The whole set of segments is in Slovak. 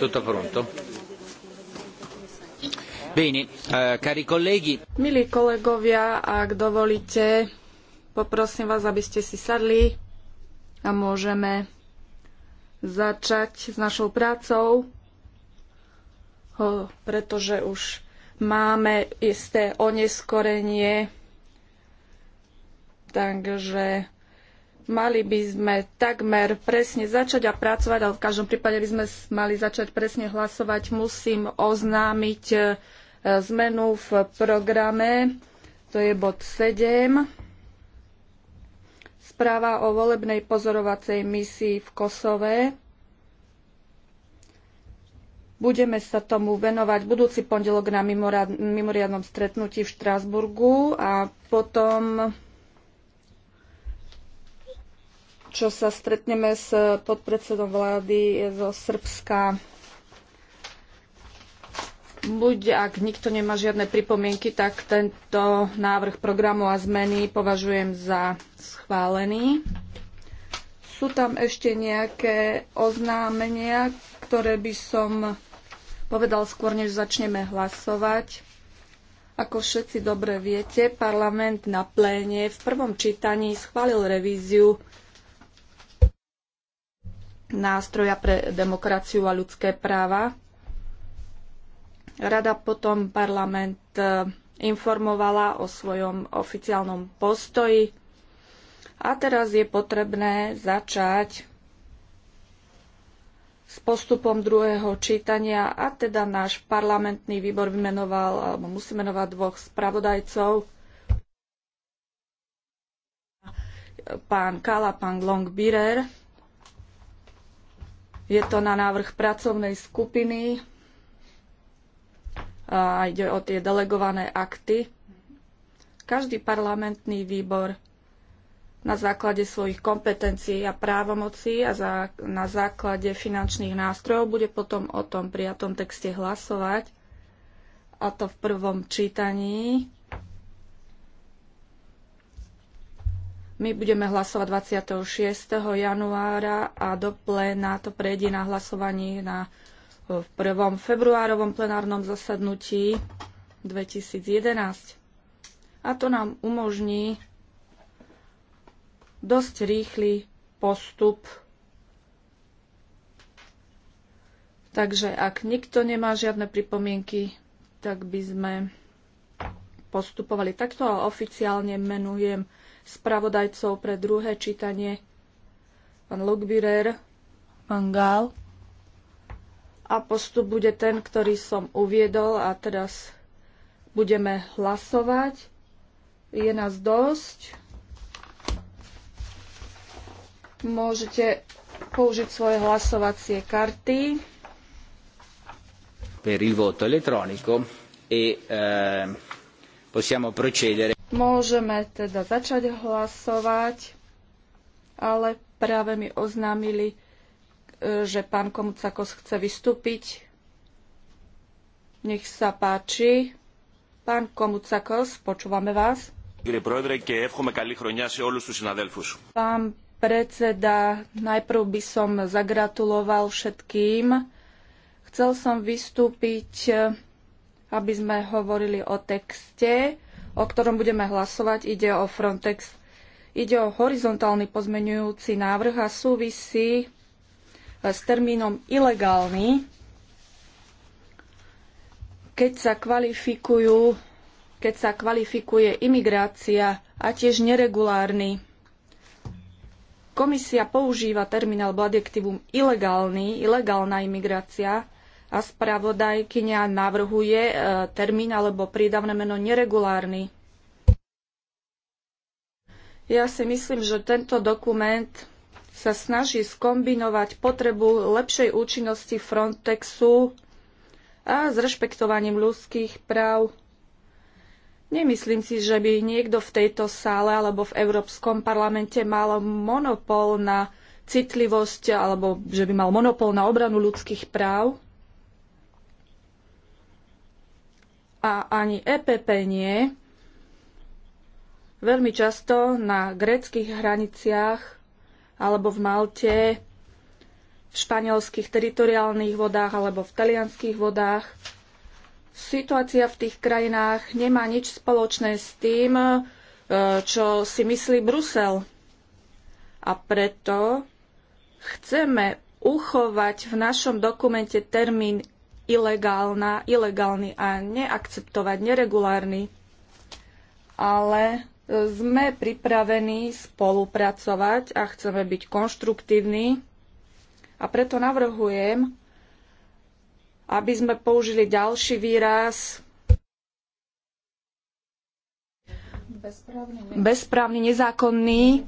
Tutto pronto? Bene, eh, cari colleghi. Milí kolegovia, ak dovolíte, poprosím vás, aby ste si sadli a môžeme začať s našou prácou, pretože už máme isté oneskorenie, takže Mali by sme takmer presne začať a pracovať, ale v každom prípade by sme mali začať presne hlasovať. Musím oznámiť e, zmenu v programe. To je bod 7. Správa o volebnej pozorovacej misii v Kosove. Budeme sa tomu venovať budúci pondelok na mimoriadnom stretnutí v Štrásburgu a potom čo sa stretneme s podpredsedom vlády zo Srbska. Buď ak nikto nemá žiadne pripomienky, tak tento návrh programu a zmeny považujem za schválený. Sú tam ešte nejaké oznámenia, ktoré by som povedal skôr, než začneme hlasovať. Ako všetci dobre viete, parlament na pléne v prvom čítaní schválil revíziu nástroja pre demokraciu a ľudské práva. Rada potom parlament e, informovala o svojom oficiálnom postoji a teraz je potrebné začať s postupom druhého čítania a teda náš parlamentný výbor vymenoval, alebo musí menovať dvoch spravodajcov, pán Kala, pán Long Birer. Je to na návrh pracovnej skupiny a ide o tie delegované akty. Každý parlamentný výbor na základe svojich kompetencií a právomocí a za, na základe finančných nástrojov bude potom o tom prijatom texte hlasovať a to v prvom čítaní My budeme hlasovať 26. januára a do pléna to prejde na hlasovaní na v prvom februárovom plenárnom zasadnutí 2011. A to nám umožní dosť rýchly postup. Takže ak nikto nemá žiadne pripomienky, tak by sme postupovali takto a oficiálne menujem spravodajcov pre druhé čítanie, pán Lugbirer, pán Gál. A postup bude ten, ktorý som uviedol a teraz budeme hlasovať. Je nás dosť. Môžete použiť svoje hlasovacie karty. Per il voto elettronico e eh, possiamo procedere. Môžeme teda začať hlasovať, ale práve mi oznámili, e, že pán Komucakos chce vystúpiť. Nech sa páči. Pán Komucakos, počúvame vás. Pán predseda, najprv by som zagratuloval všetkým. Chcel som vystúpiť, e, aby sme hovorili o texte o ktorom budeme hlasovať, ide o Frontex. Ide o horizontálny pozmenujúci návrh a súvisí e, s termínom ilegálny, keď sa kvalifikujú keď sa kvalifikuje imigrácia a tiež neregulárny. Komisia používa termín alebo adjektívum ilegálny, ilegálna imigrácia, a spravodajkyňa navrhuje e, termín alebo prídavné meno neregulárny. Ja si myslím, že tento dokument sa snaží skombinovať potrebu lepšej účinnosti Frontexu a s rešpektovaním ľudských práv. Nemyslím si, že by niekto v tejto sále alebo v Európskom parlamente mal monopol na citlivosť alebo že by mal monopol na obranu ľudských práv. a ani EPP nie, veľmi často na greckých hraniciach alebo v Malte, v španielských teritoriálnych vodách alebo v talianských vodách. Situácia v tých krajinách nemá nič spoločné s tým, e, čo si myslí Brusel. A preto chceme uchovať v našom dokumente termín ilegálna, ilegálny a neakceptovať, neregulárny. Ale e, sme pripravení spolupracovať a chceme byť konštruktívni. A preto navrhujem, aby sme použili ďalší výraz bezprávny, nezákonný, e,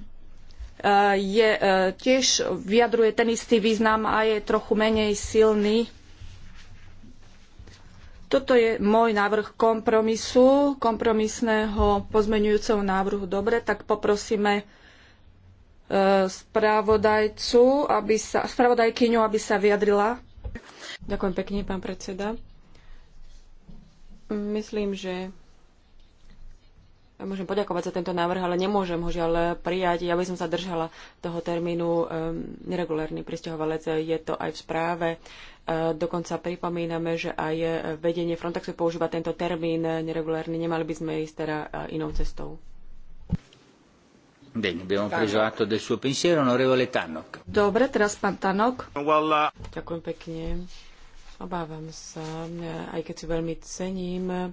je, e, tiež vyjadruje ten istý význam a je trochu menej silný toto je môj návrh kompromisu, kompromisného pozmenujúceho návrhu. Dobre, tak poprosíme e, spravodajcu, aby sa, spravodajkyňu, aby sa vyjadrila. Ďakujem pekne, pán predseda. Myslím, že Môžem poďakovať za tento návrh, ale nemôžem ho žiaľ prijať. Ja by som sa držala toho termínu um, neregulárny pristahovalec. Je to aj v správe. E, dokonca pripomíname, že aj vedenie Frontexu používa tento termín neregulárny. Nemali by sme ísť teda e, inou cestou. Dobre, teraz pán Tanok. Uh, Ďakujem pekne. Obávam sa, e, aj keď si veľmi cením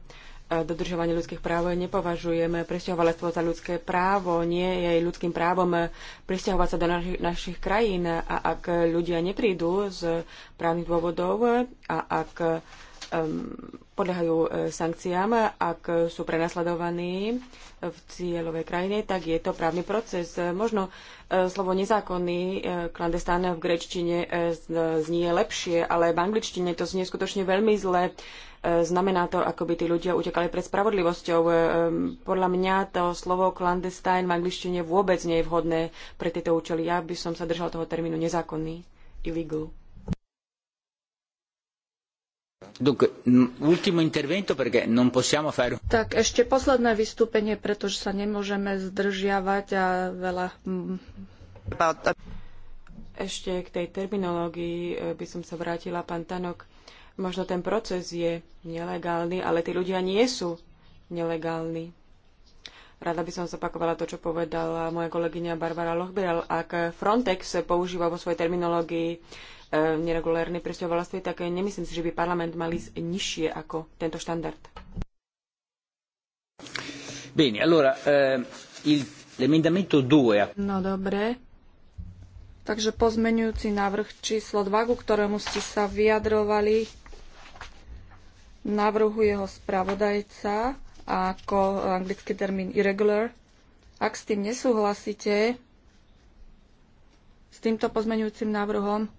dodržovanie ľudských práv nepovažujeme presťahovalectvo za ľudské právo. Nie je ľudským právom presťahovať sa do naši, našich krajín. A ak ľudia neprídu z právnych dôvodov a ak um, podľahajú e, sankciám, ak sú prenasledovaní v cieľovej krajine, tak je to právny proces. Možno e, slovo nezákonný e, klandestán v grečtine znie lepšie, ale v angličtine to znie skutočne veľmi zle. E, znamená to, ako by tí ľudia utekali pred spravodlivosťou. E, e, podľa mňa to slovo clandestine v angličtine vôbec nie je vhodné pre tieto účely. Ja by som sa držal toho termínu nezákonný, illegal. Tak ešte posledné vystúpenie, pretože sa nemôžeme zdržiavať a veľa... Mm. Ešte k tej terminológii by som sa vrátila, pán Tanok Možno ten proces je nelegálny, ale tí ľudia nie sú nelegálni. Rada by som zopakovala to, čo povedala moja kolegyňa Barbara Lochbiral. Ak Frontex používa vo svojej terminológii e, neregulárny presťovalství, tak nemyslím si, že by parlament mal ísť nižšie ako tento štandard. Bene, allora, eh, il, l'emendamento 2. No dobre. Takže pozmenujúci návrh číslo 2, ku ktorému ste sa vyjadrovali, navrhuje ho spravodajca ako anglický termín irregular. Ak s tým nesúhlasíte, s týmto pozmeňujúcim návrhom,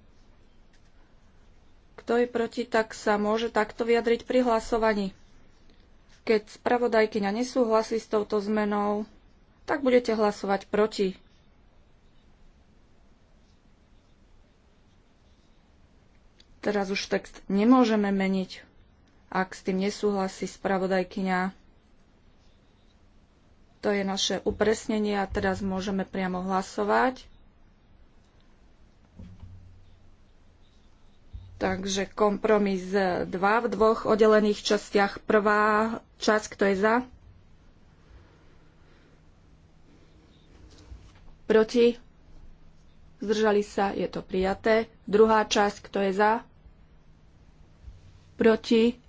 kto je proti, tak sa môže takto vyjadriť pri hlasovaní. Keď spravodajkyňa nesúhlasí s touto zmenou, tak budete hlasovať proti. Teraz už text nemôžeme meniť. Ak s tým nesúhlasí spravodajkyňa, to je naše upresnenie a teraz môžeme priamo hlasovať. Takže kompromis 2 v dvoch oddelených častiach. Prvá časť, kto je za? Proti? Zdržali sa, je to prijaté. Druhá časť, kto je za? Proti?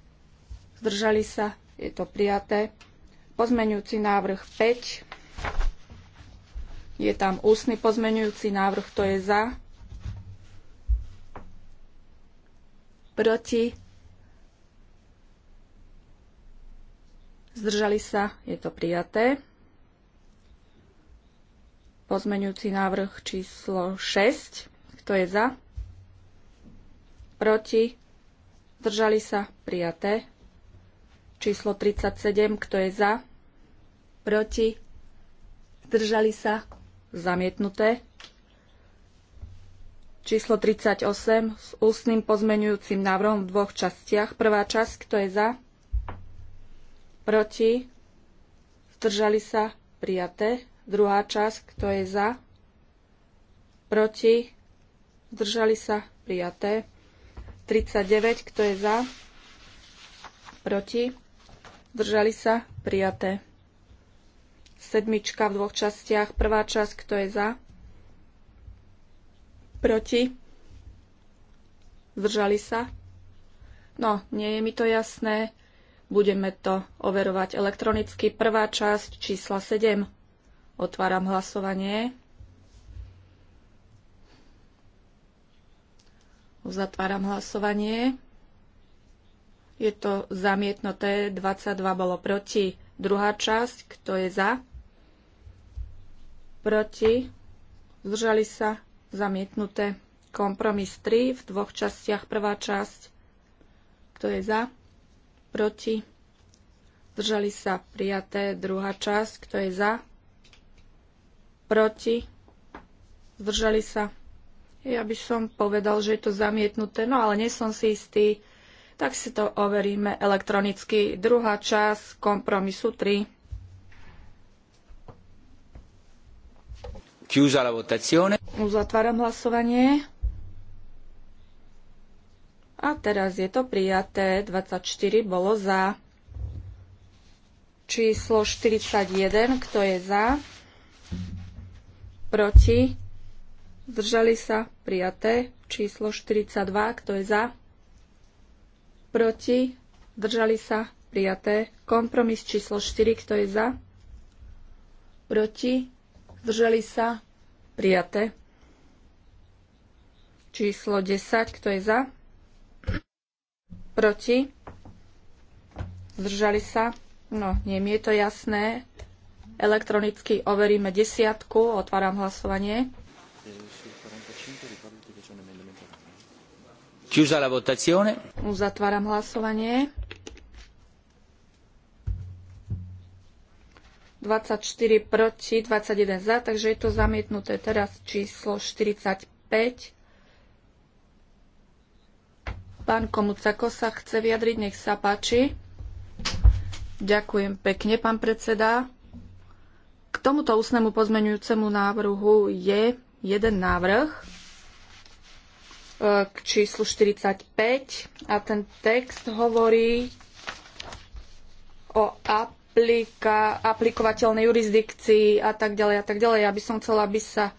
zdržali sa, je to prijaté. Pozmeňujúci návrh 5, je tam ústny pozmeňujúci návrh, to je za, proti, zdržali sa, je to prijaté. Pozmeňujúci návrh číslo 6, kto je za, proti, zdržali sa, prijaté. Číslo 37, kto je za? Proti? Zdržali sa? Zamietnuté. Číslo 38 s ústnym pozmenujúcim návrhom v dvoch častiach. Prvá časť, kto je za? Proti? Zdržali sa? Prijaté. Druhá časť, kto je za? Proti? Zdržali sa? Prijaté. 39, kto je za? Proti? Zdržali sa? Prijaté. Sedmička v dvoch častiach. Prvá časť, kto je za? Proti? Zdržali sa? No, nie je mi to jasné. Budeme to overovať elektronicky. Prvá časť čísla 7. Otváram hlasovanie. Uzatváram hlasovanie. Je to zamietnuté, 22 bolo proti. Druhá časť, kto je za? Proti. Zdržali sa zamietnuté. Kompromis 3 v dvoch častiach. Prvá časť, kto je za? Proti. Zdržali sa prijaté. Druhá časť, kto je za? Proti. Zdržali sa. Ja by som povedal, že je to zamietnuté, no ale nie som si istý tak si to overíme elektronicky. Druhá časť kompromisu 3. Chiusa la votazione. Uzatváram hlasovanie. A teraz je to prijaté. 24 bolo za. Číslo 41, kto je za? Proti? Zdržali sa? Prijaté. Číslo 42, kto je za? proti, zdržali sa, prijaté. Kompromis číslo 4, kto je za, proti, zdržali sa, prijaté. Číslo 10, kto je za, proti, zdržali sa, no nie mi je to jasné. Elektronicky overíme desiatku, otváram hlasovanie. Chiusa la votazione. Uzatváram hlasovanie. 24 proti, 21 za, takže je to zamietnuté. Teraz číslo 45. Pán Komucako sa chce vyjadriť, nech sa páči. Ďakujem pekne, pán predseda. K tomuto ústnemu pozmenujúcemu návrhu je jeden návrh k číslu 45 a ten text hovorí o aplika, aplikovateľnej jurisdikcii a tak ďalej a tak ďalej. Ja by som chcela, aby sa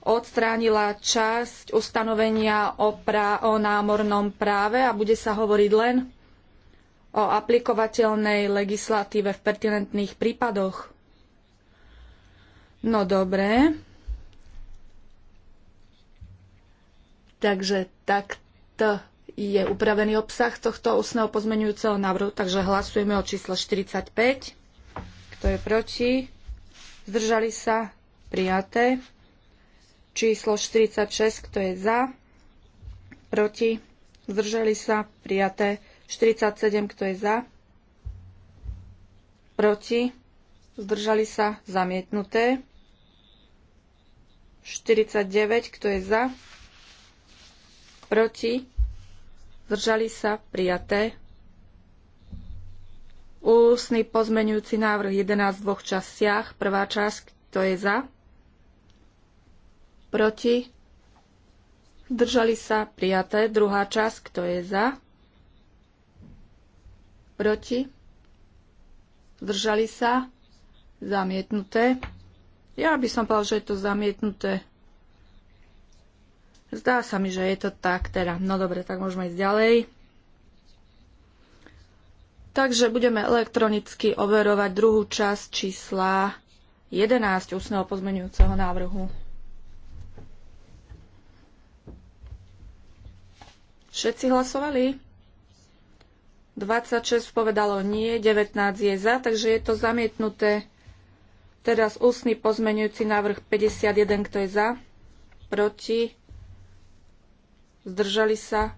odstránila časť ustanovenia o, pra, o námornom práve a bude sa hovoriť len o aplikovateľnej legislatíve v pertinentných prípadoch. No dobre. Takže takto je upravený obsah tohto ústneho pozmenujúceho návrhu, takže hlasujeme o číslo 45. Kto je proti? Zdržali sa? Prijaté. Číslo 46. Kto je za? Proti? Zdržali sa? Prijaté. 47. Kto je za? Proti? Zdržali sa? Zamietnuté. 49. Kto je za? proti, zdržali sa, prijaté. Úsny pozmenujúci návrh 11 v dvoch častiach. Prvá časť, kto je za, proti, zdržali sa, prijaté. Druhá časť, kto je za, proti, zdržali sa, zamietnuté. Ja by som povedal, že je to zamietnuté. Zdá sa mi, že je to tak teda. No dobre, tak môžeme ísť ďalej. Takže budeme elektronicky overovať druhú časť čísla 11 ústneho pozmenujúceho návrhu. Všetci hlasovali? 26 povedalo nie, 19 je za, takže je to zamietnuté. Teraz ústny pozmenujúci návrh 51, kto je za? Proti? zdržali sa,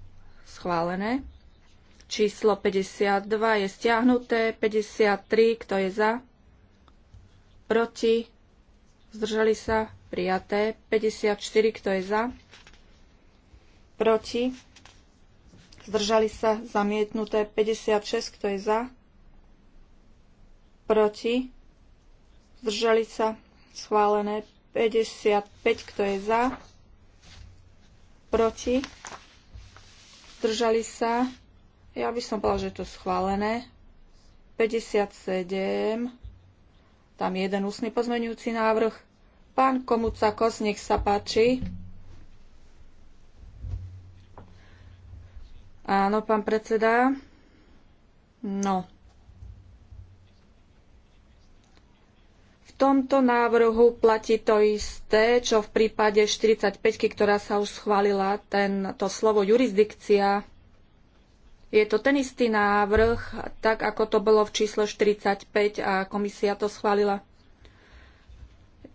schválené. Číslo 52 je stiahnuté, 53, kto je za, proti, zdržali sa, prijaté, 54, kto je za, proti, zdržali sa, zamietnuté, 56, kto je za, proti, zdržali sa, schválené, 55, kto je za, proti, Držali sa, ja by som povedala, že je to schválené, 57, tam je jeden ústny pozmenujúci návrh. Pán Komucakos, nech sa páči. Áno, pán predseda. No, tomto návrhu platí to isté, čo v prípade 45, ktorá sa už schválila, to slovo jurisdikcia. Je to ten istý návrh, tak ako to bolo v čísle 45 a komisia to schválila.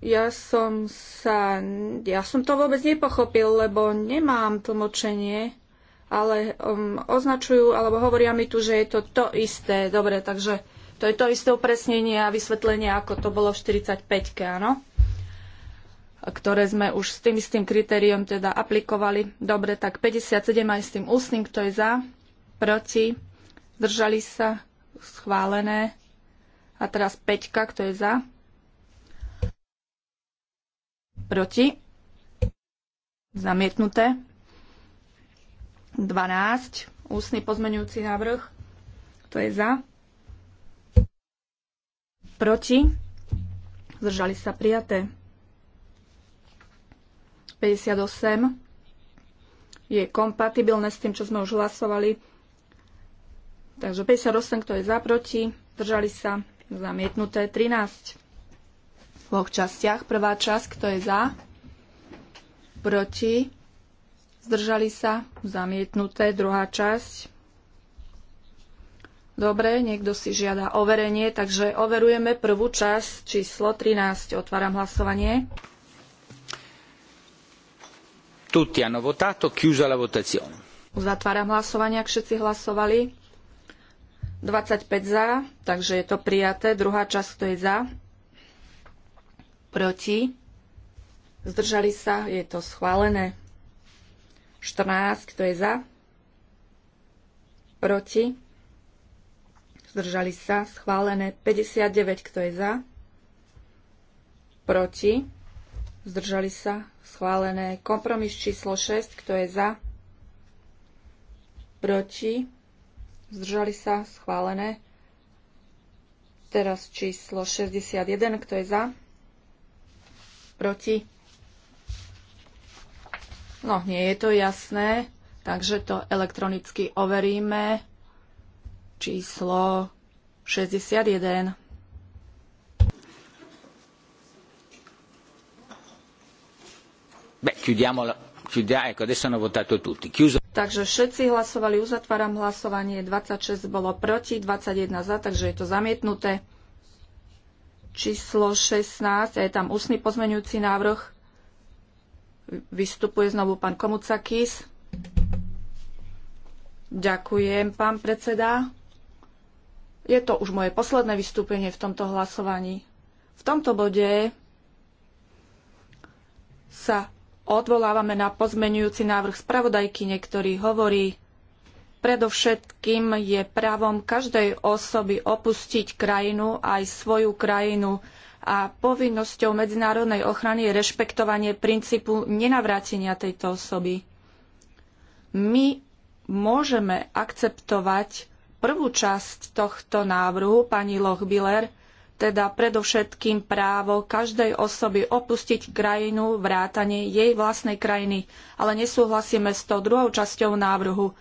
Ja som sa... Ja som to vôbec nepochopil, lebo nemám tlmočenie, ale um, označujú, alebo hovoria mi tu, že je to to isté. Dobre, takže to je to isté upresnenie a vysvetlenie, ako to bolo v 45-ke, áno? ktoré sme už s tým istým kritériom teda aplikovali. Dobre, tak 57 aj s tým ústnym, kto je za, proti, držali sa, schválené. A teraz 5, kto je za, proti, zamietnuté. 12, ústny pozmenujúci návrh, kto je za, Proti? Zdržali sa prijaté. 58 je kompatibilné s tým, čo sme už hlasovali. Takže 58, kto je za, proti, zdržali sa, zamietnuté 13. V dvoch častiach. Prvá časť, kto je za, proti, zdržali sa, zamietnuté. Druhá časť, Dobre, niekto si žiada overenie, takže overujeme prvú časť číslo 13. Otváram hlasovanie. Tutti hanno votato, chiusa la votazione. Uzatváram hlasovanie, ak všetci hlasovali. 25 za, takže je to prijaté. Druhá časť, kto je za? Proti? Zdržali sa, je to schválené. 14, kto je za? Proti? zdržali sa, schválené 59, kto je za, proti, zdržali sa, schválené kompromis číslo 6, kto je za, proti, zdržali sa, schválené. Teraz číslo 61, kto je za, proti. No, nie je to jasné, takže to elektronicky overíme číslo 61. Beh, chiudiamo ecco, adesso hanno votato tutti. Chiuso. Takže všetci hlasovali, uzatváram hlasovanie, 26 bolo proti, 21 za, takže je to zamietnuté. Číslo 16, je tam ústny pozmeňujúci návrh. Vystupuje znovu pán Komucakis. Ďakujem, pán predseda. Je to už moje posledné vystúpenie v tomto hlasovaní. V tomto bode sa odvolávame na pozmenujúci návrh spravodajky, ktorý hovorí, predovšetkým je právom každej osoby opustiť krajinu, aj svoju krajinu, a povinnosťou medzinárodnej ochrany je rešpektovanie princípu nenavrátenia tejto osoby. My môžeme akceptovať prvú časť tohto návrhu pani Lochbiller, teda predovšetkým právo každej osoby opustiť krajinu, vrátanie jej vlastnej krajiny, ale nesúhlasíme s tou druhou časťou návrhu.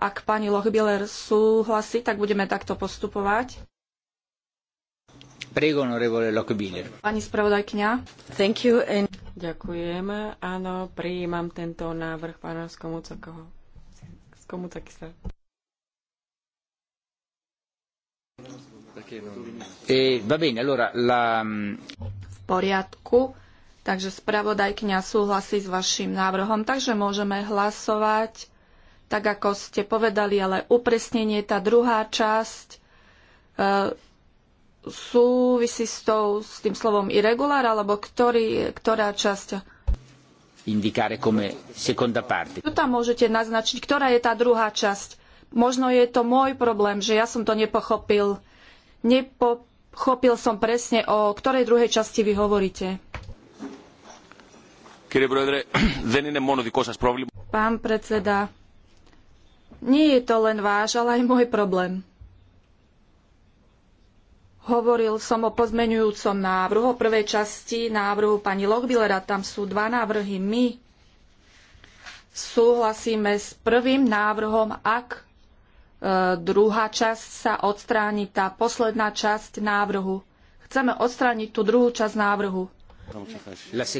Ak pani Lochbiller súhlasí, tak budeme takto postupovať. Prego, onorevole Lochbiller. Pani spravodajkňa. Thank you and... Ďakujem. Áno, prijímam tento návrh pána Skomucakeho. E, va bene, allora, la... Mm, v poriadku, takže spravodajkňa súhlasí s vašim návrhom, takže môžeme hlasovať, tak ako ste povedali, ale upresnenie, tá druhá časť e, súvisí s, tou, s tým slovom irregular, alebo ktorý, ktorá časť indicare come seconda parte. Tu tam môžete naznačiť, ktorá je tá druhá časť. Možno je to môj problém, že ja som to nepochopil. Nepochopil som presne, o ktorej druhej časti vy hovoríte. Pán predseda, nie je to len váš, ale aj môj problém. Hovoril som o pozmenujúcom návrhu, o prvej časti návrhu pani Lochbillera. Tam sú dva návrhy. My súhlasíme s prvým návrhom, ak E, druhá časť sa odstráni tá posledná časť návrhu. Chceme odstrániť tú druhú časť návrhu. Eh,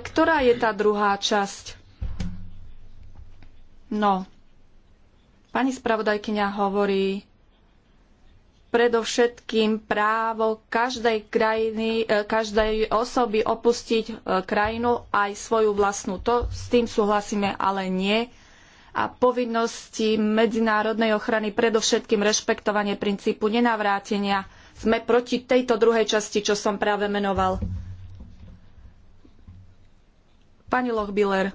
Ktorá je tá druhá časť? No, pani spravodajkyňa hovorí, predovšetkým právo každej krajiny, eh, každej osoby opustiť eh, krajinu aj svoju vlastnú. To s tým súhlasíme, ale nie a povinnosti medzinárodnej ochrany, predovšetkým rešpektovanie princípu nenavrátenia. Sme proti tejto druhej časti, čo som práve menoval. Pani Lochbiller.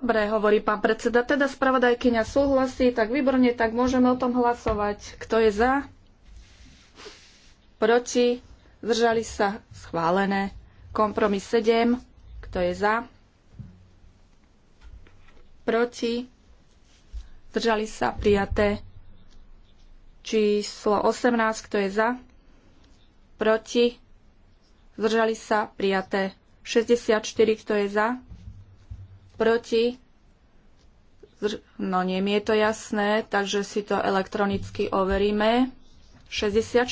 Dobre, hovorí pán predseda. Teda spravodajkyňa súhlasí, tak výborne, tak môžeme o tom hlasovať. Kto je za? Proti? Zdržali sa? Schválené. Kompromis 7. Kto je za? Proti? Zdržali sa prijaté. Číslo 18. Kto je za? Proti? Zdržali sa prijaté. 64. Kto je za? Proti? No nie mi je to jasné, takže si to elektronicky overíme. 64.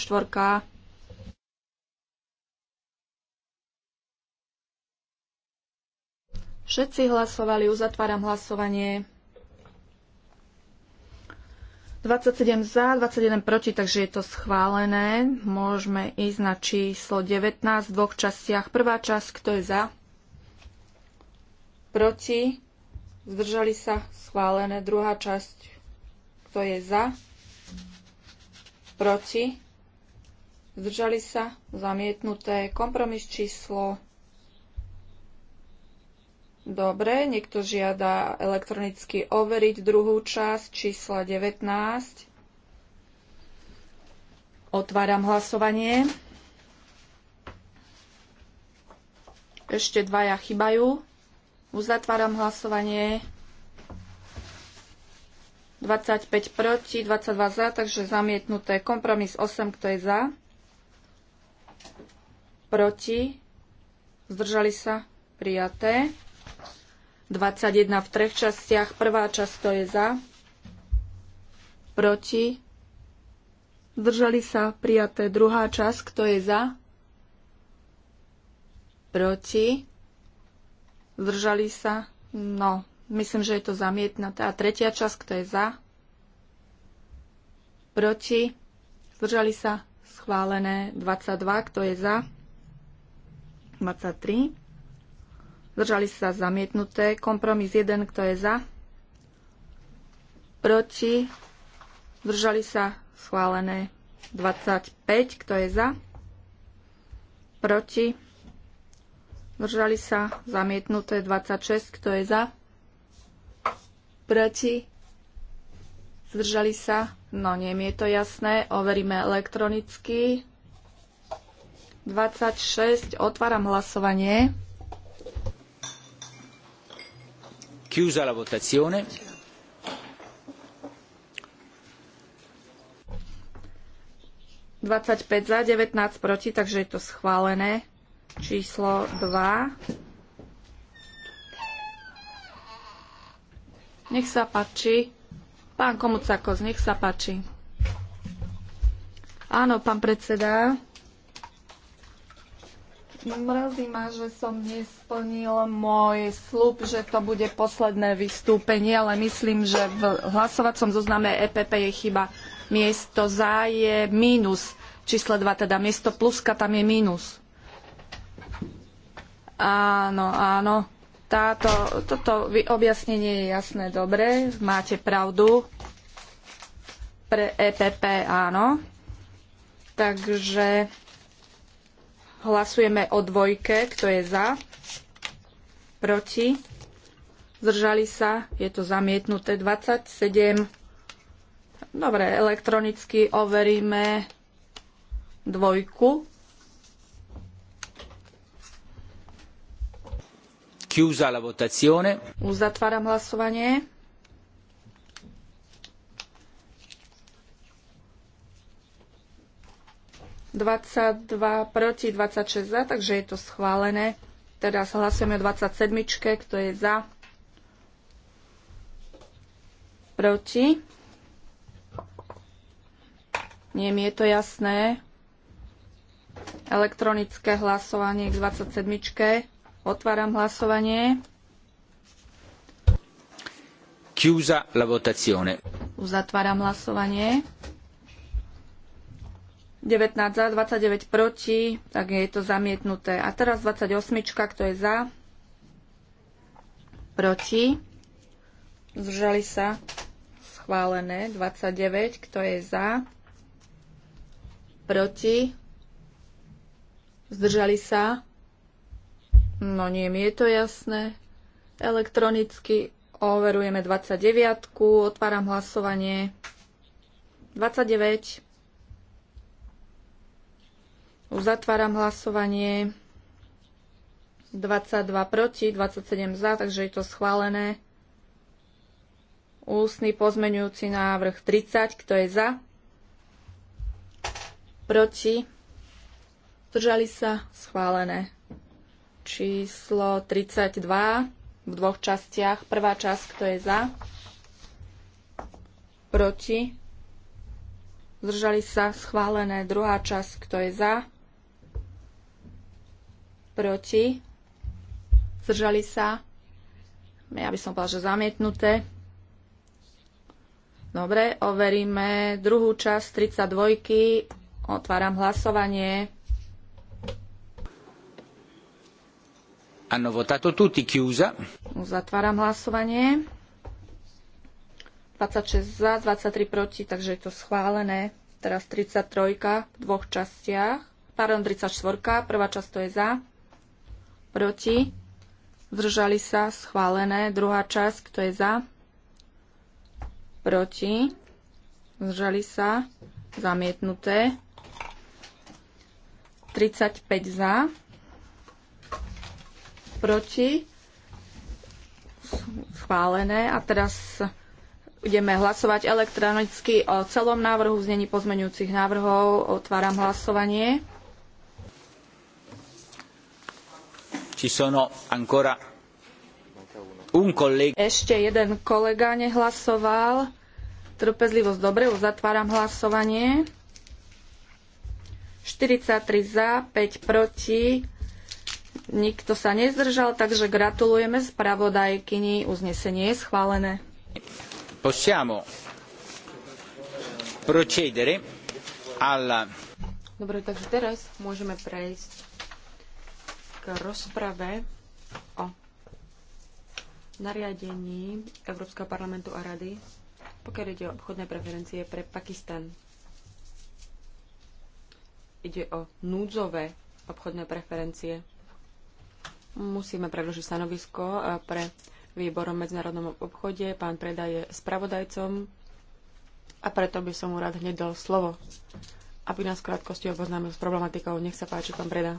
Všetci hlasovali, uzatváram hlasovanie. 27 za, 21 proti, takže je to schválené. Môžeme ísť na číslo 19 v dvoch častiach. Prvá časť, kto je za? Proti? Zdržali sa? Schválené. Druhá časť, kto je za? Proti? Zdržali sa? Zamietnuté. Kompromis číslo Dobre, niekto žiada elektronicky overiť druhú časť čísla 19. Otváram hlasovanie. Ešte dvaja chybajú. Uzatváram hlasovanie. 25 proti, 22 za, takže zamietnuté. Kompromis 8, kto je za? Proti? Zdržali sa? Prijaté. 21 v trech častiach. Prvá časť to je za, proti, zdržali sa prijaté. Druhá časť, kto je za, proti, zdržali sa, no, myslím, že je to zamietnuté. A tretia časť, kto je za, proti, zdržali sa, schválené 22, kto je za, 23 Zdržali sa zamietnuté. Kompromis 1, kto je za? Proti? Zdržali sa schválené. 25, kto je za? Proti? Zdržali sa zamietnuté. 26, kto je za? Proti? Zdržali sa? No, nie mi je to jasné. Overíme elektronicky. 26. Otváram hlasovanie. Chiusa la votazione. za, 19 proti, takže je to schválené. Číslo 2. Nech sa páči. Pán Komucakos, nech sa páči. Áno, pán predseda. Mrzí ma, že som nesplnil môj slub, že to bude posledné vystúpenie, ale myslím, že v hlasovacom zozname EPP je chyba. Miesto za je mínus, číslo 2 teda, miesto pluska tam je mínus. Áno, áno. Táto, toto objasnenie je jasné, dobre, máte pravdu. Pre EPP áno. Takže Hlasujeme o dvojke, kto je za, proti, zdržali sa, je to zamietnuté 27. Dobre, elektronicky overíme dvojku. Chiusa la votazione. Uzatváram hlasovanie. 22 proti 26 za, takže je to schválené. Teraz hlasujeme o 27, kto je za, proti. Nie mi je to jasné. Elektronické hlasovanie k 27. Otváram hlasovanie. Chiusa la votazione. Uzatváram hlasovanie. 19 za, 29 proti, tak je to zamietnuté. A teraz 28, kto je za, proti, zdržali sa, schválené. 29, kto je za, proti, zdržali sa, no nie, mi je to jasné. Elektronicky overujeme 29, otváram hlasovanie. 29. Uzatváram hlasovanie. 22 proti, 27 za, takže je to schválené. Ústny pozmenujúci návrh 30, kto je za? Proti? Zdržali sa? Schválené. Číslo 32 v dvoch častiach. Prvá časť, kto je za? Proti? Zdržali sa? Schválené. Druhá časť, kto je za? proti, zdržali sa, ja by som povedal, že zamietnuté. Dobre, overíme druhú časť 32. Otváram hlasovanie. Hanno votato tutti, chiusa. Zatváram hlasovanie. 26 za, 23 proti, takže je to schválené. Teraz 33 v dvoch častiach. Pardon, 34. Prvá časť to je za proti, zdržali sa, schválené. Druhá časť, kto je za, proti, zdržali sa, zamietnuté. 35 za, proti, schválené. A teraz budeme hlasovať elektronicky o celom návrhu znení pozmeňujúcich návrhov. Otváram hlasovanie. Ešte jeden kolega nehlasoval. Trpezlivosť dobre, uzatváram hlasovanie. 43 za, 5 proti. Nikto sa nezdržal, takže gratulujeme spravodajkyni. Uznesenie je schválené. Possiamo procedere alla... Dobre, takže teraz môžeme prejsť rozprave o nariadení Európskeho parlamentu a rady, pokiaľ ide o obchodné preferencie pre Pakistan. Ide o núdzové obchodné preferencie. Musíme predložiť stanovisko eh, pre výborom medzinárodnom obchode. Pán Preda je spravodajcom a preto by som mu rád hneď dal slovo, aby nás v krátkosti oboznámil s problematikou. Nech sa páči, pán Preda.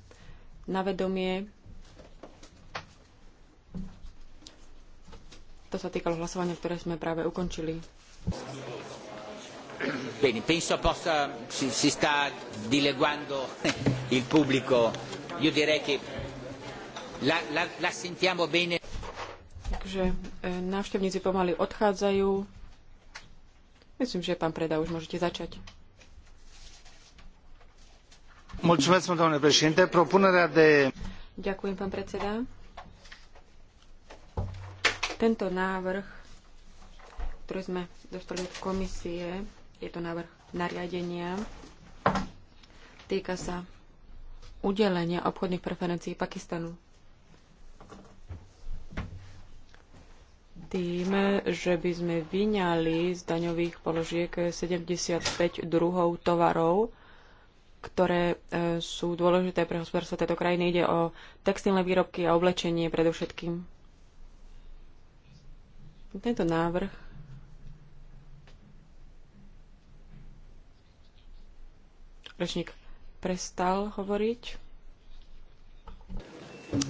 na vedomie. To sa týkalo hlasovania, ktoré sme práve ukončili. Bene, penso possa, si, si sta dileguando il pubblico. Io direi che la, la, la sentiamo bene. Takže e, návštevníci pomaly odchádzajú. Myslím, že pán Preda už môžete začať propunerea de Ďakujem, pán predseda. Tento návrh, ktorý sme dostali od komisie, je to návrh nariadenia, týka sa udelenia obchodných preferencií Pakistanu. Tým, že by sme vyňali z daňových položiek 75 druhov tovarov, ktoré e, sú dôležité pre hospodárstvo tejto krajiny. Ide o textilné výrobky a oblečenie predovšetkým. Tento návrh Rečník prestal hovoriť.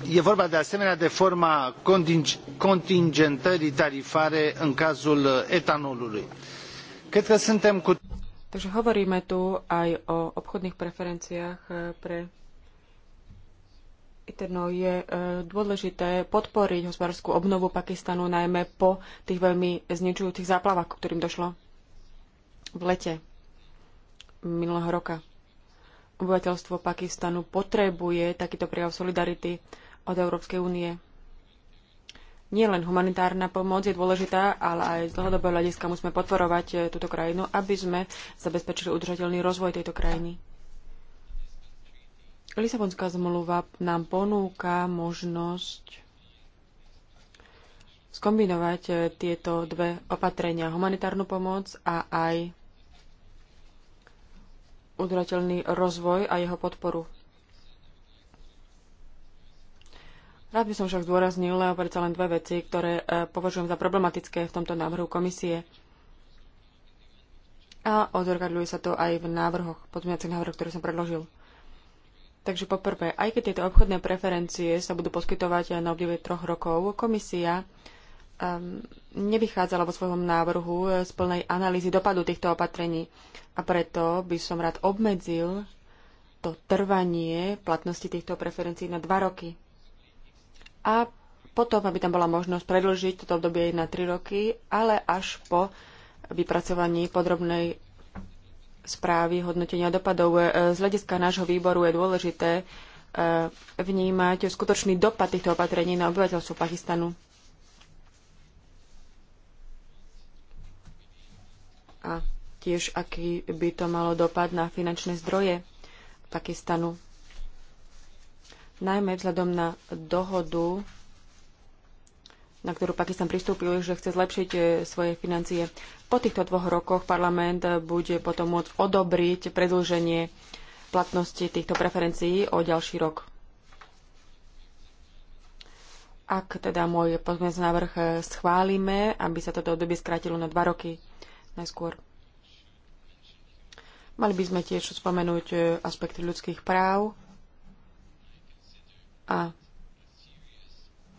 Je vorba de asemenea de forma contingentării tarifare în cazul etanolului. Cred că suntem cu Takže hovoríme tu aj o obchodných preferenciách e, pre Eterno. Je e, dôležité podporiť hospodárskú obnovu Pakistanu najmä po tých veľmi zničujúcich záplavách, ktorým došlo v lete minulého roka. Obyvateľstvo Pakistanu potrebuje takýto prejav solidarity od Európskej únie nielen humanitárna pomoc je dôležitá, ale aj z dlhodobého hľadiska musíme podporovať e, túto krajinu, aby sme zabezpečili udržateľný rozvoj tejto krajiny. Lisabonská zmluva nám ponúka možnosť skombinovať e, tieto dve opatrenia, humanitárnu pomoc a aj udržateľný rozvoj a jeho podporu. Rád by som však zdôraznil predsa len dve veci, ktoré e, považujem za problematické v tomto návrhu komisie. A odzorkadľuje sa to aj v návrhoch, podmiacich návrhoch, ktoré som predložil. Takže poprvé, aj keď tieto obchodné preferencie sa budú poskytovať na obdobie troch rokov, komisia um, nevychádzala vo svojom návrhu e, z plnej analýzy dopadu týchto opatrení. A preto by som rád obmedzil to trvanie platnosti týchto preferencií na dva roky a potom, aby tam bola možnosť predlžiť toto obdobie na 3 roky, ale až po vypracovaní podrobnej správy hodnotenia dopadov. E, z hľadiska nášho výboru je dôležité e, vnímať skutočný dopad týchto opatrení na obyvateľstvo Pakistanu. A tiež, aký by to malo dopad na finančné zdroje Pakistanu najmä vzhľadom na dohodu, na ktorú Pakistan pristúpil, že chce zlepšiť e, svoje financie. Po týchto dvoch rokoch parlament e, bude potom môcť odobriť predĺženie platnosti týchto preferencií o ďalší rok. Ak teda môj pozmeňovací návrh e, schválime, aby sa toto obdobie skrátilo na dva roky najskôr. Mali by sme tiež spomenúť aspekty ľudských práv a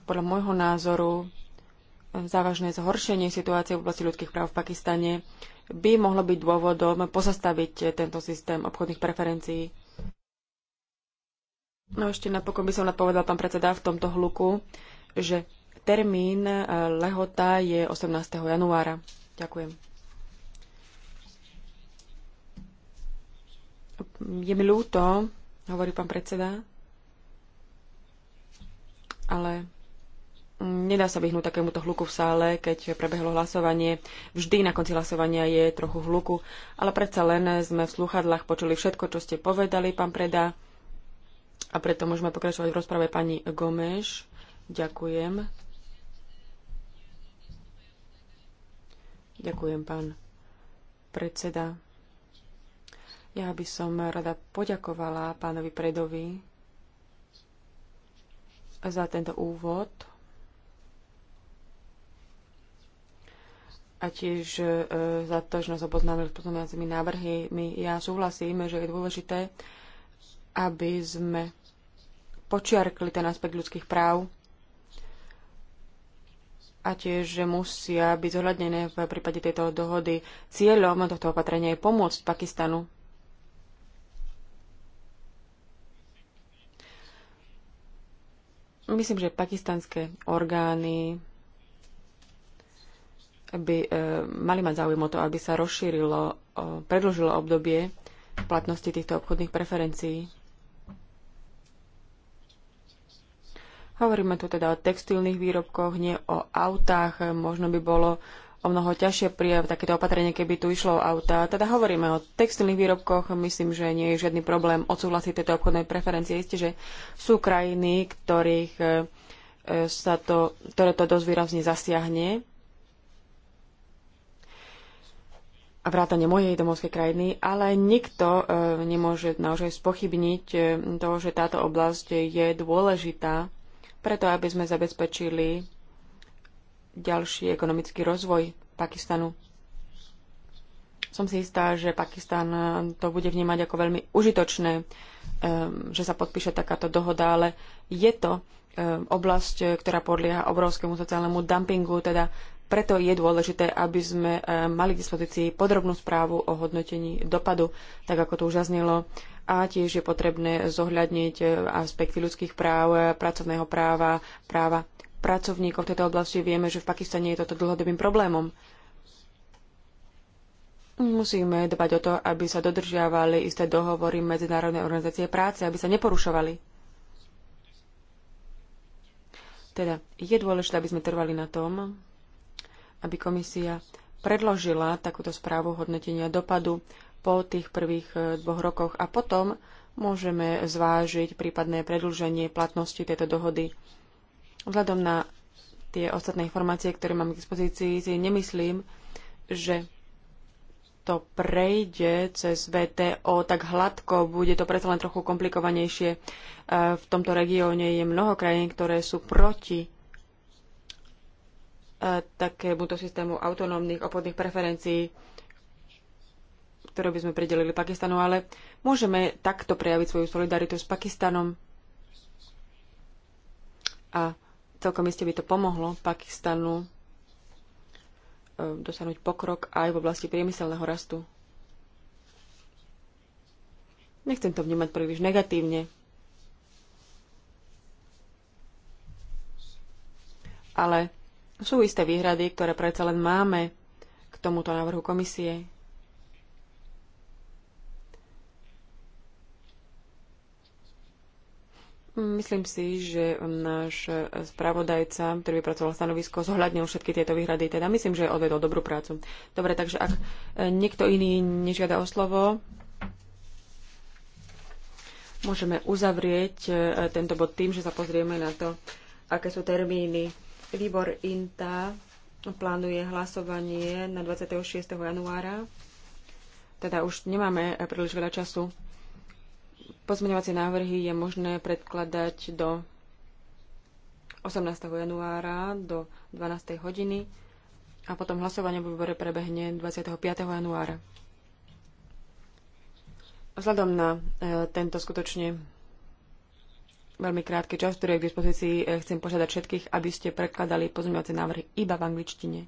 podľa môjho názoru e, závažné zhoršenie situácie v oblasti ľudských práv v Pakistane by mohlo byť dôvodom pozastaviť tento systém obchodných preferencií. No ešte napokon by som napovedal pán predseda v tomto hluku, že termín e, lehota je 18. januára. Ďakujem. Je mi ľúto, hovorí pán predseda, ale nedá sa vyhnúť takémuto hluku v sále, keď prebehlo hlasovanie. Vždy na konci hlasovania je trochu hluku, ale predsa len sme v slúchadlách počuli všetko, čo ste povedali, pán Preda. A preto môžeme pokračovať v rozprave pani Gomeš. Ďakujem. Ďakujem, pán predseda. Ja by som rada poďakovala pánovi Predovi za tento úvod a tiež e, za to, že nás oboznámili s pozmeňovacími návrhmi. Ja súhlasím, že je dôležité, aby sme počiarkli ten aspekt ľudských práv a tiež, že musia byť zohľadnené v prípade tejto dohody. Cieľom tohto opatrenia je pomôcť Pakistanu Myslím, že pakistanské orgány by e, mali mať záujem o to, aby sa rozšírilo, e, predlžilo obdobie platnosti týchto obchodných preferencií. Hovoríme tu teda o textilných výrobkoch, nie o autách. Možno by bolo o mnoho ťažšie prijať takéto opatrenie, keby tu išlo auta. Teda hovoríme o textilných výrobkoch, myslím, že nie je žiadny problém odsúhlasiť tieto obchodné preferencie. Isté, že sú krajiny, ktorých e, e, sa to, ktoré to dosť výrazne zasiahne. A vrátane mojej domovskej krajiny, ale nikto e, nemôže naozaj spochybniť to, že táto oblasť je dôležitá preto, aby sme zabezpečili ďalší ekonomický rozvoj Pakistanu. Som si istá, že Pakistan eh, to bude vnímať ako veľmi užitočné, eh, že sa podpíše takáto dohoda, ale je to eh, oblasť, ktorá podlieha obrovskému sociálnemu dumpingu, teda preto je dôležité, aby sme mali k dispozícii podrobnú správu o hodnotení dopadu, tak ako to už zaznelo. A tiež je potrebné zohľadniť aspekty ľudských práv, pracovného práva, práva pracovníkov v tejto oblasti. Vieme, že v Pakistane je toto dlhodobým problémom. Musíme dbať o to, aby sa dodržiavali isté dohovory Medzinárodnej organizácie práce, aby sa neporušovali. Teda je dôležité, aby sme trvali na tom, aby komisia predložila takúto správu hodnotenia dopadu po tých prvých eh, dvoch rokoch a potom môžeme zvážiť prípadné predĺženie platnosti tejto dohody Vzhľadom na tie ostatné informácie, ktoré mám k dispozícii, si nemyslím, že to prejde cez VTO tak hladko, bude to predsa len trochu komplikovanejšie. E, v tomto regióne je mnoho krajín, ktoré sú proti e, takémuto systému autonómnych obchodných preferencií, ktoré by sme pridelili Pakistanu, ale môžeme takto prejaviť svoju solidaritu s Pakistanom a Celkom iste by to pomohlo Pakistanu e, dosiahnuť pokrok aj v oblasti priemyselného rastu. Nechcem to vnímať príliš negatívne, ale sú isté výhrady, ktoré predsa len máme k tomuto návrhu komisie. Myslím si, že náš spravodajca, ktorý vypracoval stanovisko, zohľadnil všetky tieto výhrady. Teda myslím, že odvedol dobrú prácu. Dobre, takže ak e, niekto iný nežiada o slovo, môžeme uzavrieť e, tento bod tým, že sa pozrieme na to, aké sú termíny. Výbor INTA plánuje hlasovanie na 26. januára. Teda už nemáme príliš veľa času. Pozmeňovacie návrhy je možné predkladať do 18. januára do 12. hodiny a potom hlasovanie vo výbore prebehne 25. januára. Vzhľadom na e, tento skutočne veľmi krátky čas, ktorý je k dispozícii, e, chcem požiadať všetkých, aby ste prekladali pozmeňovacie návrhy iba v angličtine.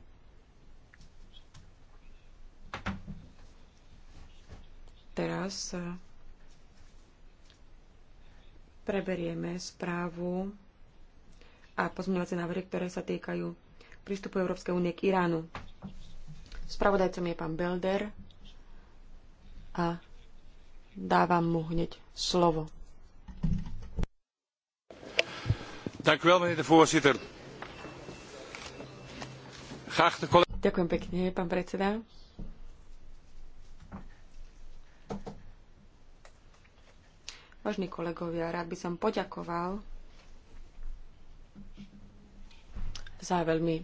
Teraz e, preberieme správu a pozmeňovacie návrhy, ktoré sa týkajú prístupu Európskej únie k Iránu. Spravodajcom je pán Belder a dávam mu hneď slovo. Ďakujem pekne, pán predseda. Vážení kolegovia, rád by som poďakoval za veľmi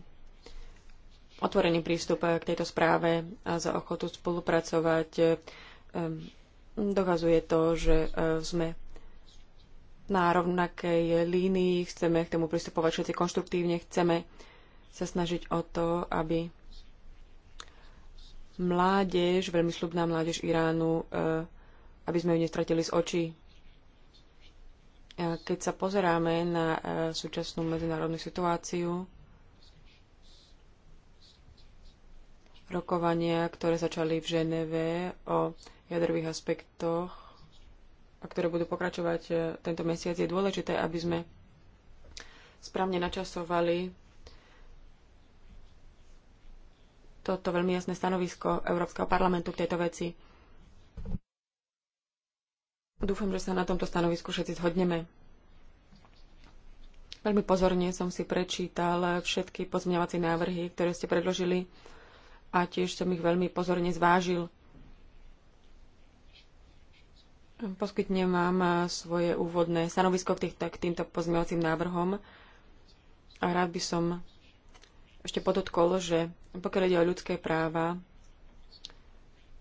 otvorený prístup k tejto správe a za ochotu spolupracovať. Ehm, dokazuje to, že e, sme na rovnakej línii, chceme k tomu pristupovať všetci konštruktívne, chceme sa snažiť o to, aby mládež, veľmi slubná mládež Iránu, e, aby sme ju nestratili z očí. E, keď sa pozeráme na e, súčasnú medzinárodnú situáciu, rokovania, ktoré začali v Ženeve o jadrových aspektoch a ktoré budú pokračovať e, tento mesiac, je dôležité, aby sme správne načasovali toto veľmi jasné stanovisko Európskeho parlamentu k tejto veci. Dúfam, že sa na tomto stanovisku všetci zhodneme. Veľmi pozorne som si prečítal všetky pozmeňovacie návrhy, ktoré ste predložili a tiež som ich veľmi pozorne zvážil. Poskytnem vám svoje úvodné stanovisko k, týchto, k týmto pozmeňovacím návrhom a rád by som ešte podotkol, že pokiaľ ide o ľudské práva,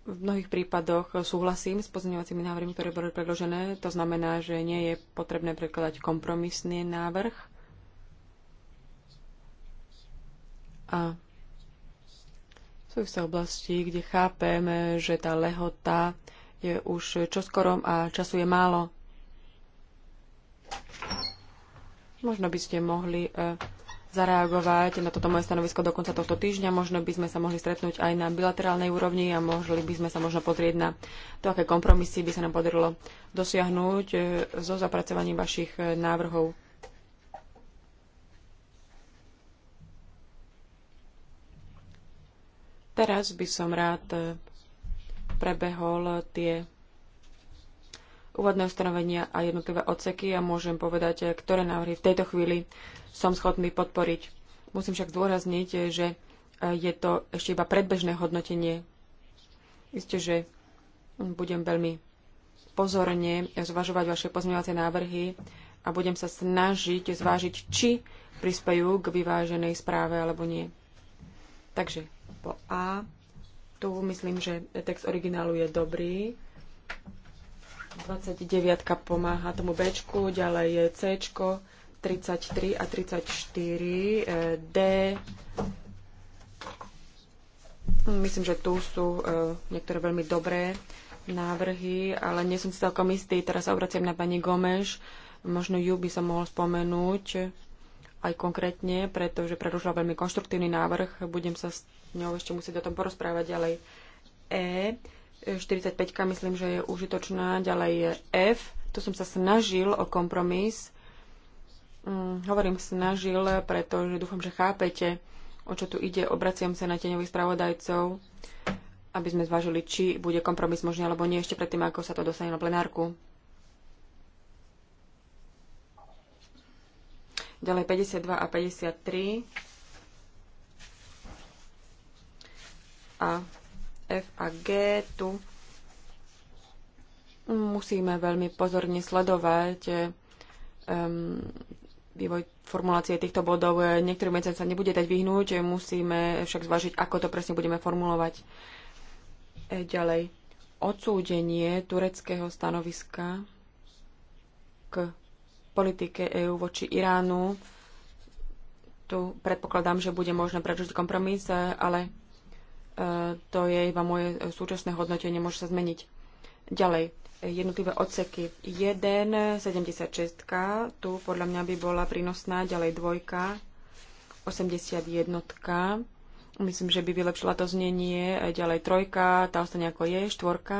v mnohých prípadoch súhlasím s pozmeňovacími návrhmi, ktoré boli predložené. To znamená, že nie je potrebné prekladať kompromisný návrh. A sú sa oblasti, kde chápeme, že tá lehota je už čoskorom a času je málo. Možno by ste mohli eh, zareagovať na toto moje stanovisko do konca tohto týždňa. Možno by sme sa mohli stretnúť aj na bilaterálnej úrovni a mohli by sme sa možno pozrieť na to, aké kompromisy by sa nám podarilo dosiahnuť e, so zapracovaním vašich e, návrhov. Teraz by som rád e, prebehol tie úvodné ustanovenia a jednotlivé odseky a môžem povedať, eh, ktoré návrhy v tejto chvíli som schopný podporiť. Musím však zdôrazniť, eh, že eh, je to ešte iba predbežné hodnotenie. Isté, že budem veľmi pozorne zvažovať vaše pozmeňovacie návrhy a budem sa snažiť zvážiť, či prispejú k vyváženej správe alebo nie. Takže po A. Tu myslím, že text originálu je dobrý. 29 pomáha tomu B, ďalej je C, 33 a 34, e, D. Myslím, že tu sú e, niektoré veľmi dobré návrhy, ale nie som si celkom istý. Teraz sa obraciam na pani Gomeš. Možno ju by som mohol spomenúť aj konkrétne, pretože predložila veľmi konštruktívny návrh. Budem sa s ňou ešte musieť o tom porozprávať ďalej. E 45, myslím, že je užitočná. Ďalej je F. Tu som sa snažil o kompromis. Hmm, hovorím snažil, pretože dúfam, že chápete, o čo tu ide. Obraciam sa na teňových spravodajcov, aby sme zvážili, či bude kompromis možný alebo nie ešte predtým, ako sa to dostane na plenárku. Ďalej 52 a 53. A F a G tu musíme veľmi pozorne sledovať um, vývoj formulácie týchto bodov. Niektorým veciam sa nebude dať vyhnúť, musíme však zvážiť, ako to presne budeme formulovať. E, ďalej, odsúdenie tureckého stanoviska k politike EÚ voči Iránu. Tu predpokladám, že bude možné prečuť kompromis, ale to je iba moje súčasné hodnotenie, môže sa zmeniť. Ďalej, jednotlivé odseky. 1, 76, tu podľa mňa by bola prínosná, ďalej dvojka, 81, myslím, že by vylepšila to znenie, ďalej trojka, tá ostane ako je, štvorka,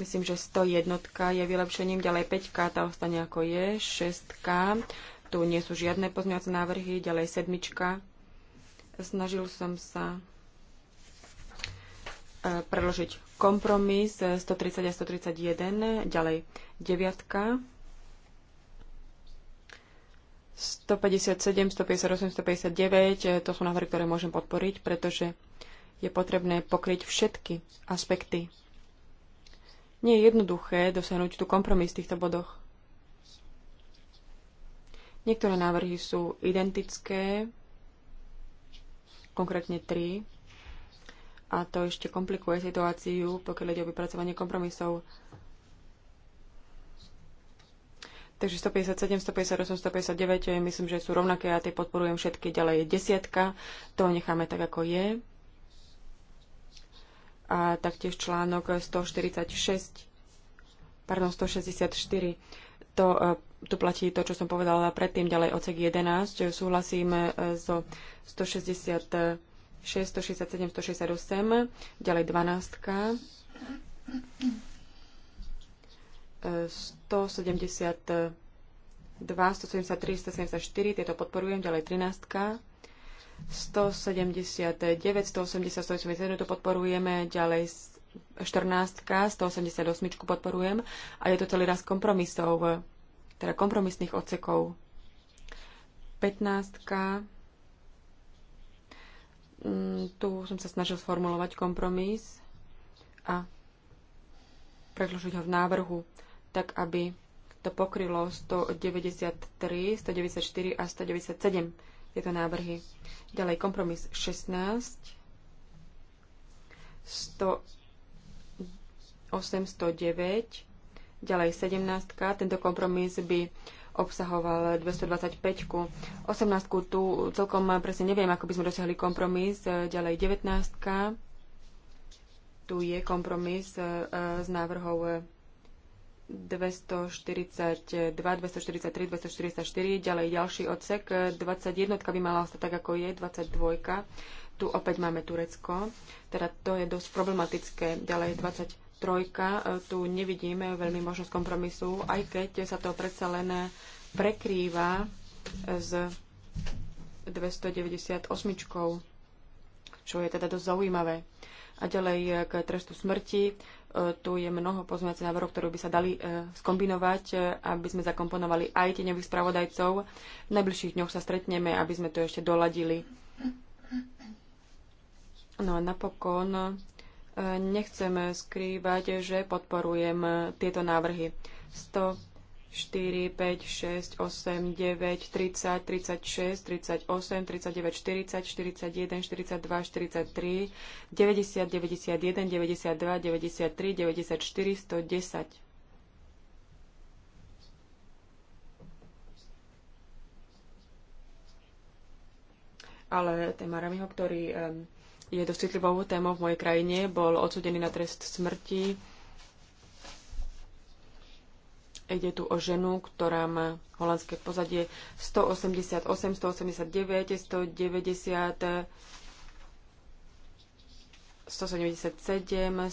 myslím, že 101 je vylepšením, ďalej 5, tá ostane ako je, 6, tu nie sú žiadne pozňovacie návrhy, ďalej sedmička, Snažil som sa e, preložiť kompromis 130 a 131, ďalej 9, 157, 158, 159, to sú návrhy, ktoré môžem podporiť, pretože je potrebné pokryť všetky aspekty. Nie je jednoduché dosiahnuť tu kompromis v týchto bodoch. Niektoré návrhy sú identické konkrétne tri. A to ešte komplikuje situáciu, pokiaľ ide o vypracovanie kompromisov. Takže 157, 158, 159, myslím, že sú rovnaké a ja tie podporujem všetky. Ďalej je desiatka, to necháme tak, ako je. A taktiež článok 146, pardon, 164, to e, tu platí to, čo som povedala predtým, ďalej odsek 11. Súhlasím e, so 166, 167, 168, ďalej 12. 172, 173, 174, tieto podporujem, ďalej 13. 179, 180, 181 to podporujeme, ďalej 14, 188 podporujem a je to celý raz kompromisov teda kompromisných odsekov. 15. Mm, tu som sa snažil sformulovať kompromis a predložiť ho v návrhu, tak aby to pokrylo 193, 194 a 197 tieto návrhy. Ďalej kompromis 16, 108 109. Ďalej 17. Tento kompromis by obsahoval 225. 18. Tu celkom presne neviem, ako by sme dosiahli kompromis. Ďalej 19. Tu je kompromis e, s návrhov 242, 243, 244, ďalej ďalší odsek. 21 by mala ostať tak, ako je, 22. Tu opäť máme Turecko, teda to je dosť problematické. Ďalej 20, trojka, e, tu nevidíme veľmi možnosť kompromisu, aj keď sa to predsa len prekrýva e, s 298, čo je teda dosť zaujímavé. A ďalej e, k trestu smrti. Tu je mnoho pozmeňacích návrhov, ktoré by sa dali skombinovať, aby sme zakomponovali aj tieňových spravodajcov. V najbližších dňoch sa stretneme, aby sme to ešte doladili. No a napokon Nechcem skrývať, že podporujem tieto návrhy. 100, 4, 5, 6, 8, 9, 30, 36, 38, 39, 40, 41, 42, 43, 90, 91, 92, 93, 94, 110. Ale ten Maramiho, ktorý um, je dosť citlivou témou v mojej krajine. Bol odsudený na trest smrti. Ide tu o ženu, ktorá má holandské pozadie 188, 189, 190, 177, 183, 185,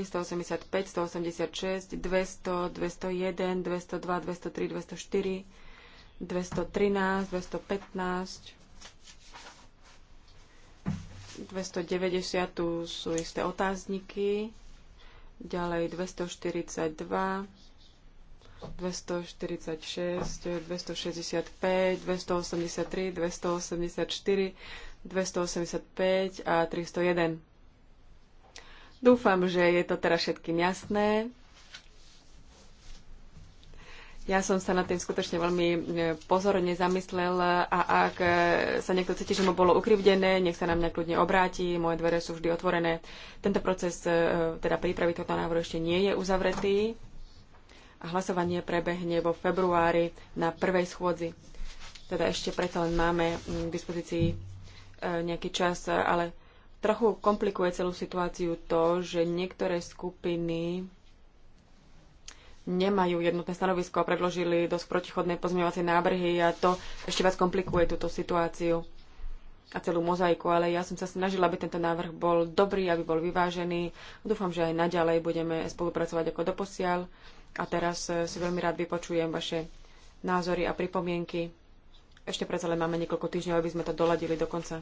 186, 200, 201, 202, 203, 204, 213, 215, 290 tu sú isté otázniky. Ďalej 242, 246, 265, 283, 284, 285 a 301. Dúfam, že je to teraz všetkým jasné. Ja som sa nad tým skutočne veľmi e, pozorne zamyslel a ak e, sa niekto cíti, že mu bolo ukrivdené, nech sa na mňa kľudne obráti, moje dvere sú vždy otvorené. Tento proces e, teda prípravy tohto návrhu ešte nie je uzavretý a hlasovanie prebehne vo februári na prvej schôdzi. Teda ešte predsa len máme k dispozícii nejaký čas, ale trochu komplikuje celú situáciu to, že niektoré skupiny nemajú jednotné stanovisko a predložili dosť protichodné pozmeňovacie návrhy a to ešte viac komplikuje túto situáciu a celú mozaiku, ale ja som sa snažila, aby tento návrh bol dobrý, aby bol vyvážený. Dúfam, že aj naďalej budeme spolupracovať ako doposiaľ. A teraz eh, si veľmi rád vypočujem vaše názory a pripomienky. Ešte predsa len máme niekoľko týždňov, aby sme to doladili do konca.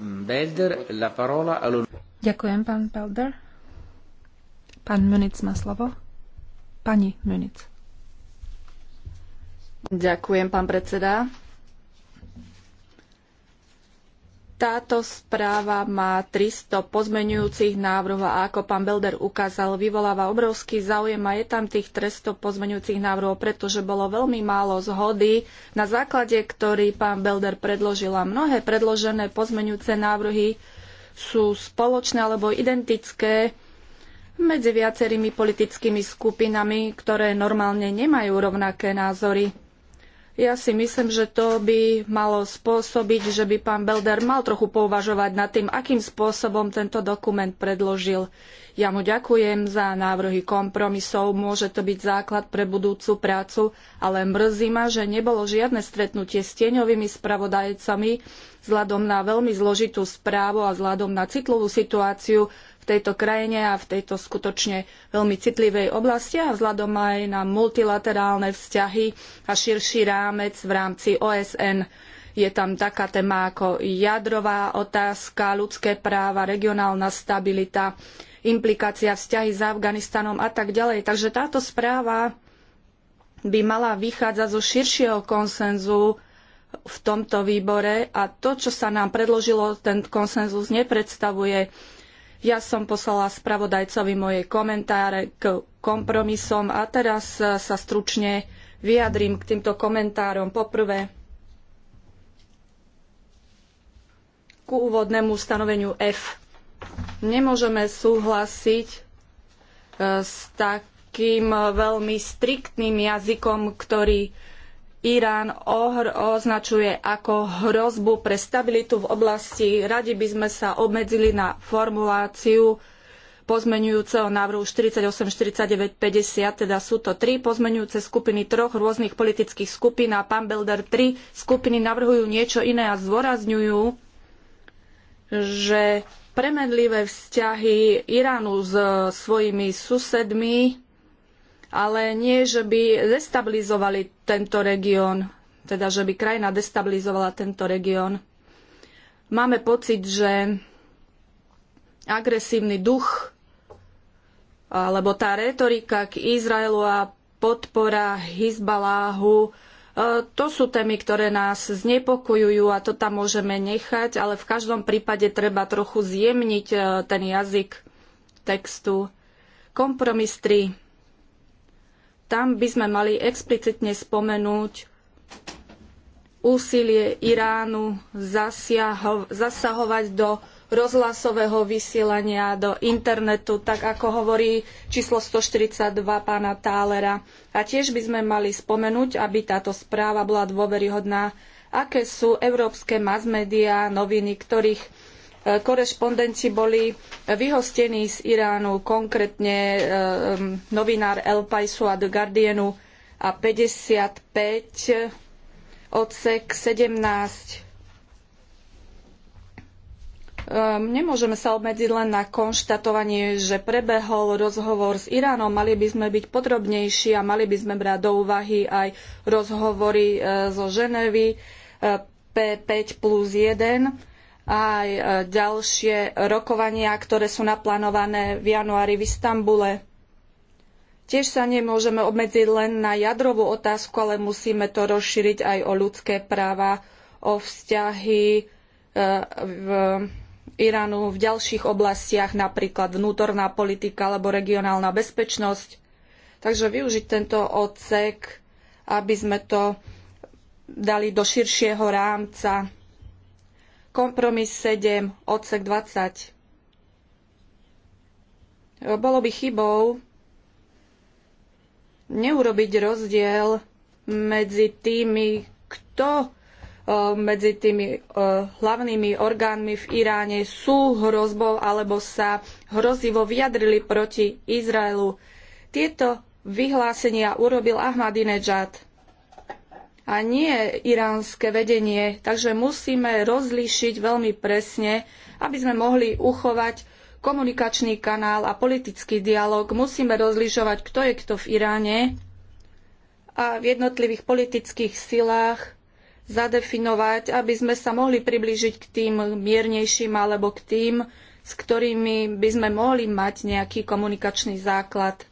Belder. La parola... Ďakujem, pán Belder. Pán Munic má slovo. Pani Munic. Ďakujem, pán predseda. Táto správa má 300 pozmenujúcich návrhov a ako pán Belder ukázal, vyvoláva obrovský záujem a je tam tých 300 pozmenujúcich návrhov, pretože bolo veľmi málo zhody, na základe ktorý pán Belder predložila. Mnohé predložené pozmenujúce návrhy sú spoločné alebo identické medzi viacerými politickými skupinami, ktoré normálne nemajú rovnaké názory. Ja si myslím, že to by malo spôsobiť, že by pán Belder mal trochu pouvažovať nad tým, akým spôsobom tento dokument predložil. Ja mu ďakujem za návrhy kompromisov, môže to byť základ pre budúcu prácu, ale mrzí ma, že nebolo žiadne stretnutie s tieňovými spravodajcami vzhľadom na veľmi zložitú správu a vzhľadom na citlivú situáciu, v tejto krajine a v tejto skutočne veľmi citlivej oblasti a vzhľadom aj na multilaterálne vzťahy a širší rámec v rámci OSN. Je tam taká téma ako jadrová otázka, ľudské práva, regionálna stabilita, implikácia vzťahy s Afganistanom a tak ďalej. Takže táto správa by mala vychádzať zo širšieho konsenzu v tomto výbore a to, čo sa nám predložilo, ten konsenzus nepredstavuje ja som poslala spravodajcovi moje komentáre k kompromisom a teraz e, sa stručne vyjadrím k týmto komentárom. Poprvé, ku úvodnému stanoveniu F. Nemôžeme súhlasiť e, s takým veľmi striktným jazykom, ktorý Irán ohr označuje ako hrozbu pre stabilitu v oblasti. Radi by sme sa obmedzili na formuláciu pozmenujúceho návrhu 48, 49, 50, teda sú to tri pozmenujúce skupiny troch rôznych politických skupín a pán Belder tri skupiny navrhujú niečo iné a zdôrazňujú, že premenlivé vzťahy Iránu s svojimi susedmi ale nie, že by destabilizovali tento región, teda že by krajina destabilizovala tento región. Máme pocit, že agresívny duch alebo tá retorika k Izraelu a podpora Hizbaláhu, e, to sú témy, ktoré nás znepokojujú a to tam môžeme nechať, ale v každom prípade treba trochu zjemniť e, ten jazyk textu. Kompromis 3 tam by sme mali explicitne spomenúť úsilie Iránu zasiaho, zasahovať do rozhlasového vysielania do internetu, tak ako hovorí číslo 142 pána Tálera. A tiež by sme mali spomenúť, aby táto správa bola dôveryhodná, aké sú európske media, noviny, ktorých Korešpondenti boli vyhostení z Iránu, konkrétne e, novinár El Paisu a The Guardianu a 55 odsek 17. Nemôžeme sa obmedziť len na konštatovanie, že prebehol rozhovor s Iránom. Mali by sme byť podrobnejší a mali by sme brať do úvahy aj rozhovory e, zo Ženevy e, P5 plus 1 aj e, ďalšie rokovania, ktoré sú naplánované v januári v Istambule. Tiež sa nemôžeme obmedziť len na jadrovú otázku, ale musíme to rozšíriť aj o ľudské práva, o vzťahy e, v Iránu v ďalších oblastiach, napríklad vnútorná politika alebo regionálna bezpečnosť. Takže využiť tento odsek, aby sme to dali do širšieho rámca kompromis 7, odsek 20. Bolo by chybou neurobiť rozdiel medzi tými, kto e, medzi tými e, hlavnými orgánmi v Iráne sú hrozbou alebo sa hrozivo vyjadrili proti Izraelu. Tieto vyhlásenia urobil Ahmadinejad a nie iránske vedenie. Takže musíme rozlíšiť veľmi presne, aby sme mohli uchovať komunikačný kanál a politický dialog. Musíme rozlišovať, kto je kto v Iráne a v jednotlivých politických silách zadefinovať, aby sme sa mohli priblížiť k tým miernejším alebo k tým, s ktorými by sme mohli mať nejaký komunikačný základ.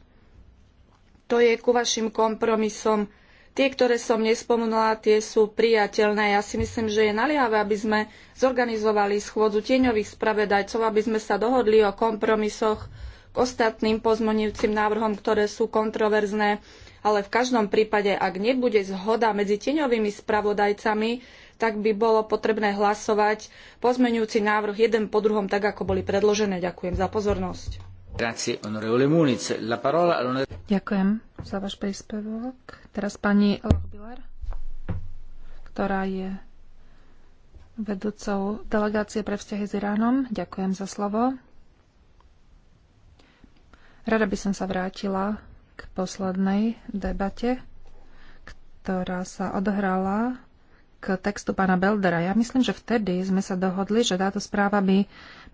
To je ku vašim kompromisom. Tie, ktoré som nespomenula, tie sú priateľné. Ja si myslím, že je naliehavé, aby sme zorganizovali schôdzu tieňových spravedajcov, aby sme sa dohodli o kompromisoch k ostatným pozmonujúcim návrhom, ktoré sú kontroverzné. Ale v každom prípade, ak nebude zhoda medzi tieňovými spravodajcami, tak by bolo potrebné hlasovať pozmenujúci návrh jeden po druhom, tak ako boli predložené. Ďakujem za pozornosť. Ďakujem za váš príspevok. Teraz pani Lochbiller, ktorá je vedúcou delegácie pre vzťahy s Iránom. Ďakujem za slovo. Rada by som sa vrátila k poslednej debate, ktorá sa odohrala k textu pána Beldera. Ja myslím, že vtedy sme sa dohodli, že táto správa by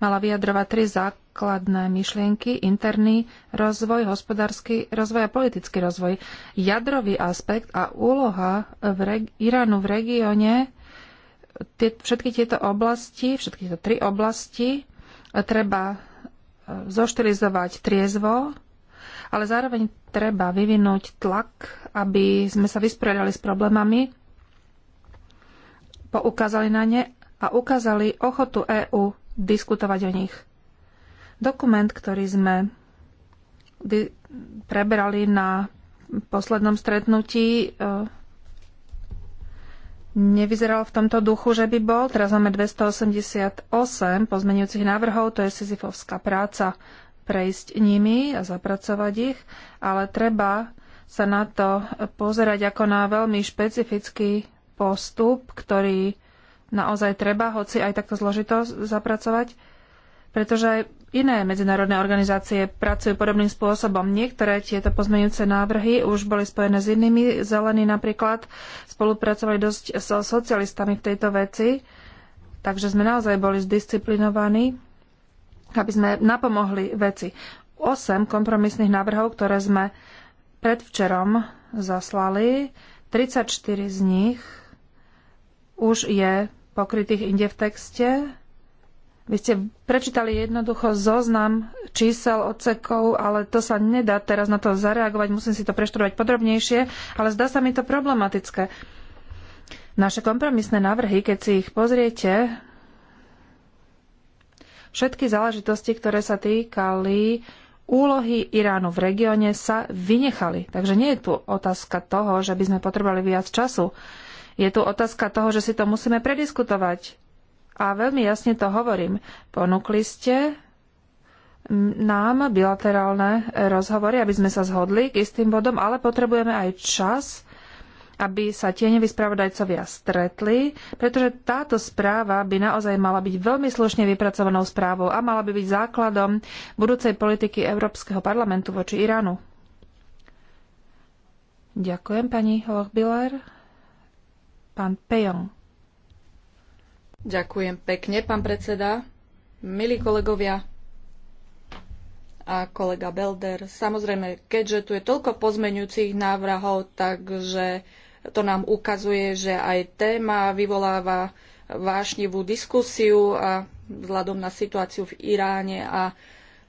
mala vyjadrovať tri základné myšlienky. Interný rozvoj, hospodársky rozvoj a politický rozvoj. Jadrový aspekt a úloha v reg- Iránu v regióne, tie, všetky tieto oblasti, všetky tieto tri oblasti e, treba e, zoštilizovať triezvo, ale zároveň treba vyvinúť tlak, aby sme sa vysporiadali s problémami, poukázali na ne a ukázali ochotu EÚ diskutovať o nich. Dokument, ktorý sme prebrali na poslednom stretnutí, e, nevyzeral v tomto duchu, že by bol. Teraz máme 288 pozmenujúcich návrhov, to je sizifovská práca prejsť nimi a zapracovať ich, ale treba sa na to pozerať ako na veľmi špecifický postup, ktorý naozaj treba, hoci aj takto zložito zapracovať, pretože aj iné medzinárodné organizácie pracujú podobným spôsobom. Niektoré tieto pozmeňujúce návrhy už boli spojené s inými. Zelení napríklad spolupracovali dosť so socialistami v tejto veci, takže sme naozaj boli zdisciplinovaní, aby sme napomohli veci. 8 kompromisných návrhov, ktoré sme predvčerom zaslali. 34 z nich už je pokrytých inde v texte. Vy ste prečítali jednoducho zoznam čísel, odsekov, ale to sa nedá teraz na to zareagovať, musím si to preštudovať podrobnejšie, ale zdá sa mi to problematické. Naše kompromisné návrhy, keď si ich pozriete, všetky záležitosti, ktoré sa týkali úlohy Iránu v regióne, sa vynechali. Takže nie je tu otázka toho, že by sme potrebovali viac času je tu otázka toho, že si to musíme prediskutovať. A veľmi jasne to hovorím. Ponúkli ste nám bilaterálne rozhovory, aby sme sa zhodli k istým bodom, ale potrebujeme aj čas, aby sa tieňoví spravodajcovia stretli, pretože táto správa by naozaj mala byť veľmi slušne vypracovanou správou a mala by byť základom budúcej politiky Európskeho parlamentu voči Iránu. Ďakujem, pani Lochbiller. Pán Pejong. Ďakujem pekne, pán predseda. Milí kolegovia a kolega Belder, samozrejme, keďže tu je toľko pozmeňujúcich návrhov, takže to nám ukazuje, že aj téma vyvoláva vášnivú diskusiu a vzhľadom na situáciu v Iráne a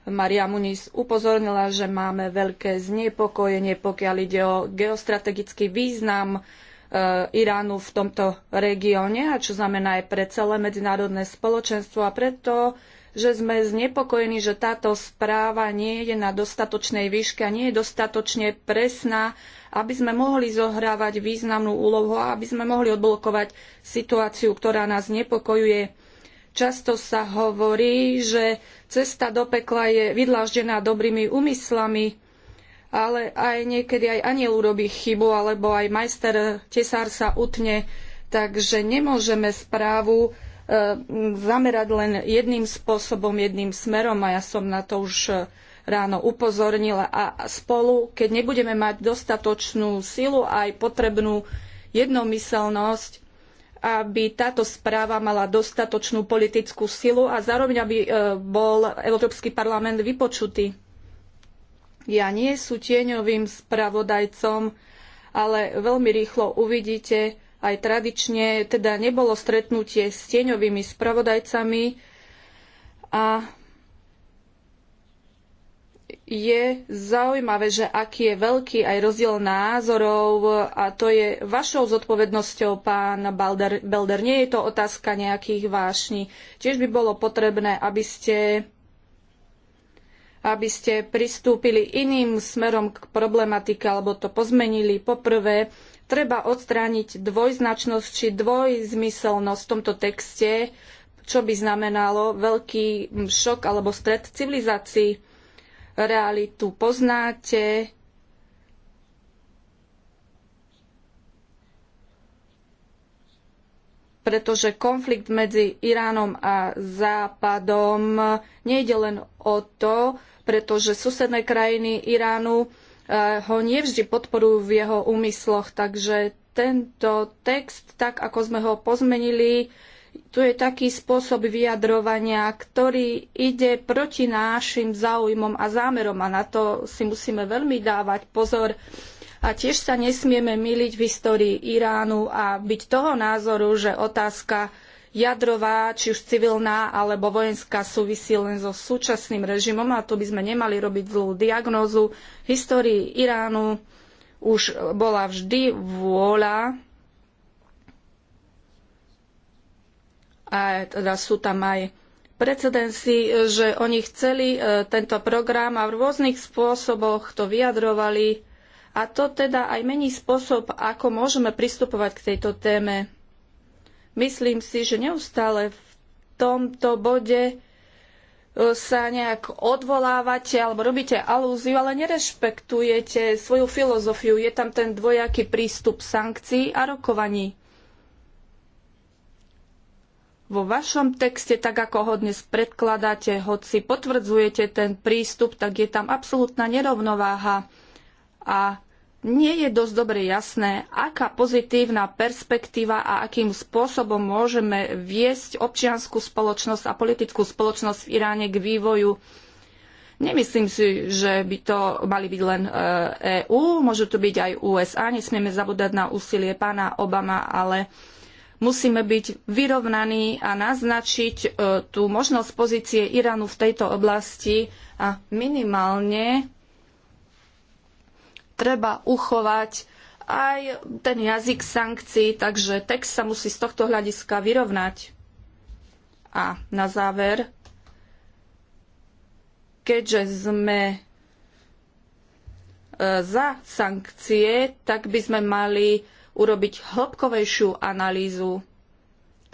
Maria Muniz upozornila, že máme veľké znepokojenie, pokiaľ ide o geostrategický význam Eh, Iránu v tomto regióne a čo znamená aj pre celé medzinárodné spoločenstvo a preto, že sme znepokojení, že táto správa nie je na dostatočnej výške a nie je dostatočne presná, aby sme mohli zohrávať významnú úlohu a aby sme mohli odblokovať situáciu, ktorá nás znepokojuje. Často sa hovorí, že cesta do pekla je vydláždená dobrými úmyslami, ale aj niekedy aj aniel urobí chybu, alebo aj majster tesár sa utne. Takže nemôžeme správu e, zamerať len jedným spôsobom, jedným smerom a ja som na to už e, ráno upozornila. A spolu, keď nebudeme mať dostatočnú silu a aj potrebnú jednomyseľnosť, aby táto správa mala dostatočnú politickú silu a zároveň aby e, bol Európsky parlament vypočutý. Ja nie sú tieňovým spravodajcom, ale veľmi rýchlo uvidíte, aj tradične teda nebolo stretnutie s tieňovými spravodajcami a je zaujímavé, že aký je veľký aj rozdiel názorov a to je vašou zodpovednosťou, pán Belder. Nie je to otázka nejakých vášni. Tiež by bolo potrebné, aby ste aby ste pristúpili iným smerom k problematike alebo to pozmenili. Poprvé, treba odstrániť dvojznačnosť či dvojzmyselnosť v tomto texte, čo by znamenalo veľký šok alebo stred civilizácií. Realitu poznáte, pretože konflikt medzi Iránom a Západom nejde len o to, pretože susedné krajiny Iránu eh, ho nevždy podporujú v jeho úmysloch, takže tento text, tak ako sme ho pozmenili, tu je taký spôsob vyjadrovania, ktorý ide proti našim záujmom a zámerom a na to si musíme veľmi dávať pozor. A tiež sa nesmieme myliť v histórii Iránu a byť toho názoru, že otázka jadrová, či už civilná alebo vojenská súvisí len so súčasným režimom a tu by sme nemali robiť zlú diagnózu. V histórii Iránu už bola vždy vôľa a teda sú tam aj precedensy, že oni chceli eh, tento program a v rôznych spôsoboch to vyjadrovali a to teda aj mení spôsob, ako môžeme pristupovať k tejto téme. Myslím si, že neustále v tomto bode e, sa nejak odvolávate alebo robíte alúziu, ale nerešpektujete svoju filozofiu. Je tam ten dvojaký prístup sankcií a rokovaní. Vo vašom texte, tak ako ho dnes predkladáte, hoci potvrdzujete ten prístup, tak je tam absolútna nerovnováha. A nie je dosť dobre jasné, aká pozitívna perspektíva a akým spôsobom môžeme viesť občiansku spoločnosť a politickú spoločnosť v Iráne k vývoju. Nemyslím si, že by to mali byť len EÚ, e môžu to byť aj USA, nesmieme zabúdať na úsilie pána Obama, ale musíme byť vyrovnaní a naznačiť e, tú možnosť pozície Iránu v tejto oblasti a minimálne treba uchovať aj ten jazyk sankcií, takže text sa musí z tohto hľadiska vyrovnať. A na záver, keďže sme e, za sankcie, tak by sme mali urobiť hĺbkovejšiu analýzu,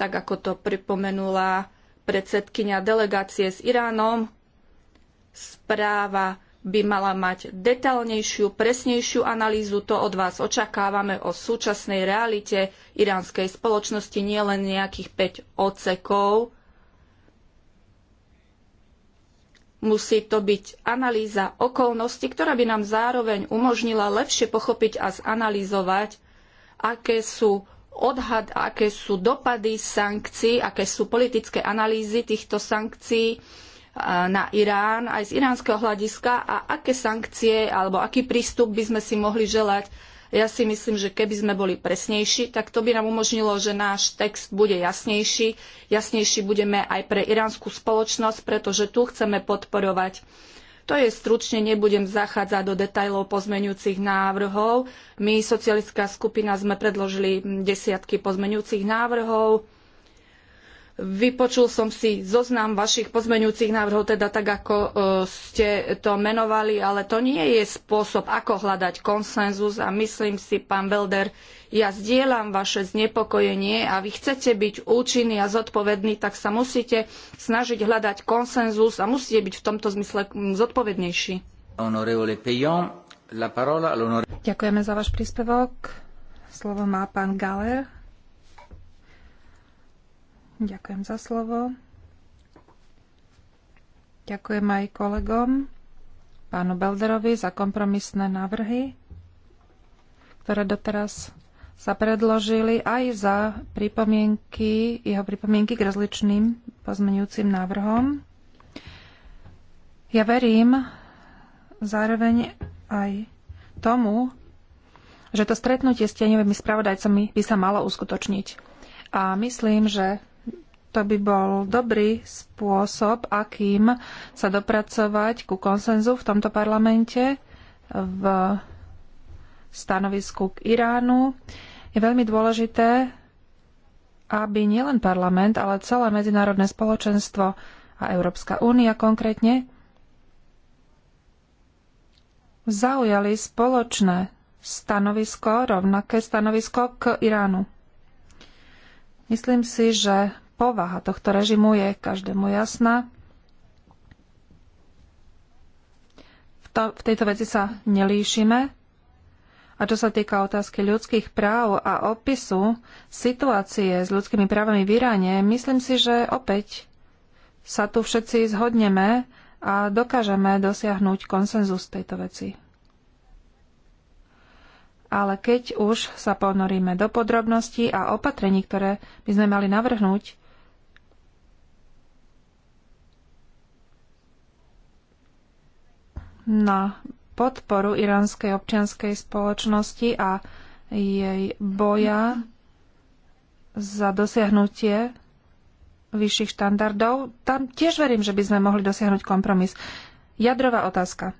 tak ako to pripomenula predsedkynia delegácie s Iránom, správa by mala mať detailnejšiu, presnejšiu analýzu. To od vás očakávame o súčasnej realite iránskej spoločnosti, nielen nejakých 5 odsekov. Musí to byť analýza okolností, ktorá by nám zároveň umožnila lepšie pochopiť a zanalýzovať, aké sú odhad, aké sú dopady sankcií, aké sú politické analýzy týchto sankcií, na Irán aj z iránskeho hľadiska a aké sankcie alebo aký prístup by sme si mohli želať. Ja si myslím, že keby sme boli presnejší, tak to by nám umožnilo, že náš text bude jasnejší. Jasnejší budeme aj pre iránsku spoločnosť, pretože tu chceme podporovať. To je stručne, nebudem zachádzať do detajlov pozmeňujúcich návrhov. My, socialistická skupina, sme predložili desiatky pozmeňujúcich návrhov Vypočul som si zoznam vašich pozmeňujúcich návrhov, teda tak, ako e, ste to menovali, ale to nie je spôsob, ako hľadať konsenzus a myslím si, pán Belder, ja zdieľam vaše znepokojenie a vy chcete byť účinný a zodpovední, tak sa musíte snažiť hľadať konsenzus a musíte byť v tomto zmysle zodpovednejší. Ďakujeme za váš príspevok. Slovo má pán Galer. Ďakujem za slovo. Ďakujem aj kolegom, pánu Belderovi, za kompromisné návrhy, ktoré doteraz sa predložili aj za pripomienky, jeho pripomienky k rozličným pozmenujúcim návrhom. Ja verím zároveň aj tomu, že to stretnutie s tieňovými spravodajcami by sa malo uskutočniť. A myslím, že to by bol dobrý spôsob, akým sa dopracovať ku konsenzu v tomto parlamente v stanovisku k Iránu. Je veľmi dôležité, aby nielen parlament, ale celé medzinárodné spoločenstvo a Európska únia konkrétne zaujali spoločné stanovisko, rovnaké stanovisko k Iránu. Myslím si, že Povaha tohto režimu je každému jasná. V, to, v tejto veci sa nelíšime. A čo sa týka otázky ľudských práv a opisu situácie s ľudskými právami v Iráne, myslím si, že opäť sa tu všetci zhodneme a dokážeme dosiahnuť konsenzus v tejto veci. Ale keď už sa ponoríme do podrobností a opatrení, ktoré by sme mali navrhnúť, na podporu iránskej občianskej spoločnosti a jej boja za dosiahnutie vyšších štandardov. Tam tiež verím, že by sme mohli dosiahnuť kompromis. Jadrová otázka.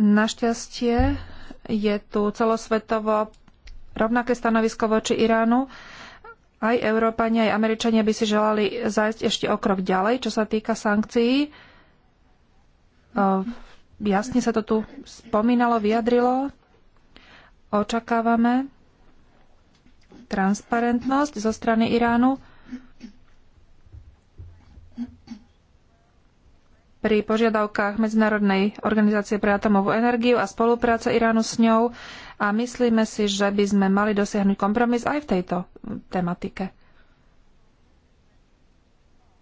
Našťastie je tu celosvetovo rovnaké stanovisko voči Iránu aj Európania, aj Američania by si želali zájsť ešte o krok ďalej, čo sa týka sankcií. Ehm, jasne sa to tu spomínalo, vyjadrilo. Očakávame transparentnosť zo strany Iránu pri požiadavkách Medzinárodnej organizácie pre atomovú energiu a spolupráce Iránu s ňou a myslíme si, že by sme mali dosiahnuť kompromis aj v tejto tematike.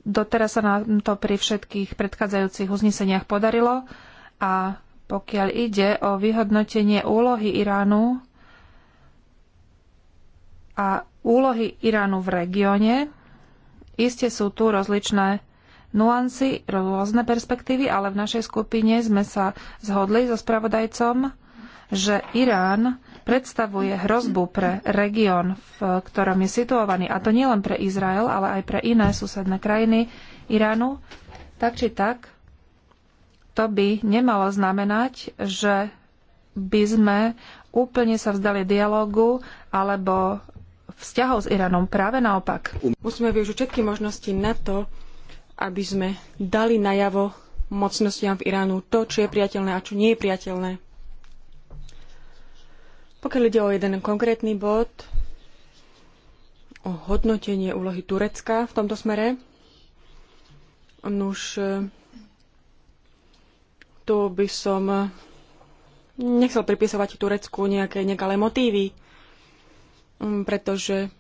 Doteraz sa nám to pri všetkých predchádzajúcich uzneseniach podarilo a pokiaľ ide o vyhodnotenie úlohy Iránu a úlohy Iránu v regióne, iste sú tu rozličné nuancy, rôzne perspektívy, ale v našej skupine sme sa zhodli so spravodajcom, že Irán predstavuje hrozbu pre región, v ktorom je situovaný, a to nielen pre Izrael, ale aj pre iné susedné krajiny Iránu, tak či tak, to by nemalo znamenať, že by sme úplne sa vzdali dialogu alebo vzťahov s Iránom. Práve naopak. Musíme využiť všetky možnosti na to, aby sme dali najavo mocnostiam v Iránu to, čo je priateľné a čo nie je priateľné. Pokiaľ ide o jeden konkrétny bod, o hodnotenie úlohy Turecka v tomto smere, nuž tu by som nechcel pripisovať Turecku nejaké nekalé motívy, mm, pretože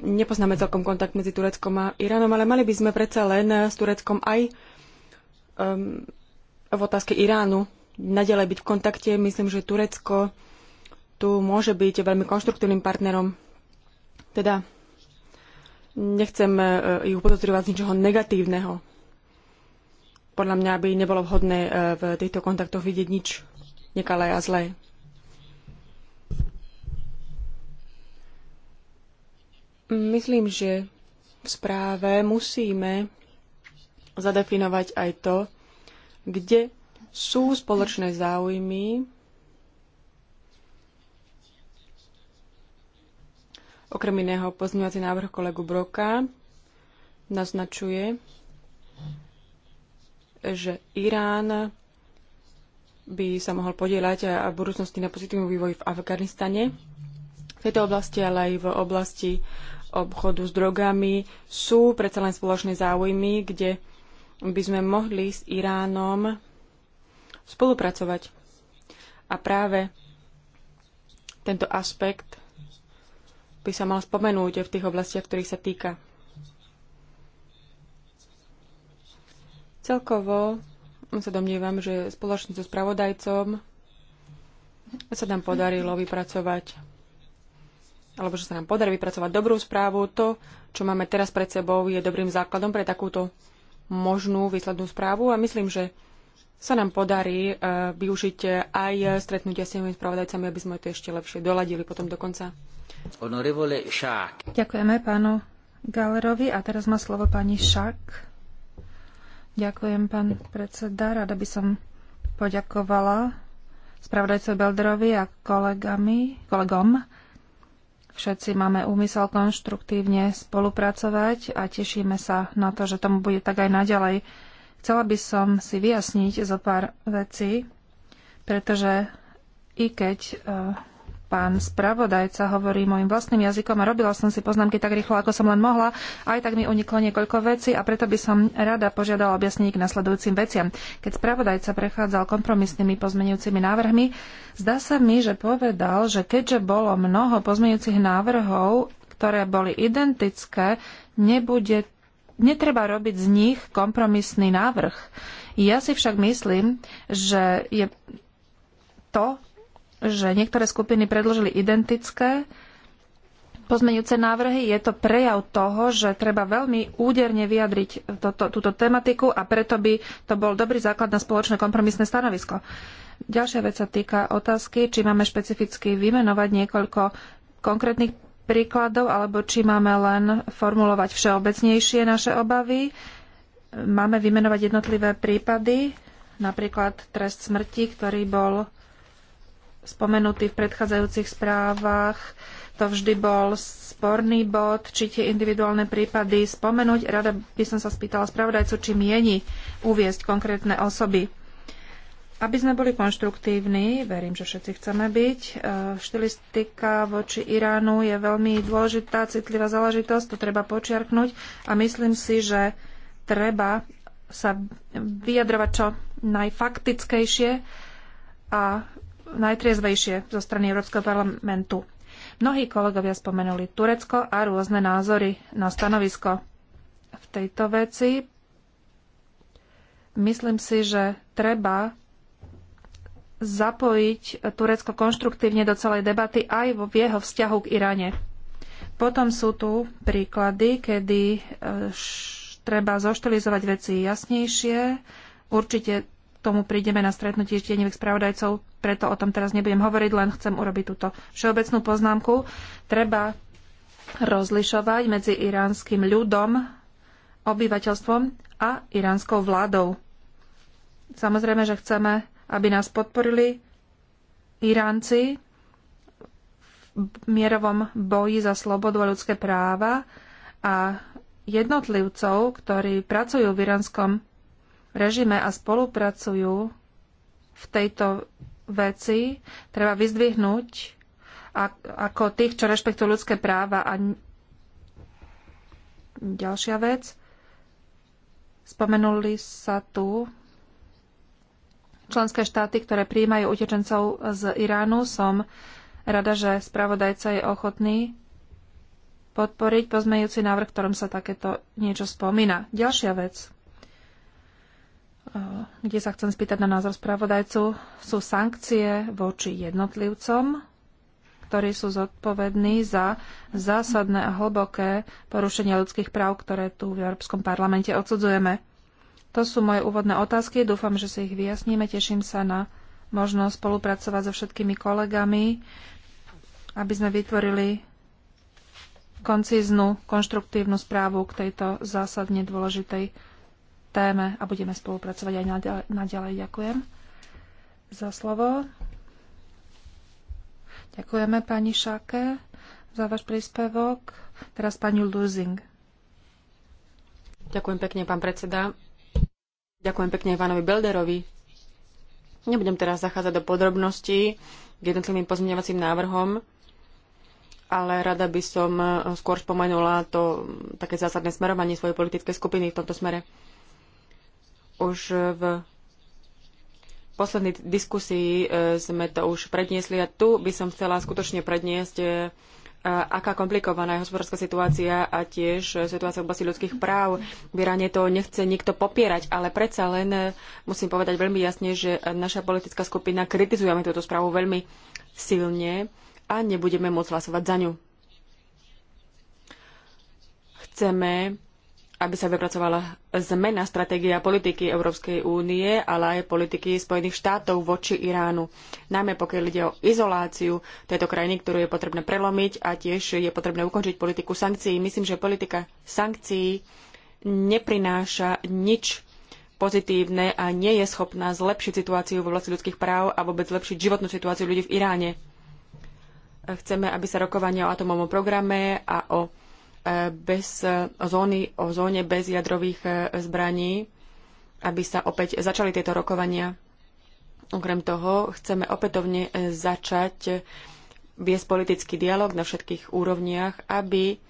nepoznáme celkom kontakt medzi Tureckom a Iránom, ale mali by sme predsa len s Tureckom aj um, v otázke Iránu nadalej byť v kontakte. Myslím, že Turecko tu môže byť veľmi konštruktívnym partnerom. Teda nechcem uh, ju podozrievať z ničoho negatívneho. Podľa mňa by nebolo vhodné uh, v týchto kontaktoch vidieť nič nekalé a zlé. Myslím, že v správe musíme zadefinovať aj to, kde sú spoločné záujmy, okrem iného pozňovací návrh kolegu Broka naznačuje, že Irán by sa mohol podieľať a v budúcnosti na pozitívnom vývoji v Afganistane, v tejto oblasti, ale aj v oblasti obchodu s drogami sú predsa len spoločné záujmy, kde by sme mohli s Iránom spolupracovať. A práve tento aspekt by sa mal spomenúť v tých oblastiach, ktorých sa týka. Celkovo sa domnievam, že spoločne so spravodajcom sa nám podarilo vypracovať alebo že sa nám podarí vypracovať dobrú správu. To, čo máme teraz pred sebou, je dobrým základom pre takúto možnú výslednú správu a myslím, že sa nám podarí e, využiť aj stretnutia s tými spravodajcami, aby sme to ešte lepšie doladili potom do konca. Ďakujeme pánu Galerovi a teraz má slovo pani Šak. Ďakujem, pán predseda. Rada by som poďakovala spravodajcovi Belderovi a kolegami, kolegom Všetci máme úmysel konštruktívne spolupracovať a tešíme sa na to, že tomu bude tak aj naďalej. Chcela by som si vyjasniť zo pár vecí, pretože i keď eh, pán spravodajca, hovorí môjim vlastným jazykom a robila som si poznámky tak rýchlo, ako som len mohla. Aj tak mi uniklo niekoľko vecí a preto by som rada požiadala objasnenie k nasledujúcim veciam. Keď spravodajca prechádzal kompromisnými pozmenujúcimi návrhmi, zdá sa mi, že povedal, že keďže bolo mnoho pozmenujúcich návrhov, ktoré boli identické, nebude, netreba robiť z nich kompromisný návrh. Ja si však myslím, že je to, že niektoré skupiny predložili identické pozmeňujúce návrhy. Je to prejav toho, že treba veľmi úderne vyjadriť toto, túto tematiku a preto by to bol dobrý základ na spoločné kompromisné stanovisko. Ďalšia vec sa týka otázky, či máme špecificky vymenovať niekoľko konkrétnych príkladov, alebo či máme len formulovať všeobecnejšie naše obavy. Máme vymenovať jednotlivé prípady, napríklad trest smrti, ktorý bol spomenutý v predchádzajúcich správach. To vždy bol sporný bod, či tie individuálne prípady spomenúť. Rada by som sa spýtala spravodajcu, či mieni uviesť konkrétne osoby. Aby sme boli konštruktívni, verím, že všetci chceme byť, e, štilistika voči Iránu je veľmi dôležitá, citlivá záležitosť, to treba počiarknúť a myslím si, že treba sa vyjadrovať čo najfaktickejšie a najtriezvejšie zo strany Európskeho parlamentu. Mnohí kolegovia spomenuli Turecko a rôzne názory na stanovisko v tejto veci. Myslím si, že treba zapojiť Turecko konštruktívne do celej debaty aj v jeho vzťahu k Iráne. Potom sú tu príklady, kedy e, treba zoštilizovať veci jasnejšie. Určite tomu prídeme na stretnutie ešte nevých spravodajcov, preto o tom teraz nebudem hovoriť, len chcem urobiť túto všeobecnú poznámku. Treba rozlišovať medzi iránskym ľudom, obyvateľstvom a iránskou vládou. Samozrejme, že chceme, aby nás podporili Iránci v mierovom boji za slobodu a ľudské práva a jednotlivcov, ktorí pracujú v iránskom režime a spolupracujú v tejto veci, treba vyzdvihnúť ako tých, čo rešpektujú ľudské práva. A ďalšia vec, spomenuli sa tu členské štáty, ktoré prijímajú utečencov z Iránu. Som rada, že spravodajca je ochotný podporiť pozmejúci návrh, ktorom sa takéto niečo spomína. Ďalšia vec kde sa chcem spýtať na názor spravodajcu, sú sankcie voči jednotlivcom, ktorí sú zodpovední za zásadné a hlboké porušenie ľudských práv, ktoré tu v Európskom parlamente odsudzujeme. To sú moje úvodné otázky, dúfam, že si ich vyjasníme. Teším sa na možnosť spolupracovať so všetkými kolegami, aby sme vytvorili koncíznu, konštruktívnu správu k tejto zásadne dôležitej téme a budeme spolupracovať aj naďalej. Ďakujem za slovo. Ďakujeme pani Šake za váš príspevok. Teraz pani Luzing. Ďakujem pekne, pán predseda. Ďakujem pekne Ivanovi Belderovi. Nebudem teraz zachádzať do podrobností k jednotlivým pozmeňovacím návrhom, ale rada by som eh, skôr spomenula to také zásadné smerovanie svojej politickej skupiny v tomto smere. Už v poslednej diskusii e, sme to už predniesli a tu by som chcela skutočne predniesť e, aká komplikovaná je hospodárska situácia a tiež e, situácia v oblasti ľudských práv. V Iráne to nechce nikto popierať, ale predsa len musím povedať veľmi jasne, že naša politická skupina kritizujeme túto správu veľmi silne a nebudeme môcť hlasovať za ňu. Chceme aby sa vypracovala zmena a politiky Európskej únie, ale aj politiky Spojených štátov voči Iránu. Najmä pokiaľ ide o izoláciu tejto krajiny, ktorú je potrebné prelomiť a tiež je potrebné ukončiť politiku sankcií. Myslím, že politika sankcií neprináša nič pozitívne a nie je schopná zlepšiť situáciu v oblasti ľudských práv a vôbec zlepšiť životnú situáciu ľudí v Iráne. Chceme, aby sa rokovania o atomovom programe a o bez zóny, o zóne bez jadrových e, zbraní, aby sa opäť začali tieto rokovania. Okrem toho chceme opätovne e, začať viesť politický dialog na všetkých úrovniach, aby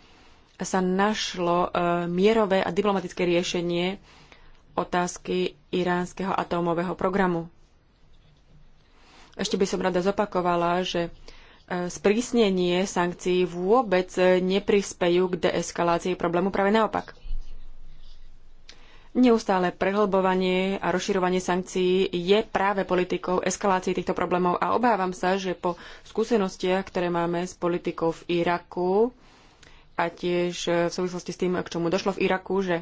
sa našlo e, mierové a diplomatické riešenie otázky iránskeho atómového programu. Ešte by som rada zopakovala, že sprísnenie sankcií vôbec neprispejú k deeskalácii problému, práve naopak. Neustále prehlbovanie a rozširovanie sankcií je práve politikou eskalácie týchto problémov a obávam sa, že po skúsenostiach, ktoré máme s politikou v Iraku a tiež v súvislosti s tým, k čomu došlo v Iraku, že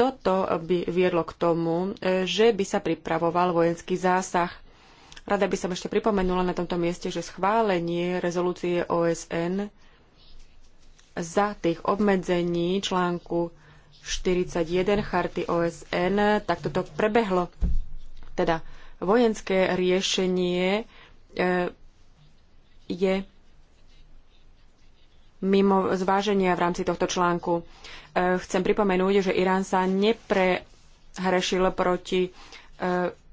toto by viedlo k tomu, že by sa pripravoval vojenský zásah Rada by som ešte pripomenula na tomto mieste, že schválenie rezolúcie OSN za tých obmedzení článku 41 charty OSN, tak toto prebehlo. Teda vojenské riešenie e, je mimo zváženia v rámci tohto článku. E, chcem pripomenúť, že Irán sa neprehrešil proti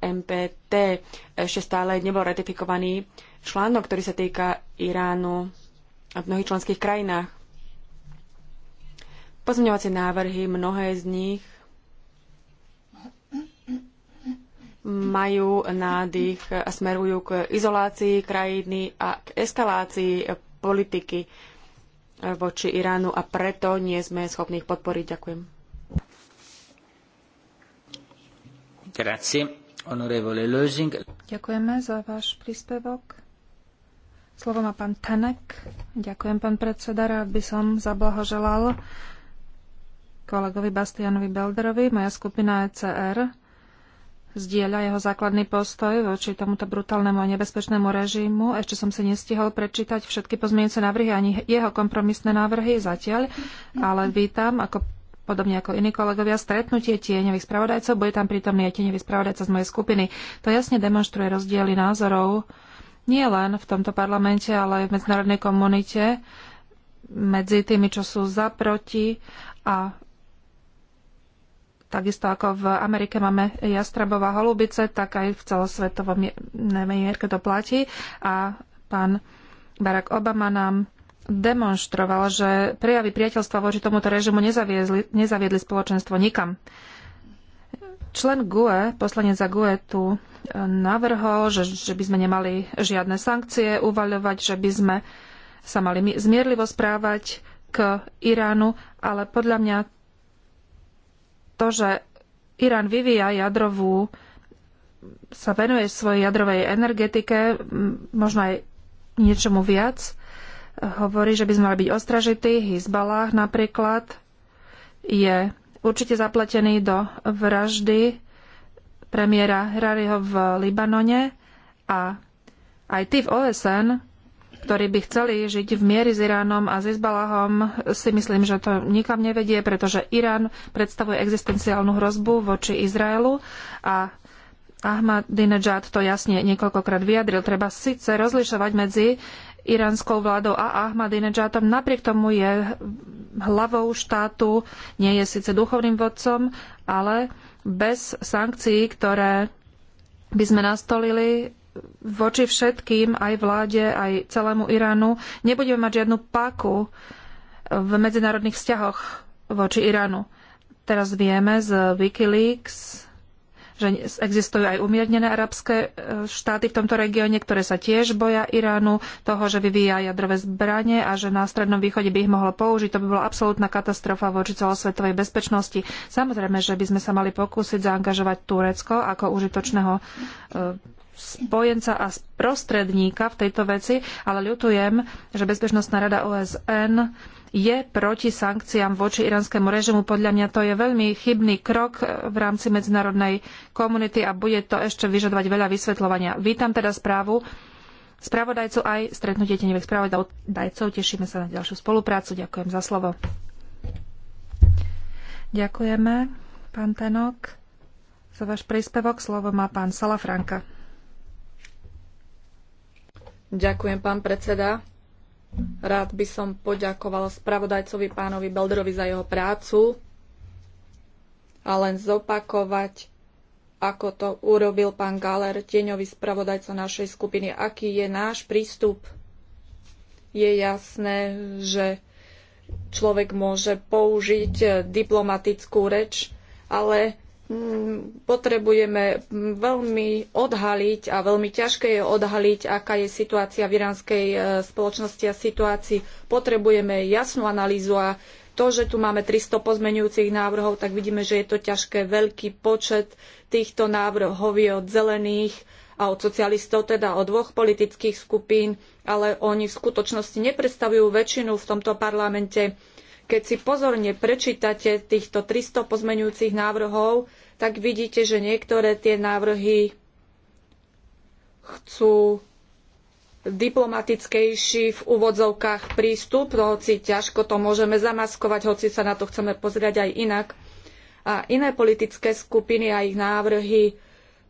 MPT. Ešte stále nebol ratifikovaný článok, ktorý sa týka Iránu a v mnohých členských krajinách. Pozmeňovacie návrhy, mnohé z nich majú nádych a smerujú k izolácii krajiny a k eskalácii politiky voči Iránu a preto nie sme schopní ich podporiť. Ďakujem. Ďakujeme za váš príspevok. Slovo má pán Tanek. Ďakujem, pán predseda. Rád by som zablahoželal kolegovi Bastianovi Belderovi. Moja skupina ECR zdieľa jeho základný postoj voči tomuto brutálnemu a nebezpečnému režimu. Ešte som si nestihol prečítať všetky pozmienujúce návrhy, ani jeho kompromisné návrhy zatiaľ, ale vítam ako podobne ako iní kolegovia, stretnutie tieňových spravodajcov. Bude tam prítomný aj tieňový spravodajca z mojej skupiny. To jasne demonstruje rozdiely názorov nie len v tomto parlamente, ale aj v medzinárodnej komunite medzi tými, čo sú za, proti a takisto ako v Amerike máme jastrabová holubice, tak aj v celosvetovom mierke to platí a pán Barack Obama nám demonstroval, že prejavy priateľstva voči tomuto režimu nezaviedli, nezaviedli spoločenstvo nikam. Člen GUE, poslanec za GUE tu e, navrhol, že, že by sme nemali žiadne sankcie uvaľovať, že by sme sa mali zmierlivo správať k Iránu, ale podľa mňa to, že Irán vyvíja jadrovú, sa venuje svojej jadrovej energetike, možno aj niečomu viac, hovorí, že by sme mali byť ostražití. Hizbalách napríklad je určite zapletený do vraždy premiéra Hrariho v Libanone a aj tí v OSN, ktorí by chceli žiť v miery s Iránom a s Izbalahom, si myslím, že to nikam nevedie, pretože Irán predstavuje existenciálnu hrozbu voči Izraelu a Ahmadinejad to jasne niekoľkokrát vyjadril. Treba síce rozlišovať medzi iránskou vládou a Ahmadinejadom. Napriek tomu je hlavou štátu, nie je síce duchovným vodcom, ale bez sankcií, ktoré by sme nastolili voči všetkým, aj vláde, aj celému Iránu, nebudeme mať žiadnu páku v medzinárodných vzťahoch voči Iránu. Teraz vieme z Wikileaks, že existujú aj umiernené arabské e, štáty v tomto regióne, ktoré sa tiež boja Iránu, toho, že vyvíja jadrové zbranie a že na Strednom východe by ich mohlo použiť. To by bola absolútna katastrofa voči celosvetovej bezpečnosti. Samozrejme, že by sme sa mali pokúsiť zaangažovať Turecko ako užitočného e, spojenca a prostredníka v tejto veci, ale ľutujem, že Bezpečnostná rada OSN je proti sankciám voči iránskému režimu. Podľa mňa to je veľmi chybný krok v rámci medzinárodnej komunity a bude to ešte vyžadovať veľa vysvetľovania. Vítam teda správu spravodajcu aj stretnutie tenivých spravodajcov. Tešíme sa na ďalšiu spoluprácu. Ďakujem za slovo. Ďakujeme, pán Tenok. Za váš príspevok slovo má pán Salafranka. Ďakujem, pán predseda. Rád by som poďakoval spravodajcovi pánovi Belderovi za jeho prácu a len zopakovať, ako to urobil pán Galer, tieňový spravodajca našej skupiny, aký je náš prístup. Je jasné, že človek môže použiť diplomatickú reč, ale Mm, potrebujeme veľmi odhaliť a veľmi ťažké je odhaliť, aká je situácia v iránskej e, spoločnosti a situácii. Potrebujeme jasnú analýzu a to, že tu máme 300 pozmenujúcich návrhov, tak vidíme, že je to ťažké. Veľký počet týchto návrhov je od zelených a od socialistov, teda od dvoch politických skupín, ale oni v skutočnosti nepredstavujú väčšinu v tomto parlamente keď si pozorne prečítate týchto 300 pozmeňujúcich návrhov, tak vidíte, že niektoré tie návrhy chcú diplomatickejší v úvodzovkách prístup, hoci ťažko to môžeme zamaskovať, hoci sa na to chceme pozrieť aj inak. A iné politické skupiny a ich návrhy,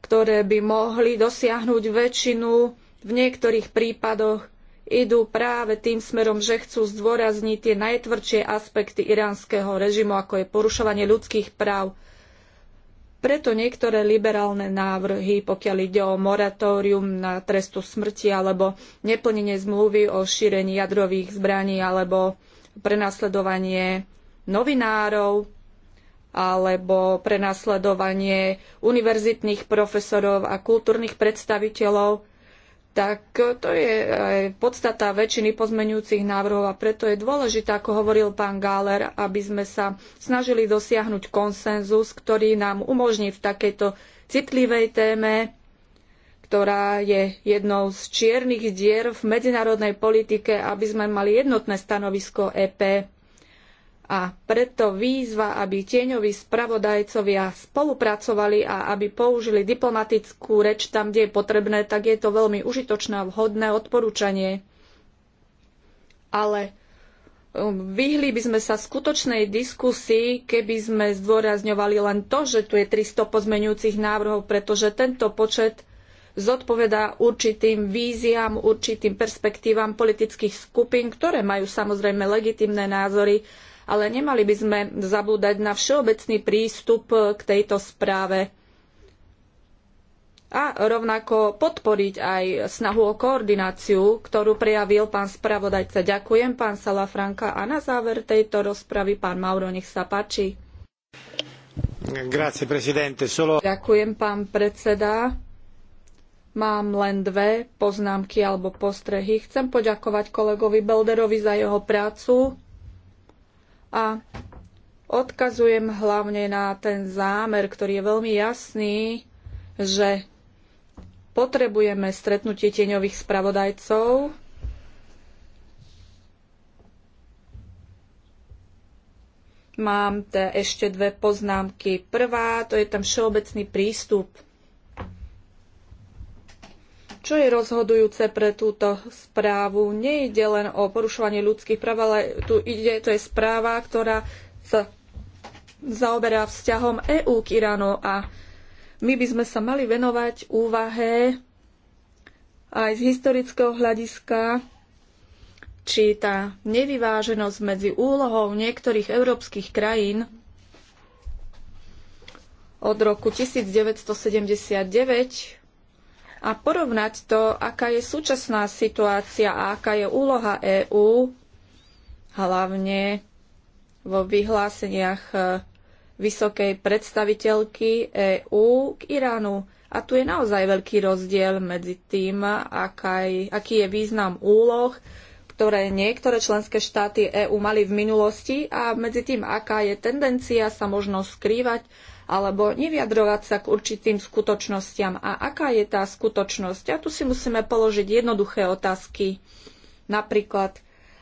ktoré by mohli dosiahnuť väčšinu, v niektorých prípadoch idú práve tým smerom, že chcú zdôrazniť tie najtvrdšie aspekty iránskeho režimu, ako je porušovanie ľudských práv. Preto niektoré liberálne návrhy, pokiaľ ide o moratórium na trestu smrti alebo neplnenie zmluvy o šírení jadrových zbraní alebo prenasledovanie novinárov alebo prenasledovanie univerzitných profesorov a kultúrnych predstaviteľov, tak to je podstata väčšiny pozmenujúcich návrhov a preto je dôležité, ako hovoril pán Gáler, aby sme sa snažili dosiahnuť konsenzus, ktorý nám umožní v takejto citlivej téme, ktorá je jednou z čiernych dier v medzinárodnej politike, aby sme mali jednotné stanovisko EP a preto výzva, aby tieňoví spravodajcovia spolupracovali a aby použili diplomatickú reč tam, kde je potrebné, tak je to veľmi užitočné a vhodné odporúčanie. Ale um, vyhli by sme sa skutočnej diskusii, keby sme zdôrazňovali len to, že tu je 300 pozmeňujúcich návrhov, pretože tento počet zodpovedá určitým víziám, určitým perspektívam politických skupín, ktoré majú samozrejme legitimné názory ale nemali by sme zabúdať na všeobecný prístup k tejto správe a rovnako podporiť aj snahu o koordináciu, ktorú prejavil pán spravodajca. Ďakujem, pán Salafranka. A na záver tejto rozpravy, pán Mauro, nech sa páči. Grazie, Solo... Ďakujem, pán predseda. Mám len dve poznámky alebo postrehy. Chcem poďakovať kolegovi Belderovi za jeho prácu a odkazujem hlavne na ten zámer, ktorý je veľmi jasný, že potrebujeme stretnutie tieňových spravodajcov, Mám ešte dve poznámky. Prvá, to je tam všeobecný prístup čo je rozhodujúce pre túto správu? Nejde len o porušovanie ľudských práv, ale tu ide, to je správa, ktorá sa zaoberá vzťahom EÚ k Iránu a my by sme sa mali venovať úvahe aj z historického hľadiska, či tá nevyváženosť medzi úlohou niektorých európskych krajín od roku 1979 a porovnať to, aká je súčasná situácia a aká je úloha EÚ, hlavne vo vyhláseniach e, vysokej predstaviteľky EÚ k Iránu. A tu je naozaj veľký rozdiel medzi tým, aký je význam úloh, ktoré niektoré členské štáty EÚ mali v minulosti a medzi tým, aká je tendencia sa možno skrývať alebo nevyjadrovať sa k určitým skutočnostiam. A aká je tá skutočnosť? A tu si musíme položiť jednoduché otázky. Napríklad,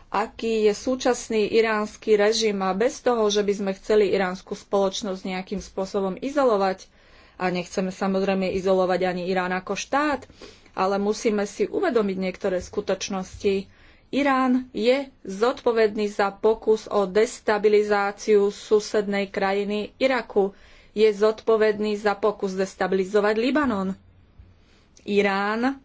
aký je súčasný iránsky režim a bez toho, že by sme chceli iránsku spoločnosť nejakým spôsobom izolovať, a nechceme samozrejme izolovať ani Irán ako štát, ale musíme si uvedomiť niektoré skutočnosti. Irán je zodpovedný za pokus o destabilizáciu susednej krajiny Iraku je zodpovedný za pokus destabilizovať Libanon. Irán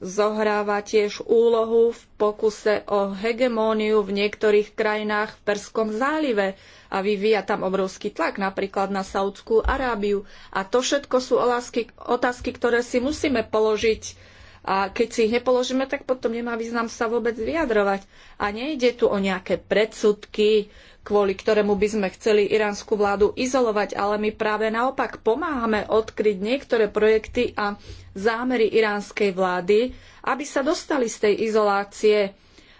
zohráva tiež úlohu v pokuse o hegemóniu v niektorých krajinách v Perskom zálive a vyvíja tam obrovský tlak, napríklad na Saudskú Arábiu. A to všetko sú olásky, otázky, ktoré si musíme položiť. A keď si ich nepoložíme, tak potom nemá význam sa vôbec vyjadrovať. A nejde tu o nejaké predsudky, kvôli ktorému by sme chceli iránsku vládu izolovať, ale my práve naopak pomáhame odkryť niektoré projekty a zámery iránskej vlády, aby sa dostali z tej izolácie,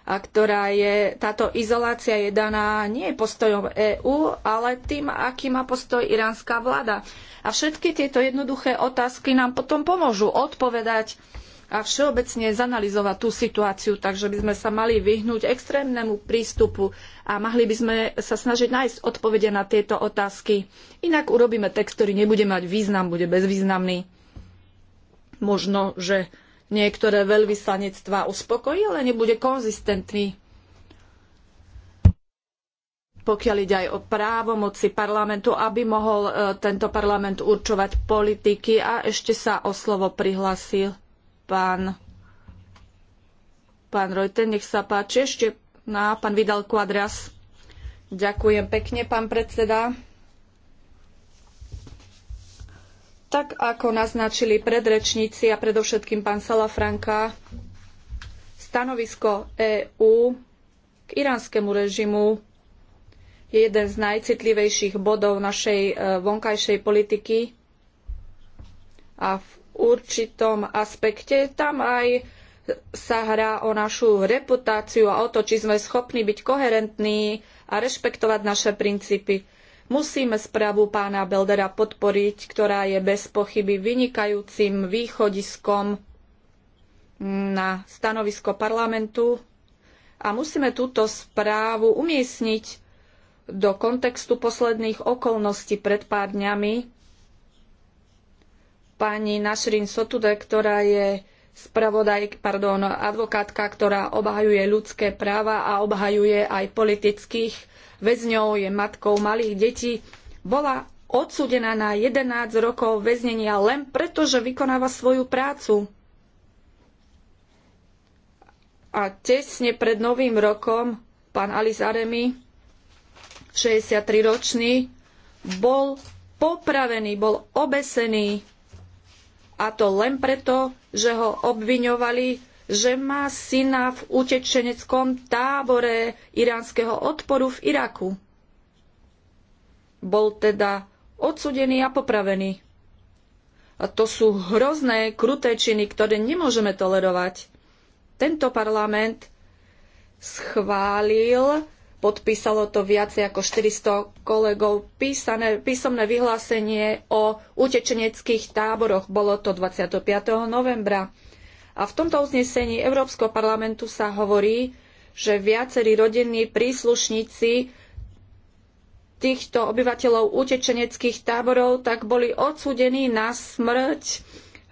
a ktorá je, táto izolácia je daná nie postojom EÚ, ale tým, aký má postoj iránska vláda. A všetky tieto jednoduché otázky nám potom pomôžu odpovedať a všeobecne zanalizovať tú situáciu, takže by sme sa mali vyhnúť extrémnemu prístupu a mohli by sme sa snažiť nájsť odpovede na tieto otázky. Inak urobíme text, ktorý nebude mať význam, bude bezvýznamný. Možno, že niektoré veľvyslanectvá uspokojí, ale nebude konzistentný. Pokiaľ ide aj o právomoci parlamentu, aby mohol e, tento parlament určovať politiky a ešte sa o slovo prihlásil Pán, pán Rojten, nech sa páči ešte na pán Vidal Quadras. Ďakujem pekne, pán predseda. Tak ako naznačili predrečníci a predovšetkým pán Salafranka, stanovisko EÚ k iránskemu režimu je jeden z najcitlivejších bodov našej e, vonkajšej politiky a v určitom aspekte. Tam aj sa hrá o našu reputáciu a o to, či sme schopní byť koherentní a rešpektovať naše princípy. Musíme správu pána Beldera podporiť, ktorá je bez pochyby vynikajúcim východiskom na stanovisko parlamentu a musíme túto správu umiestniť do kontextu posledných okolností pred pár dňami, pani Nasrin Sotude, ktorá je spravodaj, pardon, advokátka, ktorá obhajuje ľudské práva a obhajuje aj politických väzňov, je matkou malých detí, bola odsúdená na 11 rokov väznenia len preto, že vykonáva svoju prácu. A tesne pred novým rokom pán Alice Aremi, 63-ročný, bol popravený, bol obesený a to len preto, že ho obviňovali, že má syna v utečeneckom tábore iránskeho odporu v Iraku. Bol teda odsudený a popravený. A to sú hrozné, kruté činy, ktoré nemôžeme tolerovať. Tento parlament schválil podpísalo to viac ako 400 kolegov písané, písomné vyhlásenie o utečeneckých táboroch. Bolo to 25. novembra. A v tomto uznesení Európskeho parlamentu sa hovorí, že viacerí rodinní príslušníci týchto obyvateľov utečeneckých táborov tak boli odsúdení na smrť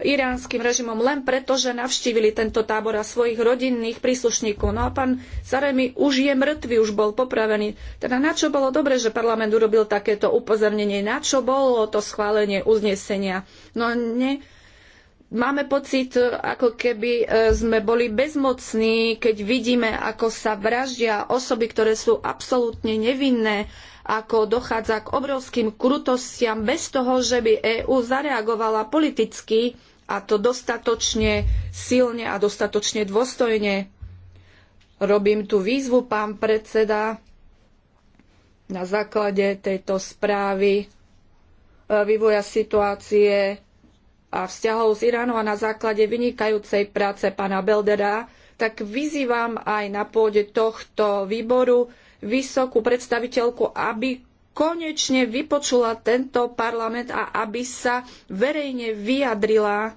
iránskym režimom len preto, že navštívili tento tábor a svojich rodinných príslušníkov. No a pán Saremi už je mŕtvy, už bol popravený. Teda na čo bolo dobre, že parlament urobil takéto upozornenie? Na čo bolo to schválenie uznesenia? No ne, máme pocit, ako keby e, sme boli bezmocní, keď vidíme, ako sa vraždia osoby, ktoré sú absolútne nevinné ako dochádza k obrovským krutostiam bez toho, že by EÚ zareagovala politicky a to dostatočne silne a dostatočne dôstojne. Robím tu výzvu, pán predseda, na základe tejto správy e, vývoja situácie a vzťahov s Iránom a na základe vynikajúcej práce pána Beldera, tak vyzývam aj na pôde tohto výboru vysokú predstaviteľku, aby konečne vypočula tento parlament a aby sa verejne vyjadrila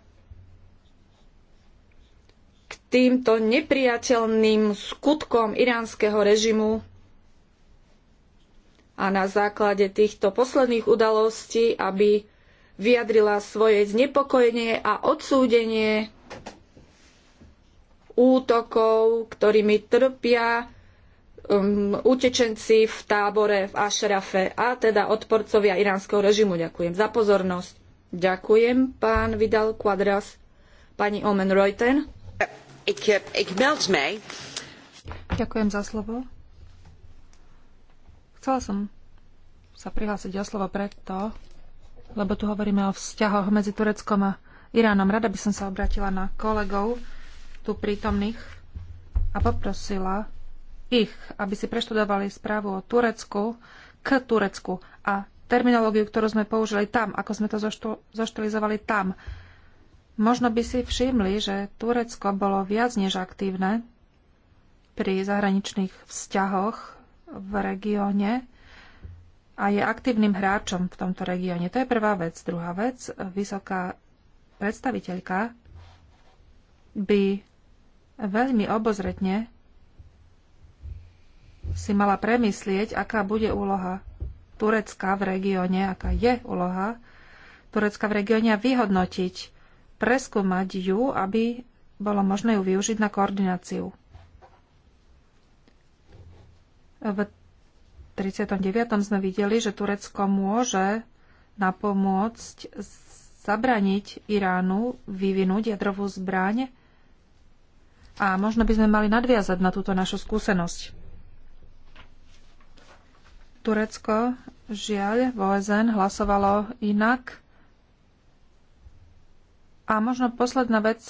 k týmto nepriateľným skutkom iránskeho režimu. A na základe týchto posledných udalostí, aby vyjadrila svoje znepokojenie a odsúdenie útokov, ktorými trpia um, utečenci v tábore v Ašrafe a teda odporcovia iránskeho režimu. Ďakujem za pozornosť. Ďakujem, pán Vidal Quadras, pani Omen Reuten. Eh, Ďakujem za slovo. Chcela som sa prihlásiť o slovo preto, lebo tu hovoríme o vzťahoch medzi Tureckom a Iránom. Rada by som sa obratila na kolegov tu prítomných a poprosila ich, aby si preštudovali správu o Turecku k Turecku a terminológiu, ktorú sme použili tam, ako sme to zoštu, zoštilizovali tam. Možno by si všimli, že Turecko bolo viac než aktívne pri zahraničných vzťahoch v regióne a je aktívnym hráčom v tomto regióne. To je prvá vec. Druhá vec, vysoká predstaviteľka by veľmi obozretne si mala premyslieť, aká bude úloha Turecka v regióne, aká je úloha Turecka v regióne a vyhodnotiť, preskúmať ju, aby bolo možné ju využiť na koordináciu. V 39. sme videli, že Turecko môže napomôcť zabraniť Iránu vyvinúť jadrovú zbraň a možno by sme mali nadviazať na túto našu skúsenosť. Turecko, žiaľ, v OSN hlasovalo inak. A možno posledná vec,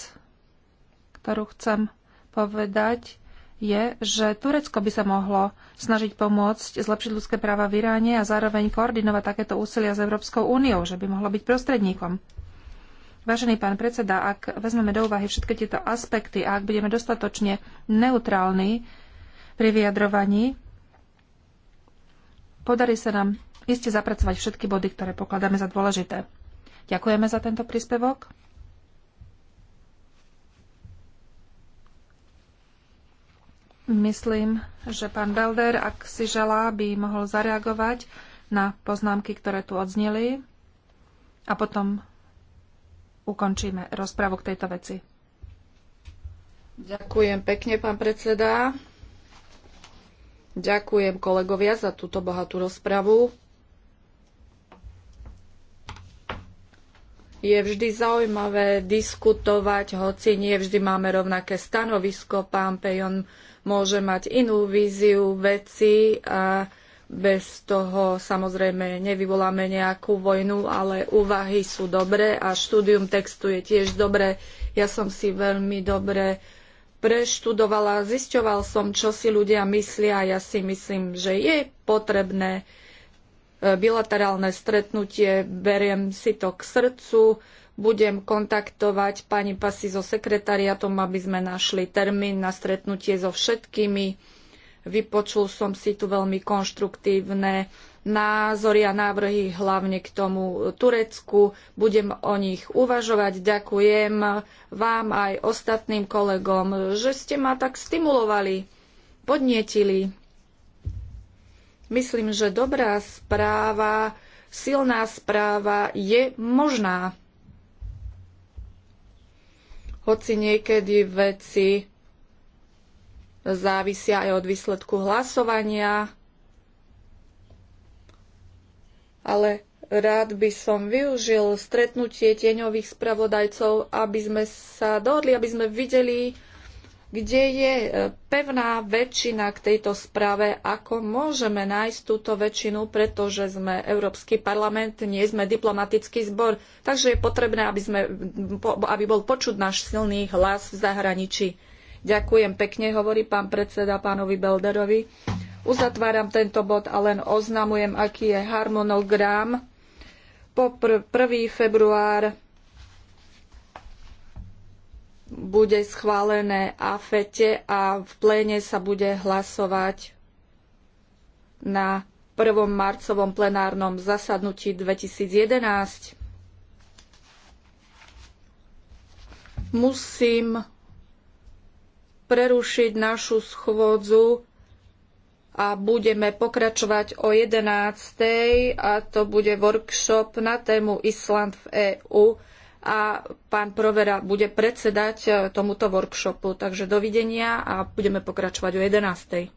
ktorú chcem povedať, je, že Turecko by sa mohlo snažiť pomôcť zlepšiť ľudské práva v Iráne a zároveň koordinovať takéto úsilia s Európskou úniou, že by mohlo byť prostredníkom. Vážený pán predseda, ak vezmeme do úvahy všetky tieto aspekty a ak budeme dostatočne neutrálni pri vyjadrovaní, podarí sa nám iste zapracovať všetky body, ktoré pokladáme za dôležité. Ďakujeme za tento príspevok. Myslím, že pán Belder, ak si želá, by mohol zareagovať na poznámky, ktoré tu odzneli a potom ukončíme rozprávu k tejto veci. Ďakujem pekne, pán predseda. Ďakujem kolegovia za túto bohatú rozpravu. Je vždy zaujímavé diskutovať, hoci nie vždy máme rovnaké stanovisko. Pán Pejon môže mať inú víziu veci a bez toho samozrejme nevyvoláme nejakú vojnu, ale úvahy sú dobré a štúdium textu je tiež dobré. Ja som si veľmi dobre preštudovala, zisťoval som, čo si ľudia myslia a ja si myslím, že je potrebné e, bilaterálne stretnutie, beriem si to k srdcu, budem kontaktovať pani Pasi so sekretariatom, aby sme našli termín na stretnutie so všetkými. Vypočul som si tu veľmi konštruktívne názory a návrhy hlavne k tomu Turecku. Budem o nich uvažovať. Ďakujem vám aj ostatným kolegom, že ste ma tak stimulovali, podnietili. Myslím, že dobrá správa, silná správa je možná. Hoci niekedy veci závisia aj od výsledku hlasovania, ale rád by som využil stretnutie tieňových spravodajcov, aby sme sa dohodli, aby sme videli, kde je e, pevná väčšina k tejto správe, ako môžeme nájsť túto väčšinu, pretože sme Európsky parlament, nie sme diplomatický zbor, takže je potrebné, aby, sme, aby bol počuť náš silný hlas v zahraničí. Ďakujem pekne, hovorí pán predseda pánovi Belderovi. Uzatváram tento bod a len oznamujem, aký je harmonogram. Po 1. február bude schválené AFETE a v pléne sa bude hlasovať na 1. marcovom plenárnom zasadnutí 2011. Musím prerušiť našu schôdzu a budeme pokračovať o 11.00 a to bude workshop na tému Island v EÚ a pán Provera bude predsedať e, tomuto workshopu. Takže dovidenia a budeme pokračovať o 11.00.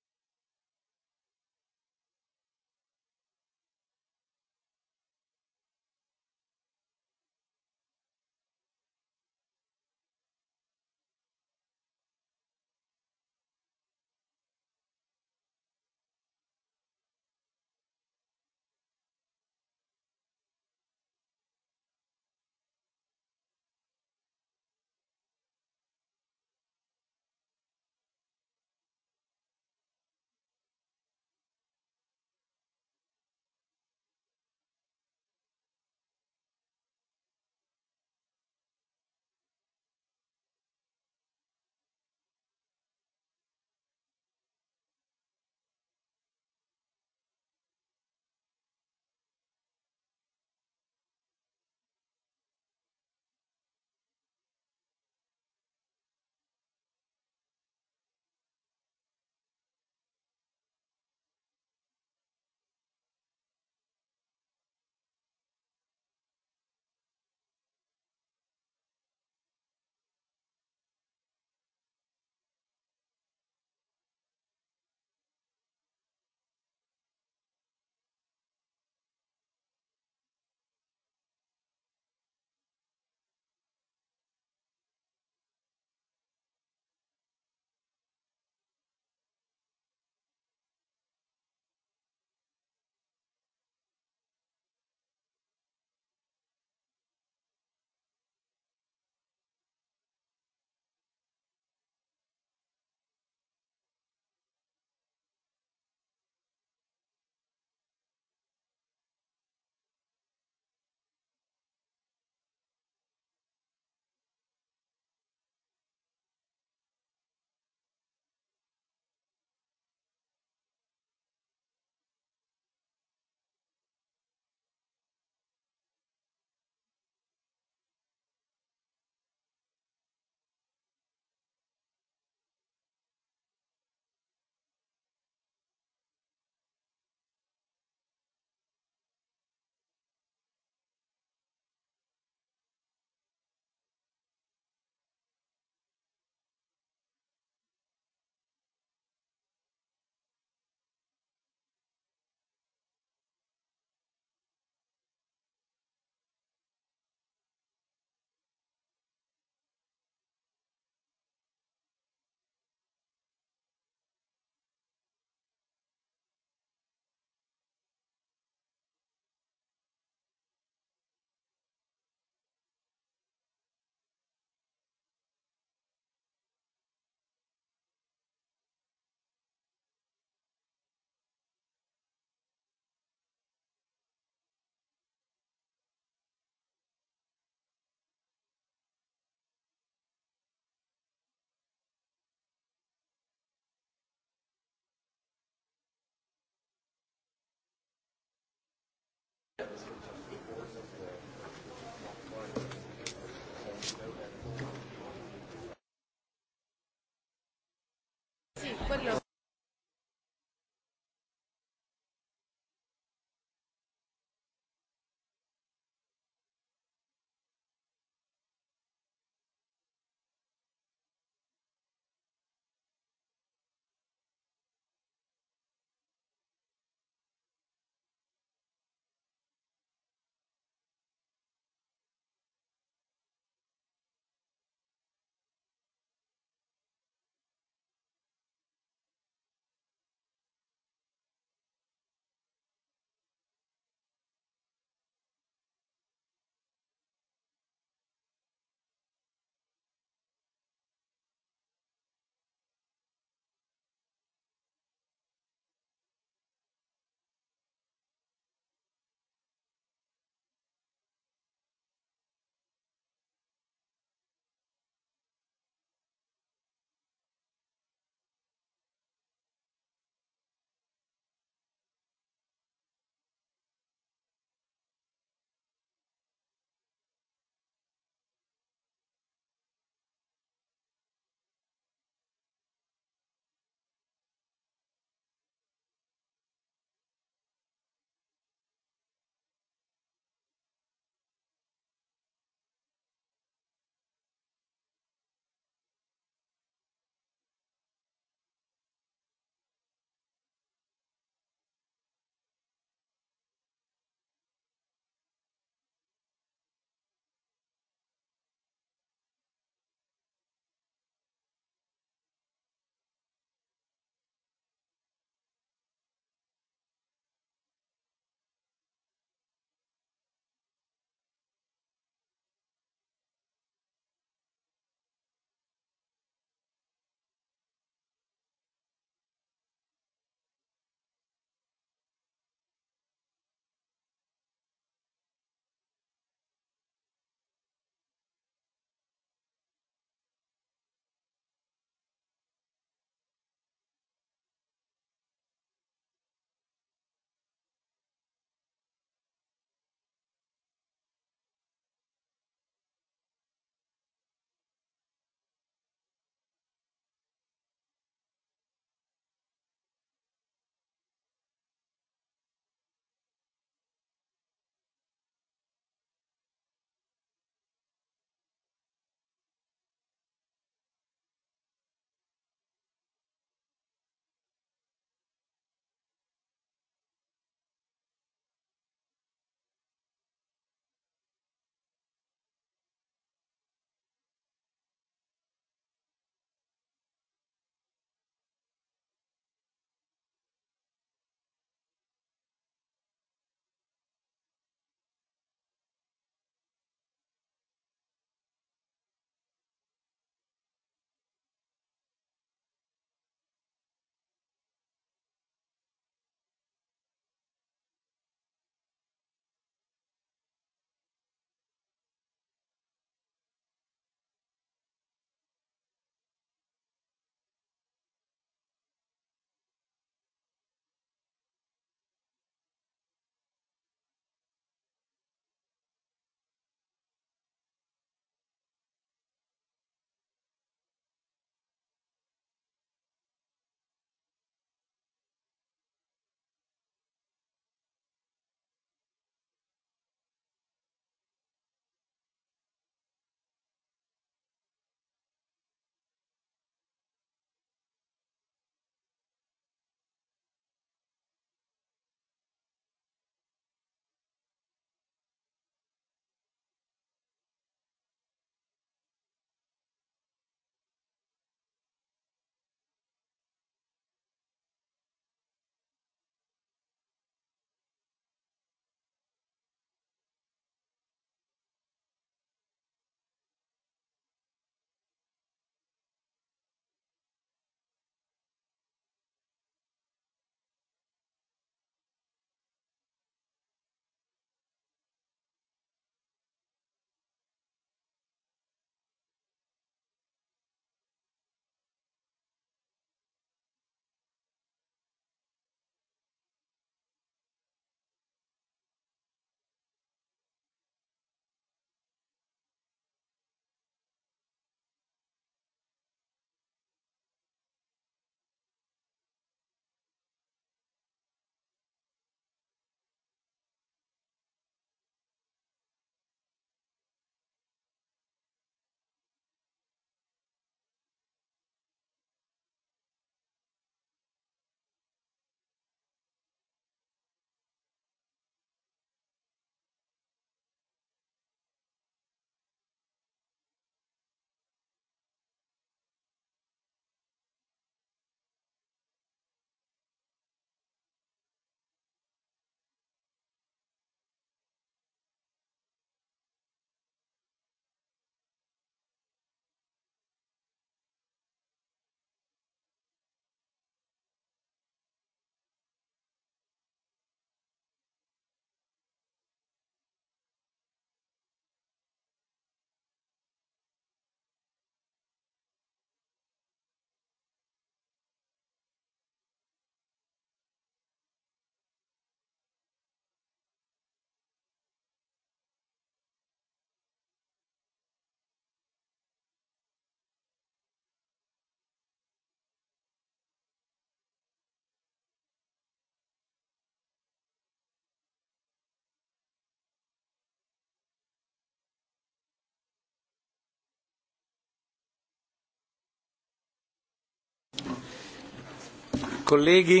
colleghi,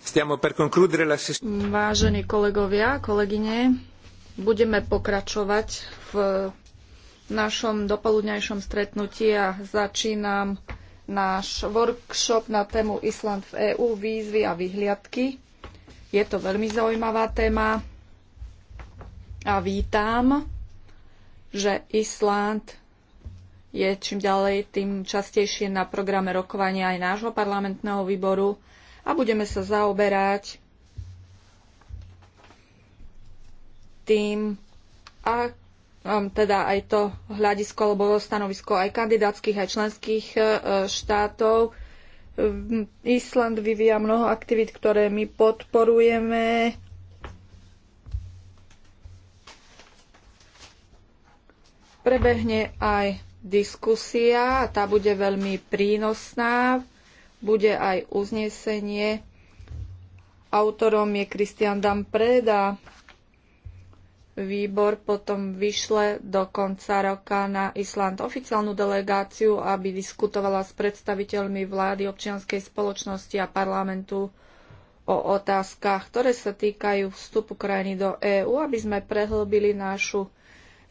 stiamo per concludere la Vážení kolegovia, kolegyne, budeme pokračovať v našom dopoludňajšom stretnutí a začínam náš workshop na tému Island v EÚ, výzvy a vyhliadky. Je to veľmi zaujímavá téma a vítam, že Island je čím ďalej tým častejšie na programe rokovania aj nášho parlamentného výboru a budeme sa zaoberať tým, a, um, teda aj to hľadisko alebo stanovisko aj kandidátskych, aj členských e, štátov. Um, Island vyvíja mnoho aktivít, ktoré my podporujeme. Prebehne aj diskusia a tá bude veľmi prínosná. Bude aj uznesenie. Autorom je Kristian Dampreda. Výbor potom vyšle do konca roka na Island oficiálnu delegáciu, aby diskutovala s predstaviteľmi vlády občianskej spoločnosti a parlamentu o otázkach, ktoré sa týkajú vstupu krajiny do EÚ, aby sme prehlbili našu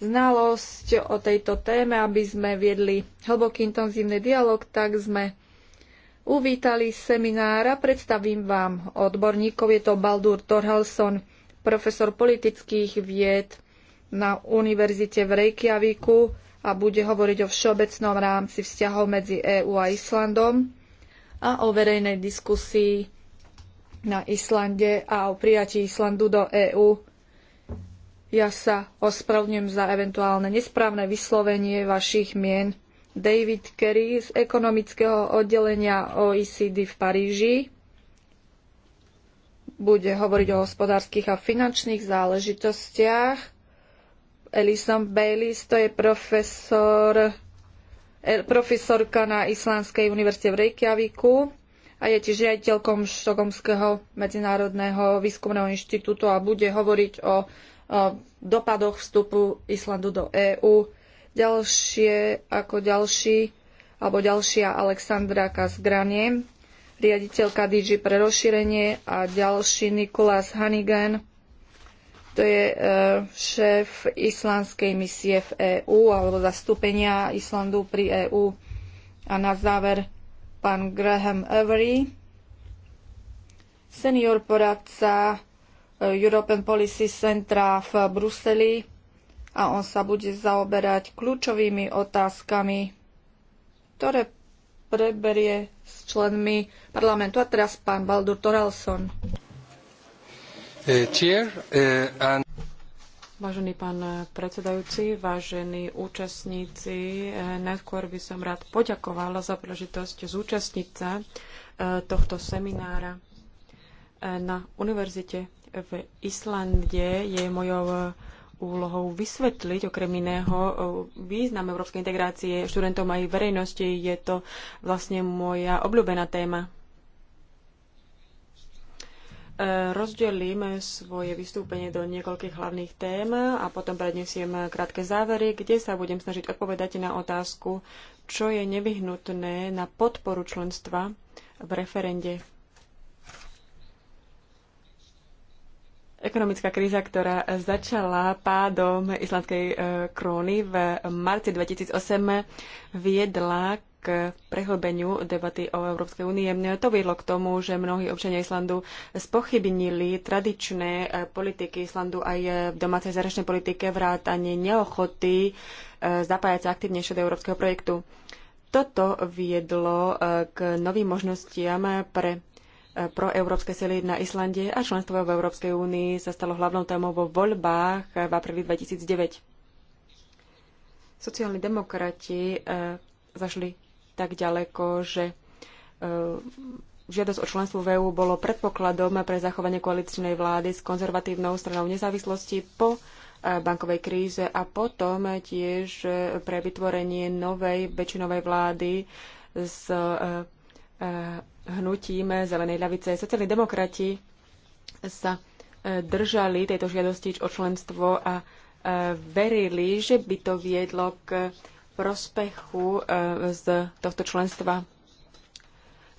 znalosť o tejto téme, aby sme viedli hlboký intenzívny dialog, tak sme uvítali seminára. Predstavím vám odborníkov. Je to Baldur Torhalson, profesor politických vied na Univerzite v Reykjavíku a bude hovoriť o všeobecnom rámci vzťahov medzi EÚ a Islandom a o verejnej diskusii na Islande a o prijatí Islandu do EÚ. Ja sa ospravňujem za eventuálne nesprávne vyslovenie vašich mien. David Kerry z ekonomického oddelenia OECD v Paríži bude hovoriť o hospodárskych a finančných záležitostiach. Elison Baylis, to je profesor, e, profesorka na Islandskej univerzite v Reykjaviku a je tiež riaditeľkom Štokomského medzinárodného výskumného inštitútu a bude hovoriť o dopadoch vstupu Islandu do EÚ. Ďalšie ako ďalší, alebo ďalšia Alexandra Kasgranie, riaditeľka DG pre rozšírenie a ďalší Nikolás Hanigan, to je e, šéf islandskej misie v EÚ alebo zastúpenia Islandu pri EÚ. A na záver pán Graham Avery, senior poradca European Policy Centra v Bruseli a on sa bude zaoberať kľúčovými otázkami, ktoré preberie s členmi parlamentu. A teraz pán Baldur Toralson. Eh, eh, Vážený pán predsedajúci, vážení účastníci, eh, najskôr by som rád poďakovala za príležitosť zúčastniť sa tohto seminára na univerzite v Islande je mojou e, úlohou vysvetliť okrem iného e, význam európskej integrácie študentom aj verejnosti. Je to vlastne moja obľúbená téma. E, rozdelím svoje vystúpenie do niekoľkých hlavných tém a potom prednesiem krátke závery, kde sa budem snažiť odpovedať na otázku, čo je nevyhnutné na podporu členstva v referende. Ekonomická kríza, ktorá začala pádom islandskej e, króny v marci 2008, viedla k prehlbeniu debaty o Európskej únie. To viedlo k tomu, že mnohí občania Islandu spochybnili tradičné e, politiky Islandu aj e, v domácej zahraničnej politike vrátanie neochoty zapájať sa aktivnejšie do európskeho projektu. Toto viedlo k novým možnostiam pre proeurópske sily na Islande a členstvo v Európskej únii sa stalo hlavnou témou vo voľbách eh, v apríli 2009. Sociálni demokrati eh, zašli tak ďaleko, že eh, žiadosť o členstvo v EÚ bolo predpokladom pre zachovanie koaličnej vlády s konzervatívnou stranou nezávislosti po bankovej kríze a potom tiež pre vytvorenie novej väčšinovej vlády s hnutíme Zelenej ľavice. Sociálni demokrati sa e, držali tejto žiadosti o členstvo a e, verili, že by to viedlo k prospechu e, z tohto členstva.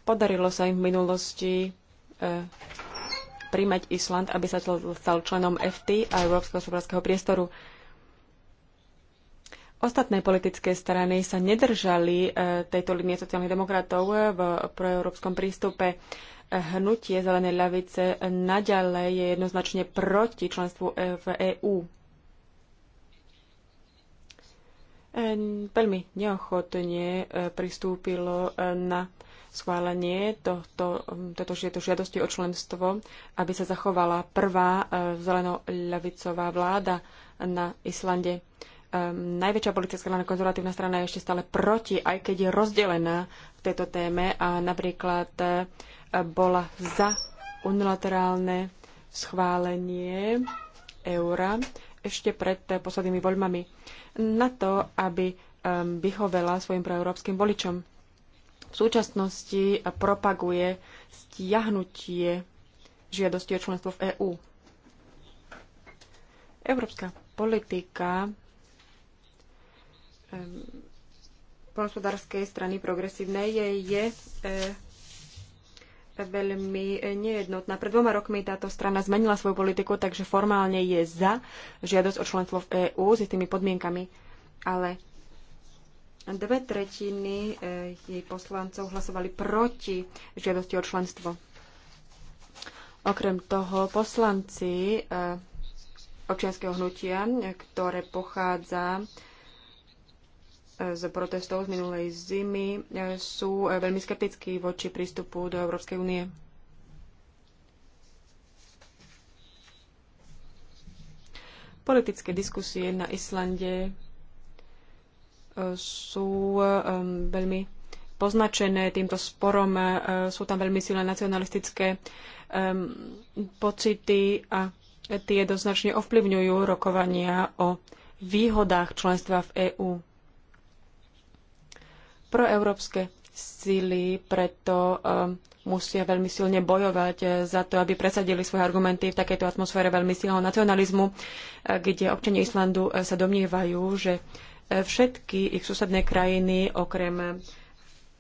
Podarilo sa im v minulosti príjmať Island, aby sa stal členom FT a Európskeho hospodárskeho priestoru. Ostatné politické strany sa nedržali e, tejto linie sociálnych demokratov e, v proeurópskom prístupe. E, hnutie Zelenej ľavice naďalej je jednoznačne proti členstvu v EÚ. Veľmi neochotne pristúpilo na schválenie tohto, tohto, žiadosti o členstvo, aby sa zachovala prvá zelenoľavicová vláda na Islande um, najväčšia politická strana, konzervatívna strana je ešte stále proti, aj keď je rozdelená v tejto téme a napríklad e, bola za unilaterálne schválenie eura ešte pred poslednými voľbami na to, aby ehm, vyhovela svojim proeurópskym voličom. V súčasnosti propaguje stiahnutie žiadosti o členstvo v EÚ. Európska politika Ehm, poľnospodárskej strany progresívnej je, je e, veľmi nejednotná. Pred dvoma rokmi táto strana zmenila svoju politiku, takže formálne je za žiadosť o členstvo v EÚ s tými podmienkami, ale dve tretiny e, jej poslancov hlasovali proti žiadosti o členstvo. Okrem toho poslanci e, občianského hnutia, ktoré pochádza e, z protestov z minulej zimy e, sú e, veľmi skeptickí voči prístupu do Európskej únie. Politické diskusie na Islande e, sú veľmi poznačené týmto sporom. Sú tam veľmi silné nacionalistické pocity a tie doznačne ovplyvňujú rokovania o výhodách členstva v EÚ proeurópske síly preto um, musia veľmi silne bojovať eh, za to, aby presadili svoje argumenty v takejto atmosfére veľmi silného nacionalizmu, eh, kde občania Islandu eh, sa domnievajú, že všetky ich susedné krajiny, okrem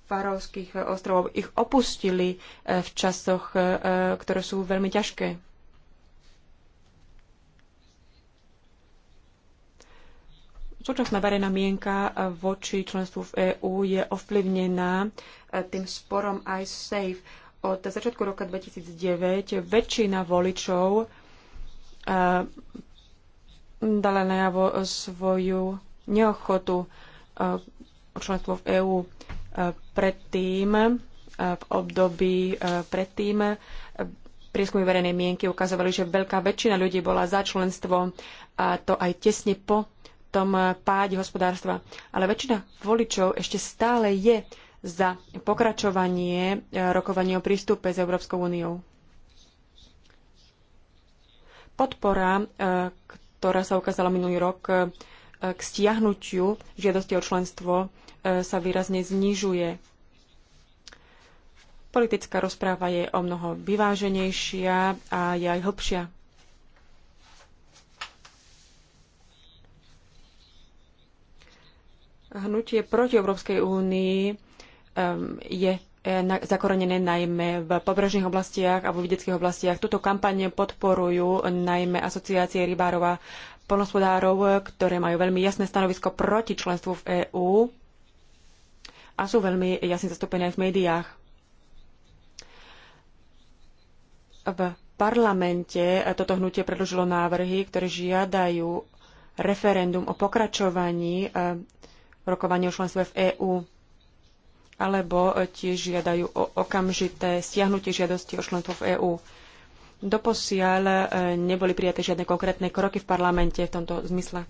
Farovských ostrovov, ich opustili v časoch, ktoré sú veľmi ťažké. Súčasná verejná mienka eh, voči členstvu v EÚ je ovplyvnená eh, tým sporom aj SAFE. Od začiatku roka 2009 väčšina voličov eh, dala najavo svoju neochotu členstvo v EÚ predtým, v období predtým prieskumy verejnej mienky ukazovali, že veľká väčšina ľudí bola za členstvo a to aj tesne po tom eh, páde hospodárstva. Ale väčšina voličov ešte stále je za pokračovanie eh, rokovania o prístupe s Európskou úniou. Podpora, eh, ktorá sa ukázala minulý rok k stiahnutiu žiadosti o členstvo, sa výrazne znižuje. Politická rozpráva je o mnoho vyváženejšia a je aj hlbšia. Hnutie proti Európskej únii je e, zakorenené najmä v pobrežných oblastiach a vo vidieckých oblastiach. Tuto kampaň podporujú najmä asociácie rybárov a polnospodárov, ktoré majú veľmi jasné stanovisko proti členstvu v EÚ a sú veľmi jasne zastúpené v médiách. V parlamente toto hnutie predložilo návrhy, ktoré žiadajú referendum o pokračovaní rokovanie o členstve v EÚ alebo tiež žiadajú o okamžité stiahnutie žiadosti o členstvo v EÚ. Doposiaľ e, neboli prijaté žiadne konkrétne kroky v parlamente v tomto zmysle.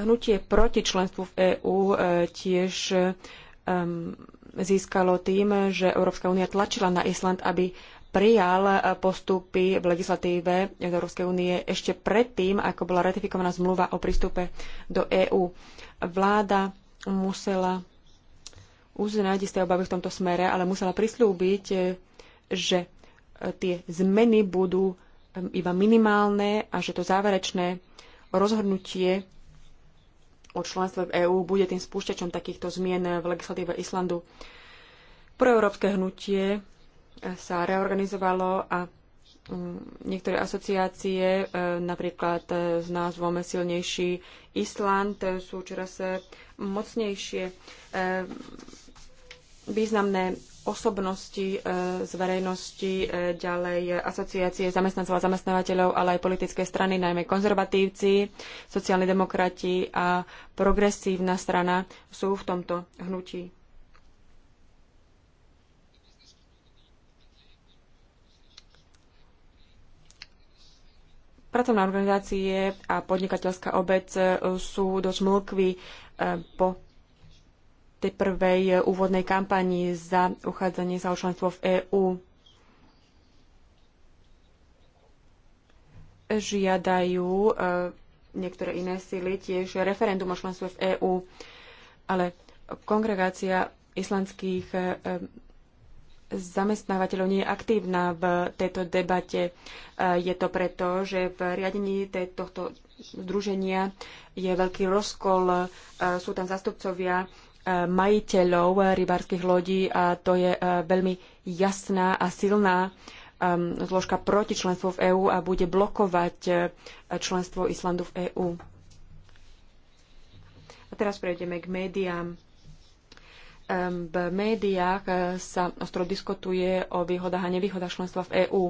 Hnutie proti členstvu v EÚ e, tiež e, získalo tým, že Európska únia tlačila na Island, aby prijal e, postupy v legislatíve Európskej únie ešte predtým, ako bola ratifikovaná zmluva o prístupe do EÚ. Vláda musela uznať isté obavy v tomto smere, ale musela prislúbiť, e, že e, tie zmeny budú iba minimálne a že to záverečné rozhodnutie o členstve v EÚ bude tým spúšťačom takýchto zmien v legislatíve Islandu. Proeurópske hnutie sa reorganizovalo a mm, niektoré asociácie, e, napríklad e, s názvom Silnejší Island, e, sú čoraz mocnejšie. Významné osobnosti z verejnosti, ďalej asociácie zamestnancov a zamestnávateľov, ale aj politické strany, najmä konzervatívci, sociálni demokrati a progresívna strana sú v tomto hnutí. Pracovné organizácie a podnikateľská obec e, sú dosť mlkví e, po tej prvej e, úvodnej kampanii za uchádzanie sa o členstvo v EÚ. Žiadajú niektoré iné sily tiež referendum o členstve v EÚ, ale kongregácia islandských zamestnávateľov nie je aktívna v tejto debate. E, je to preto, že v riadení tohto združenia je veľký rozkol. E, sú tam zastupcovia e, majiteľov rybárskych lodí a to je veľmi jasná a silná zložka proti členstvu v EÚ a bude blokovať členstvo Islandu v EÚ. A teraz prejdeme k médiám v médiách eh, sa ostro diskutuje o výhodách a nevýhodách členstva v EÚ.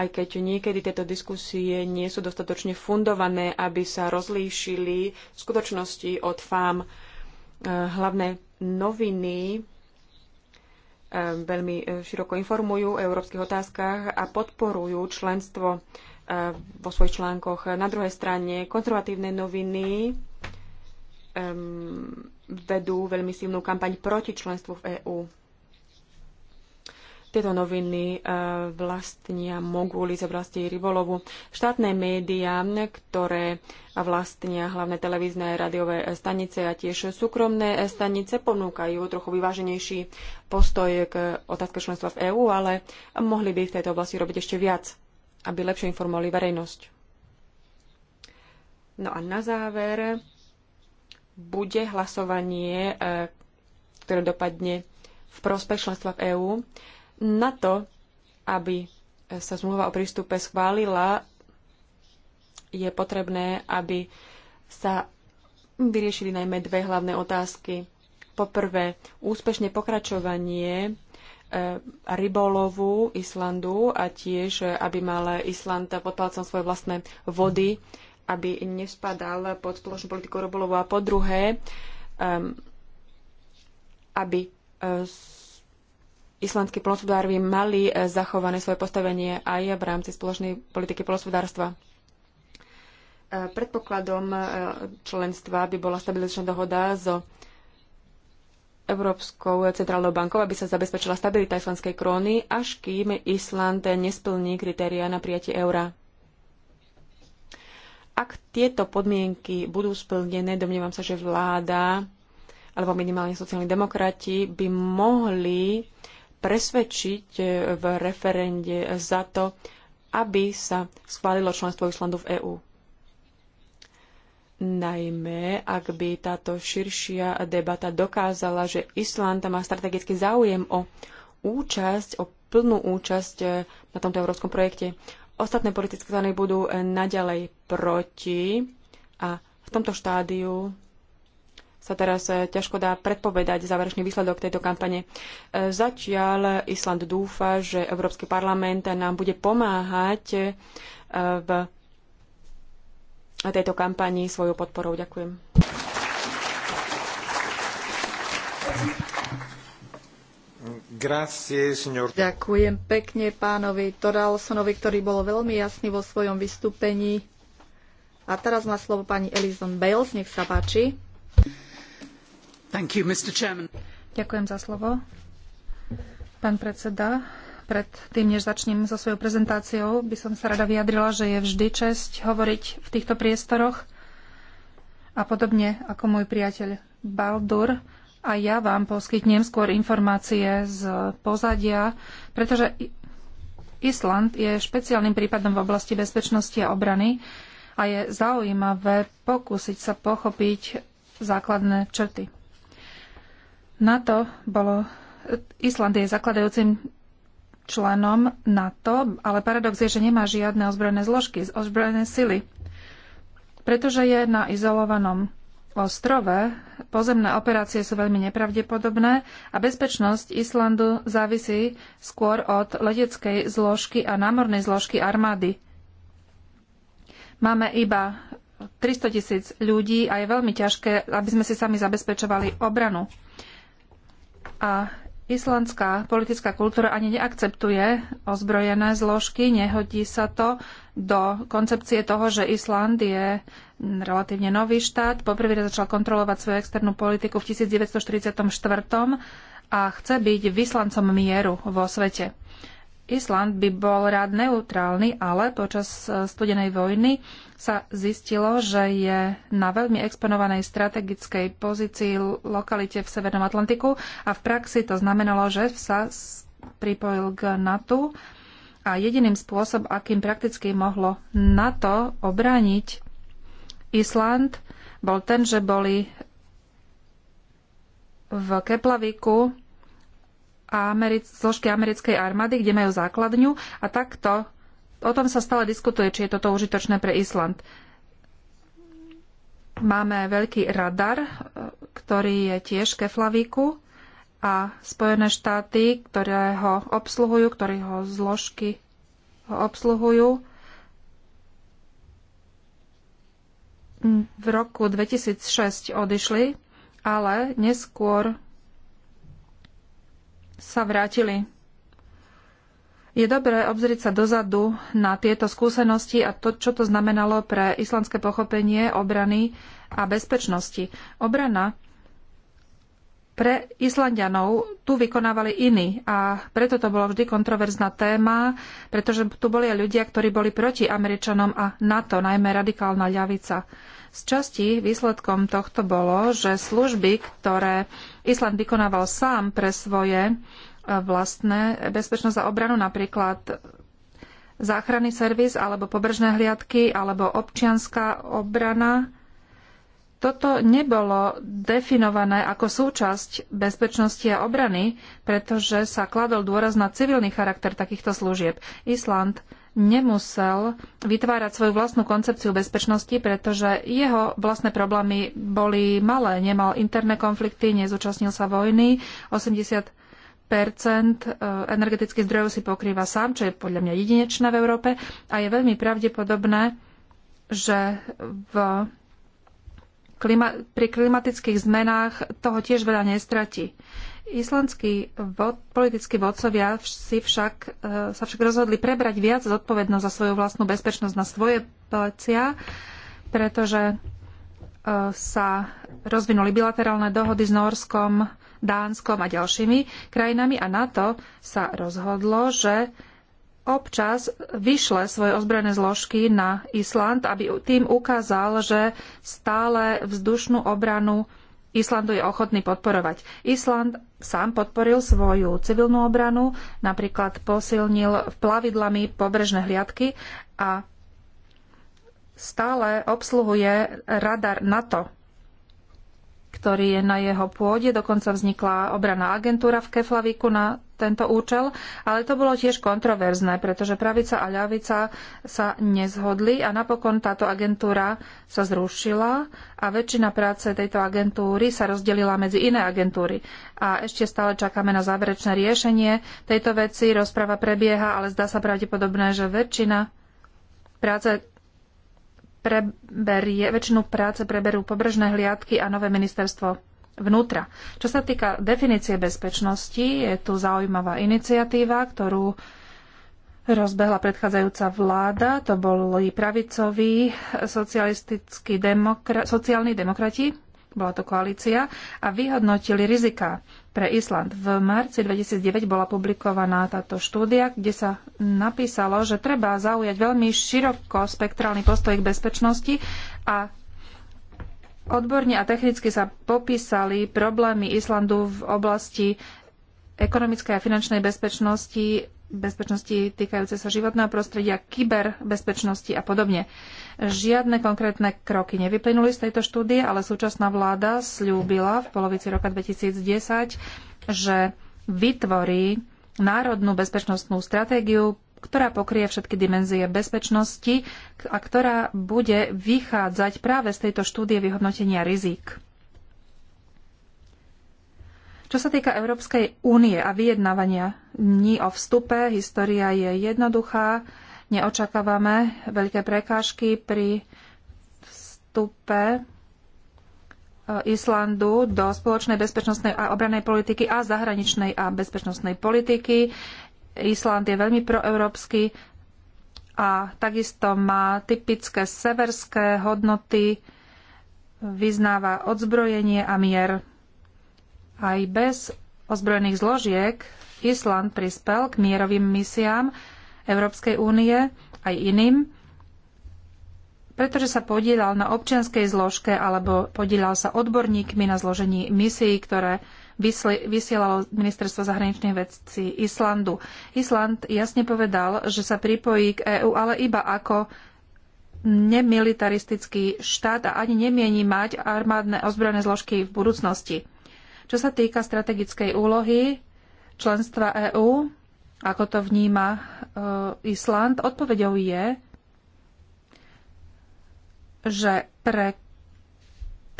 Aj keď niekedy tieto diskusie nie sú dostatočne fundované, aby sa rozlíšili v skutočnosti od fám. Eh, hlavné noviny veľmi eh, široko informujú o európskych otázkach a podporujú členstvo vo svojich článkoch. Na druhej strane konzervatívne noviny um, vedú veľmi silnú kampaň proti členstvu v EÚ. Tieto noviny e, vlastnia moguli z oblasti rybolovu. Štátne médiá, ktoré vlastnia hlavné televízne a radiové stanice a tiež súkromné stanice ponúkajú trochu vyváženejší postoj k otázke členstva v EÚ, ale mohli by v tejto oblasti robiť ešte viac, aby lepšie informovali verejnosť. No a na záver bude hlasovanie, e, ktoré dopadne v prospech členstva v EÚ, na to, aby e, sa zmluva o prístupe schválila, je potrebné, aby sa vyriešili najmä dve hlavné otázky. Poprvé, úspešne pokračovanie e, rybolovu Islandu a tiež, aby mal Island pod palcom svoje vlastné vody aby nespadal pod spoločnú politiku Robolovu a po druhé, um, aby uh, islandskí polospodári mali uh, zachované svoje postavenie aj v rámci spoločnej politiky polospodárstva. Uh, predpokladom uh, členstva by bola stabilizačná dohoda s Európskou centrálnou bankou, aby sa zabezpečila stabilita islandskej króny, až kým Island nesplní kritéria na prijatie eura. Ak tieto podmienky budú splnené, domnievam sa, že vláda alebo minimálne sociálni demokrati by mohli presvedčiť e, v referende za to, aby sa schválilo členstvo Islandu v EÚ najmä ak by táto širšia debata dokázala, že Island má strategický záujem o účasť, o plnú účasť e, na tomto európskom projekte. Ostatné politické strany budú e, naďalej proti a v tomto štádiu sa teraz e, ťažko dá predpovedať záverečný výsledok tejto kampane. E, zatiaľ Island dúfa, že Európsky parlament nám bude pomáhať v tejto kampani svojou podporou. Ďakujem. Ďakujem pekne pánovi Toralsonovi, ktorý bol veľmi jasný vo svojom vystúpení. A teraz má slovo pani Elizon Bales, nech sa páči. You, Ďakujem za slovo. Pán predseda, pred tým, než začnem so svojou prezentáciou, by som sa rada vyjadrila, že je vždy česť hovoriť v týchto priestoroch. A podobne ako môj priateľ Baldur, a ja vám poskytnem skôr informácie z pozadia, pretože Island je špeciálnym prípadom v oblasti bezpečnosti a obrany a je zaujímavé pokúsiť sa pochopiť základné črty. NATO bolo... Island je zakladajúcim členom NATO, ale paradox je, že nemá žiadne ozbrojené zložky, ozbrojené sily, pretože je na izolovanom ostrove. Pozemné operácie sú veľmi nepravdepodobné a bezpečnosť Islandu závisí skôr od leteckej zložky a námornej zložky armády. Máme iba 300 tisíc ľudí a je veľmi ťažké, aby sme si sami zabezpečovali obranu. A islandská politická kultúra ani neakceptuje ozbrojené zložky, nehodí sa to do koncepcie toho, že Island je relatívne nový štát. Poprvý raz teda začal kontrolovať svoju externú politiku v 1944 a chce byť vyslancom mieru vo svete. Island by bol rád neutrálny, ale počas e, studenej vojny sa zistilo, že je na veľmi exponovanej strategickej pozícii lokalite v Severnom Atlantiku a v praxi to znamenalo, že sa pripojil k NATO a jediným spôsobom, akým prakticky mohlo NATO obrániť Island bol ten, že boli v Keplaviku americ- zložky americkej armády, kde majú základňu a takto o tom sa stále diskutuje, či je toto užitočné pre Island. Máme veľký radar, e, ktorý je tiež Keflavíku a Spojené štáty, ktoré ho obsluhujú, ktorý ho zložky ho obsluhujú, v roku 2006 odišli, ale neskôr sa vrátili. Je dobré obzrieť sa dozadu na tieto skúsenosti a to, čo to znamenalo pre islandské pochopenie obrany a bezpečnosti. Obrana pre Islandianov tu vykonávali iní a preto to bolo vždy kontroverzná téma, pretože tu boli aj ľudia, ktorí boli proti Američanom a NATO, najmä radikálna ľavica. Z časti výsledkom tohto bolo, že služby, ktoré Island vykonával sám pre svoje e, vlastné bezpečnosť a obranu, napríklad záchranný servis alebo pobržné hliadky alebo občianská obrana, toto nebolo definované ako súčasť bezpečnosti a obrany, pretože sa kladol dôraz na civilný charakter takýchto služieb. Island nemusel vytvárať svoju vlastnú koncepciu bezpečnosti, pretože jeho vlastné problémy boli malé. Nemal interné konflikty, nezúčastnil sa vojny. 80 e, energetických zdrojov si pokrýva sám, čo je podľa mňa jedinečné v Európe a je veľmi pravdepodobné, že v klima- pri klimatických zmenách toho tiež veľa nestratí. Islandskí vod, politickí vodcovia si však, e, sa však rozhodli prebrať viac zodpovednosť za svoju vlastnú bezpečnosť na svoje plecia, pretože e, sa rozvinuli bilaterálne dohody s Norskom, Dánskom a ďalšími krajinami a NATO sa rozhodlo, že občas vyšle svoje ozbrojené zložky na Island, aby tým ukázal, že stále vzdušnú obranu Islandu je ochotný podporovať. Island sám podporil svoju civilnú obranu, napríklad posilnil plavidlami pobrežné hliadky a stále obsluhuje radar NATO, ktorý je na jeho pôde. Dokonca vznikla obranná agentúra v Keflaviku na tento účel, ale to bolo tiež kontroverzné, pretože pravica a ľavica sa nezhodli a napokon táto agentúra sa zrušila a väčšina práce tejto agentúry sa rozdelila medzi iné agentúry. A ešte stále čakáme na záverečné riešenie tejto veci. Rozprava prebieha, ale zdá sa pravdepodobné, že väčšina práce preberie, väčšinu práce preberú pobrežné hliadky a nové ministerstvo vnútra. Čo sa týka definície bezpečnosti, je tu zaujímavá iniciatíva, ktorú rozbehla predchádzajúca vláda. To boli pravicoví socialistickí demokra- sociálni demokrati, bola to koalícia, a vyhodnotili rizika pre Island. V marci 2009 bola publikovaná táto štúdia, kde sa napísalo, že treba zaujať veľmi široko spektrálny postoj k bezpečnosti a Odborne a technicky sa popísali problémy Islandu v oblasti ekonomickej a finančnej bezpečnosti, bezpečnosti týkajúce sa životného prostredia, kyberbezpečnosti a podobne. Žiadne konkrétne kroky nevyplynuli z tejto štúdie, ale súčasná vláda slúbila v polovici roka 2010, že vytvorí národnú bezpečnostnú stratégiu ktorá pokrie všetky dimenzie bezpečnosti a ktorá bude vychádzať práve z tejto štúdie vyhodnotenia rizík. Čo sa týka Európskej únie a vyjednávania dní o vstupe, história je jednoduchá. Neočakávame veľké prekážky pri vstupe eh, Islandu do spoločnej bezpečnostnej a obrannej politiky a zahraničnej a bezpečnostnej politiky. Island je veľmi proeurópsky a takisto má typické severské hodnoty, vyznáva odzbrojenie a mier. Aj bez ozbrojených zložiek Island prispel k mierovým misiám Európskej únie aj iným, pretože sa podielal na občianskej zložke alebo podielal sa odborníkmi na zložení misií, ktoré vysielalo ministerstvo zahraničných vecí Islandu. Island jasne povedal, že sa pripojí k EÚ, ale iba ako nemilitaristický štát a ani nemieni mať armádne ozbrojené zložky v budúcnosti. Čo sa týka strategickej úlohy členstva EÚ, ako to vníma e, Island, odpovedou je, že pre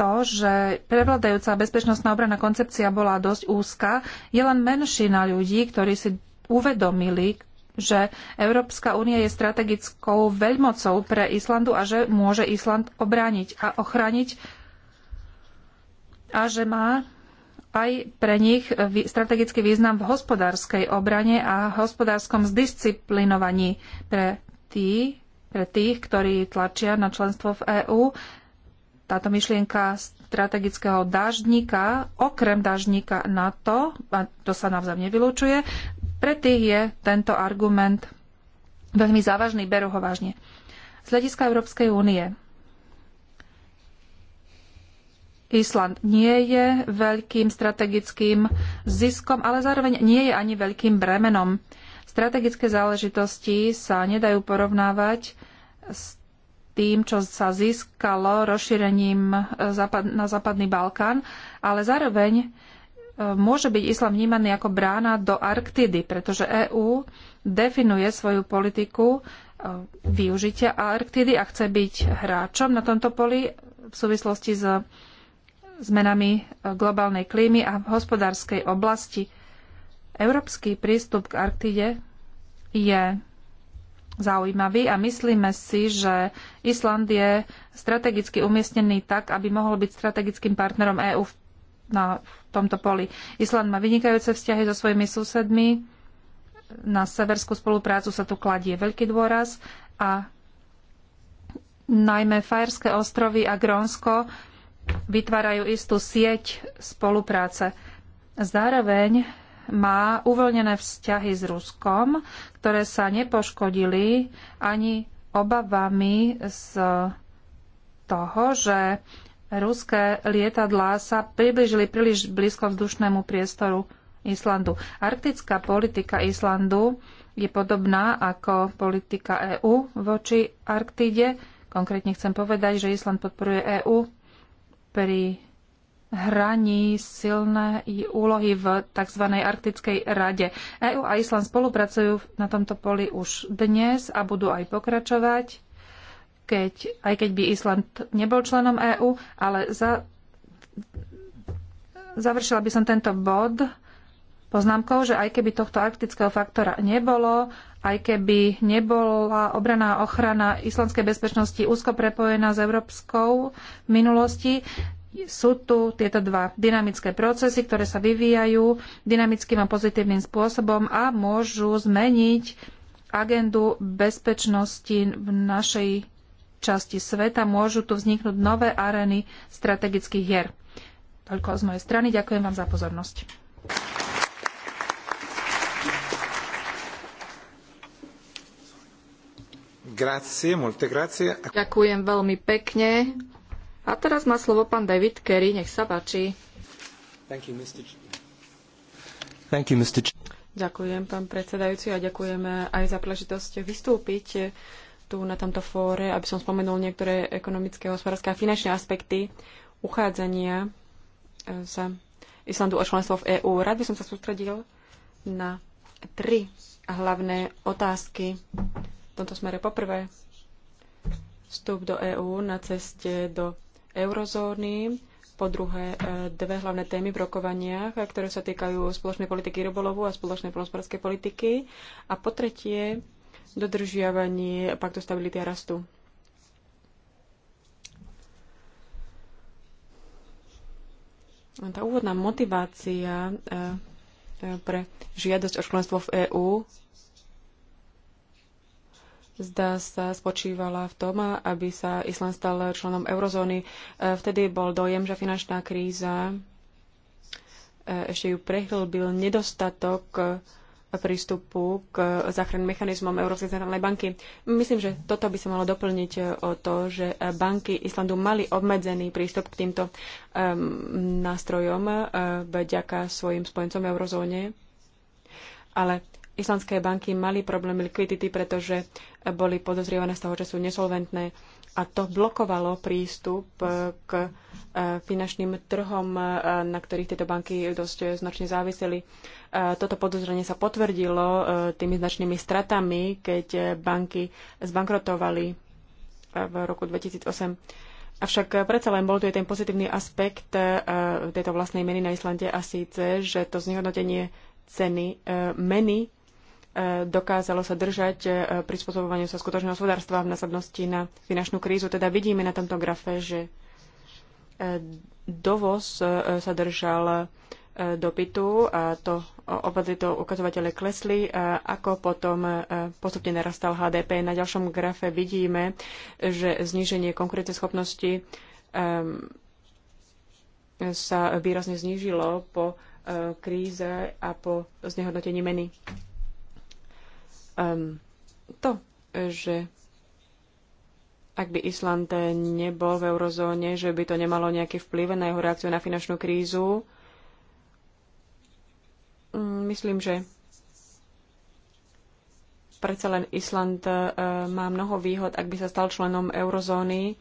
to, že prevladajúca bezpečnostná obrana koncepcia bola dosť úzka. Je len menšina ľudí, ktorí si uvedomili, že Európska únia je strategickou veľmocou pre Islandu a že môže Island obrániť a ochrániť a že má aj pre nich strategický význam v hospodárskej obrane a hospodárskom zdisciplinovaní pre, tí, pre tých, ktorí tlačia na členstvo v EÚ táto myšlienka strategického dáždnika, okrem dáždnika NATO, a to sa navzájom nevylučuje, pre tých je tento argument veľmi závažný, berú ho vážne. Z hľadiska Európskej únie Island nie je veľkým strategickým ziskom, ale zároveň nie je ani veľkým bremenom. Strategické záležitosti sa nedajú porovnávať s tým, čo sa získalo rozšírením e, na západný Balkán, ale zároveň e, môže byť islám vnímaný ako brána do Arktidy, pretože EÚ definuje svoju politiku e, využitia Arktidy a chce byť hráčom na tomto poli v súvislosti s zmenami globálnej klímy a v hospodárskej oblasti. Európsky prístup k Arktide je zaujímavý a myslíme si, že Island je strategicky umiestnený tak, aby mohol byť strategickým partnerom EÚ na tomto poli. Island má vynikajúce vzťahy so svojimi susedmi, na severskú spoluprácu sa tu kladie veľký dôraz a najmä Fajerské ostrovy a Grónsko vytvárajú istú sieť spolupráce. Zároveň má uvoľnené vzťahy s Ruskom, ktoré sa nepoškodili ani obavami z toho, že ruské lietadlá sa približili príliš blízko vzdušnému priestoru Islandu. Arktická politika Islandu je podobná ako politika EÚ voči Arktíde. Konkrétne chcem povedať, že Island podporuje EÚ pri hraní silné úlohy v tzv. Arktickej rade. EU a Island spolupracujú na tomto poli už dnes a budú aj pokračovať, keď, aj keď by Island nebol členom EÚ, ale za, završila by som tento bod poznámkou, že aj keby tohto arktického faktora nebolo, aj keby nebola obraná ochrana islandskej bezpečnosti úzko prepojená s európskou minulosti, sú tu tieto dva dynamické procesy, ktoré sa vyvíjajú dynamickým a pozitívnym spôsobom a môžu zmeniť agendu bezpečnosti v našej časti sveta. Môžu tu vzniknúť nové arény strategických hier. Toľko z mojej strany. Ďakujem vám za pozornosť. Grazie, grazie. Ďakujem veľmi pekne. A teraz má slovo pán David Kerry, nech sa páči. Thank you, Mr. Thank you, Mr. ďakujem, pán predsedajúci, a ďakujeme aj za príležitosť vystúpiť eh, tu na tomto fóre, aby som spomenul niektoré ekonomické, hospodárske a finančné aspekty uchádzania sa eh, Islandu o členstvo v EÚ. Rád by som sa sústredil na tri hlavné otázky v tomto smere. Poprvé, vstup do EÚ na ceste do eurozóny, po druhé e, dve hlavné témy v rokovaniach, e, ktoré sa týkajú spoločnej politiky rybolovu a spoločnej polospodárskej politiky a po tretie dodržiavanie paktu stability a rastu. Tá úvodná motivácia e, pre žiadosť o členstvo v EÚ zdá sa, spočívala v tom, aby sa Island stal členom eurozóny. E, vtedy bol dojem, že finančná kríza e, ešte ju prehlbil nedostatok e, prístupu k záchranným mechanizmom Európskej centrálnej banky. Myslím, že toto by sa malo doplniť o to, že banky Islandu mali obmedzený prístup k týmto um, nástrojom uh, vďaka svojim spojencom v eurozóne. Ale islandské banky mali problém likvidity, pretože boli podozrievané z toho, že sú nesolventné a to blokovalo prístup e, k e, finančným trhom, e, na ktorých tieto banky dosť značne záviseli. Toto podozrenie sa potvrdilo tými značnými stratami, keď banky zbankrotovali v roku 2008. Avšak predsa len bol tu aj ten pozitívny aspekt tejto vlastnej meny na Islande a síce, že to znehodnotenie ceny meny dokázalo sa držať e, prispôsobovaniu sa skutočného hospodárstva v následnosti na finančnú krízu. Teda vidíme na tomto grafe, že e, dovoz e, sa držal dopytu a to oba tieto ukazovatele klesli, ako potom postupne narastal HDP. Na ďalšom grafe vidíme, že zníženie schopnosti sa výrazne znížilo po kríze a po znehodnotení meny. Um, to, že ak by Island nebol v eurozóne, že by to nemalo nejaký vplyv na jeho reakciu na finančnú krízu, mm, myslím, že predsa len Island eh, má mnoho výhod, ak by sa stal členom eurozóny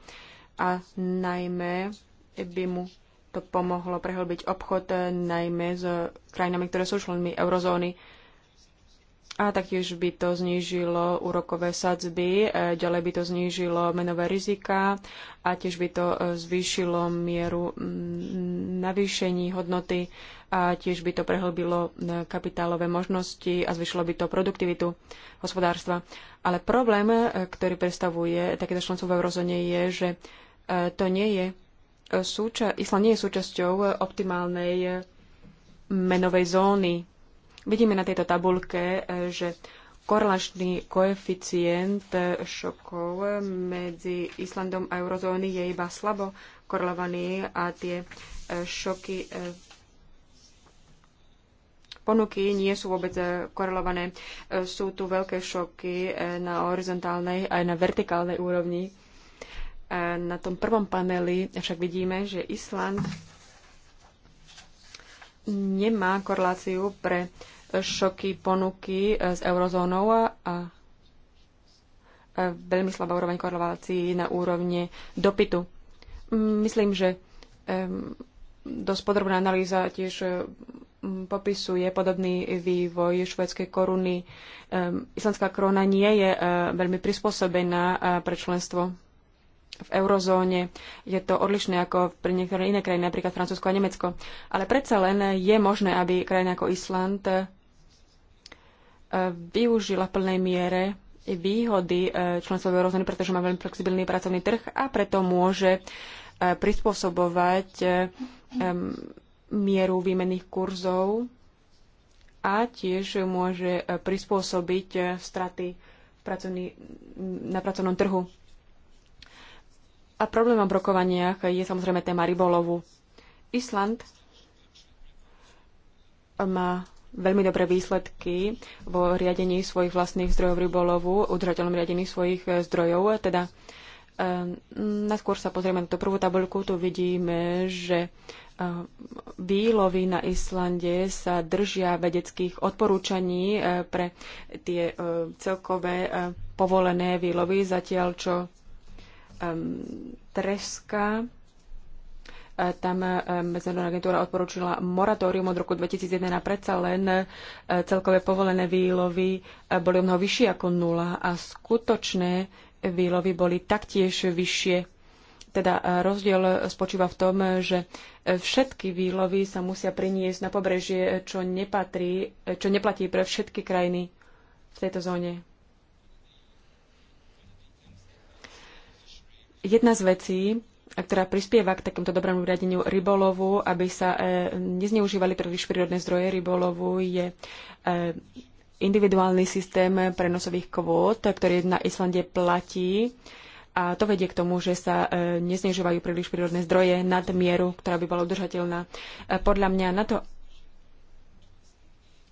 a najmä by mu to pomohlo prehlbiť obchod eh, najmä s krajinami, ktoré sú členmi eurozóny a taktiež by to znížilo úrokové sadzby, e, ďalej by to znížilo menové rizika a tiež by to e, zvýšilo mieru navýšení hodnoty a tiež by to prehlbilo e, kapitálové možnosti a zvyšilo by to produktivitu hospodárstva. Ale problém, ktorý predstavuje takéto členstvo v eurozóne je, že to nie je súča- Island nie je súčasťou optimálnej menovej zóny Vidíme na tejto tabulke, e, že korelačný koeficient šokov medzi Islandom a eurozóny je iba slabo korelovaný a tie e, šoky e, ponuky nie sú vôbec korelované. Sú tu veľké šoky na horizontálnej aj na vertikálnej úrovni. Na tom prvom paneli však vidíme, že Island nemá koreláciu pre šoky ponuky e, s eurozónou a veľmi slabá úroveň korelácií na úrovni dopytu. Mm, myslím, že dosť podrobná analýza tiež e, popisuje podobný vývoj švedskej koruny. Islandská korona nie je e, veľmi prispôsobená pre členstvo v eurozóne. Je to odlišné ako pre niektoré iné krajiny, napríklad Francúzsko a Nemecko. Ale predsa len je možné, aby krajina ako Island eh, využila v plnej miere výhody eh, členstva eurozóny, pretože má veľmi flexibilný pracovný trh a preto môže eh, prispôsobovať mieru výmenných kurzov a tiež môže prispôsobiť straty pracovný, na pracovnom trhu. A problémom v rokovaniach je samozrejme téma rybolovu. Island má veľmi dobré výsledky vo riadení svojich vlastných zdrojov rybolovu, udržateľnom riadení svojich eh, zdrojov. Teda eh, najskôr sa pozrieme na tú prvú tabuľku, tu vidíme, že eh, výlovy na Islande sa držia vedeckých odporúčaní pre tie celkové povolené výlovy, zatiaľ čo Um, Treska. Tam um, Medzinárodná agentúra odporúčila moratórium od roku 2001 a predsa len uh, celkové povolené výlovy uh, boli o mnoho vyššie ako nula a skutočné výlovy boli taktiež vyššie teda uh, rozdiel spočíva v tom, že všetky výlovy sa musia priniesť na pobrežie, čo, nepatrí, čo neplatí pre všetky krajiny v tejto zóne. Jedna z vecí, ktorá prispieva k takémuto dobrému riadeniu rybolovu, aby sa e, nezneužívali príliš prírodné zdroje rybolovu, je e, individuálny systém prenosových kvót, ktorý na Islande platí. A to vedie k tomu, že sa e, neznežovajú príliš prírodné zdroje nad mieru, ktorá by bola udržateľná. Podľa mňa na to,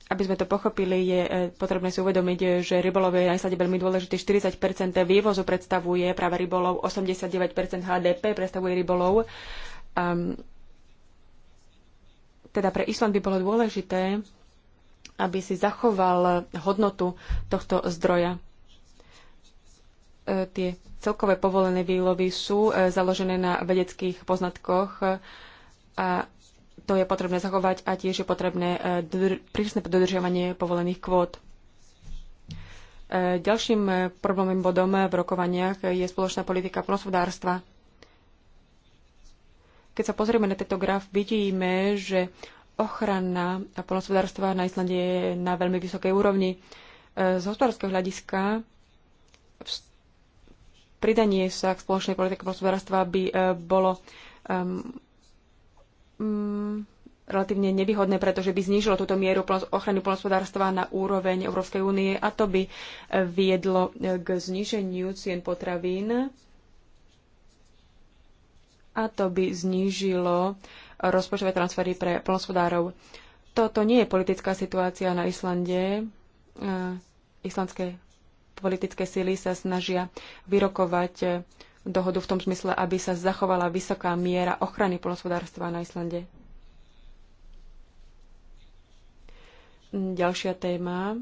aby sme to pochopili, je e, potrebné si uvedomiť, že rybolov je na veľmi dôležitý. 40 vývozu predstavuje práve rybolov, 89 HDP predstavuje rybolov. Um, teda pre Island by bolo dôležité, aby si zachoval hodnotu tohto zdroja. E, tie celkové povolené výlovy sú e, založené na vedeckých poznatkoch a to je potrebné zachovať a tiež je potrebné e, prísne dodržiavanie povolených kvót. E, ďalším e, problémovým bodom v rokovaniach je spoločná politika plnospodárstva. Keď sa pozrieme na tento graf, vidíme, že ochrana plnospodárstva na Islande je na veľmi vysokej úrovni. Z hospodárskeho hľadiska pridanie sa k spoločnej politike plnospodárstva by bolo mm, relatívne nevýhodné, pretože by znížilo túto mieru ochrany polnospodárstva na úroveň Európskej únie a to by eh, viedlo eh, k zníženiu cien potravín a to by znížilo eh, rozpočtové transfery pre polnospodárov. Toto nie je politická situácia na Islande. Islandské politické síly sa snažia vyrokovať dohodu v tom smysle, aby sa zachovala vysoká miera ochrany polospodárstva na Islande. Ďalšia téma,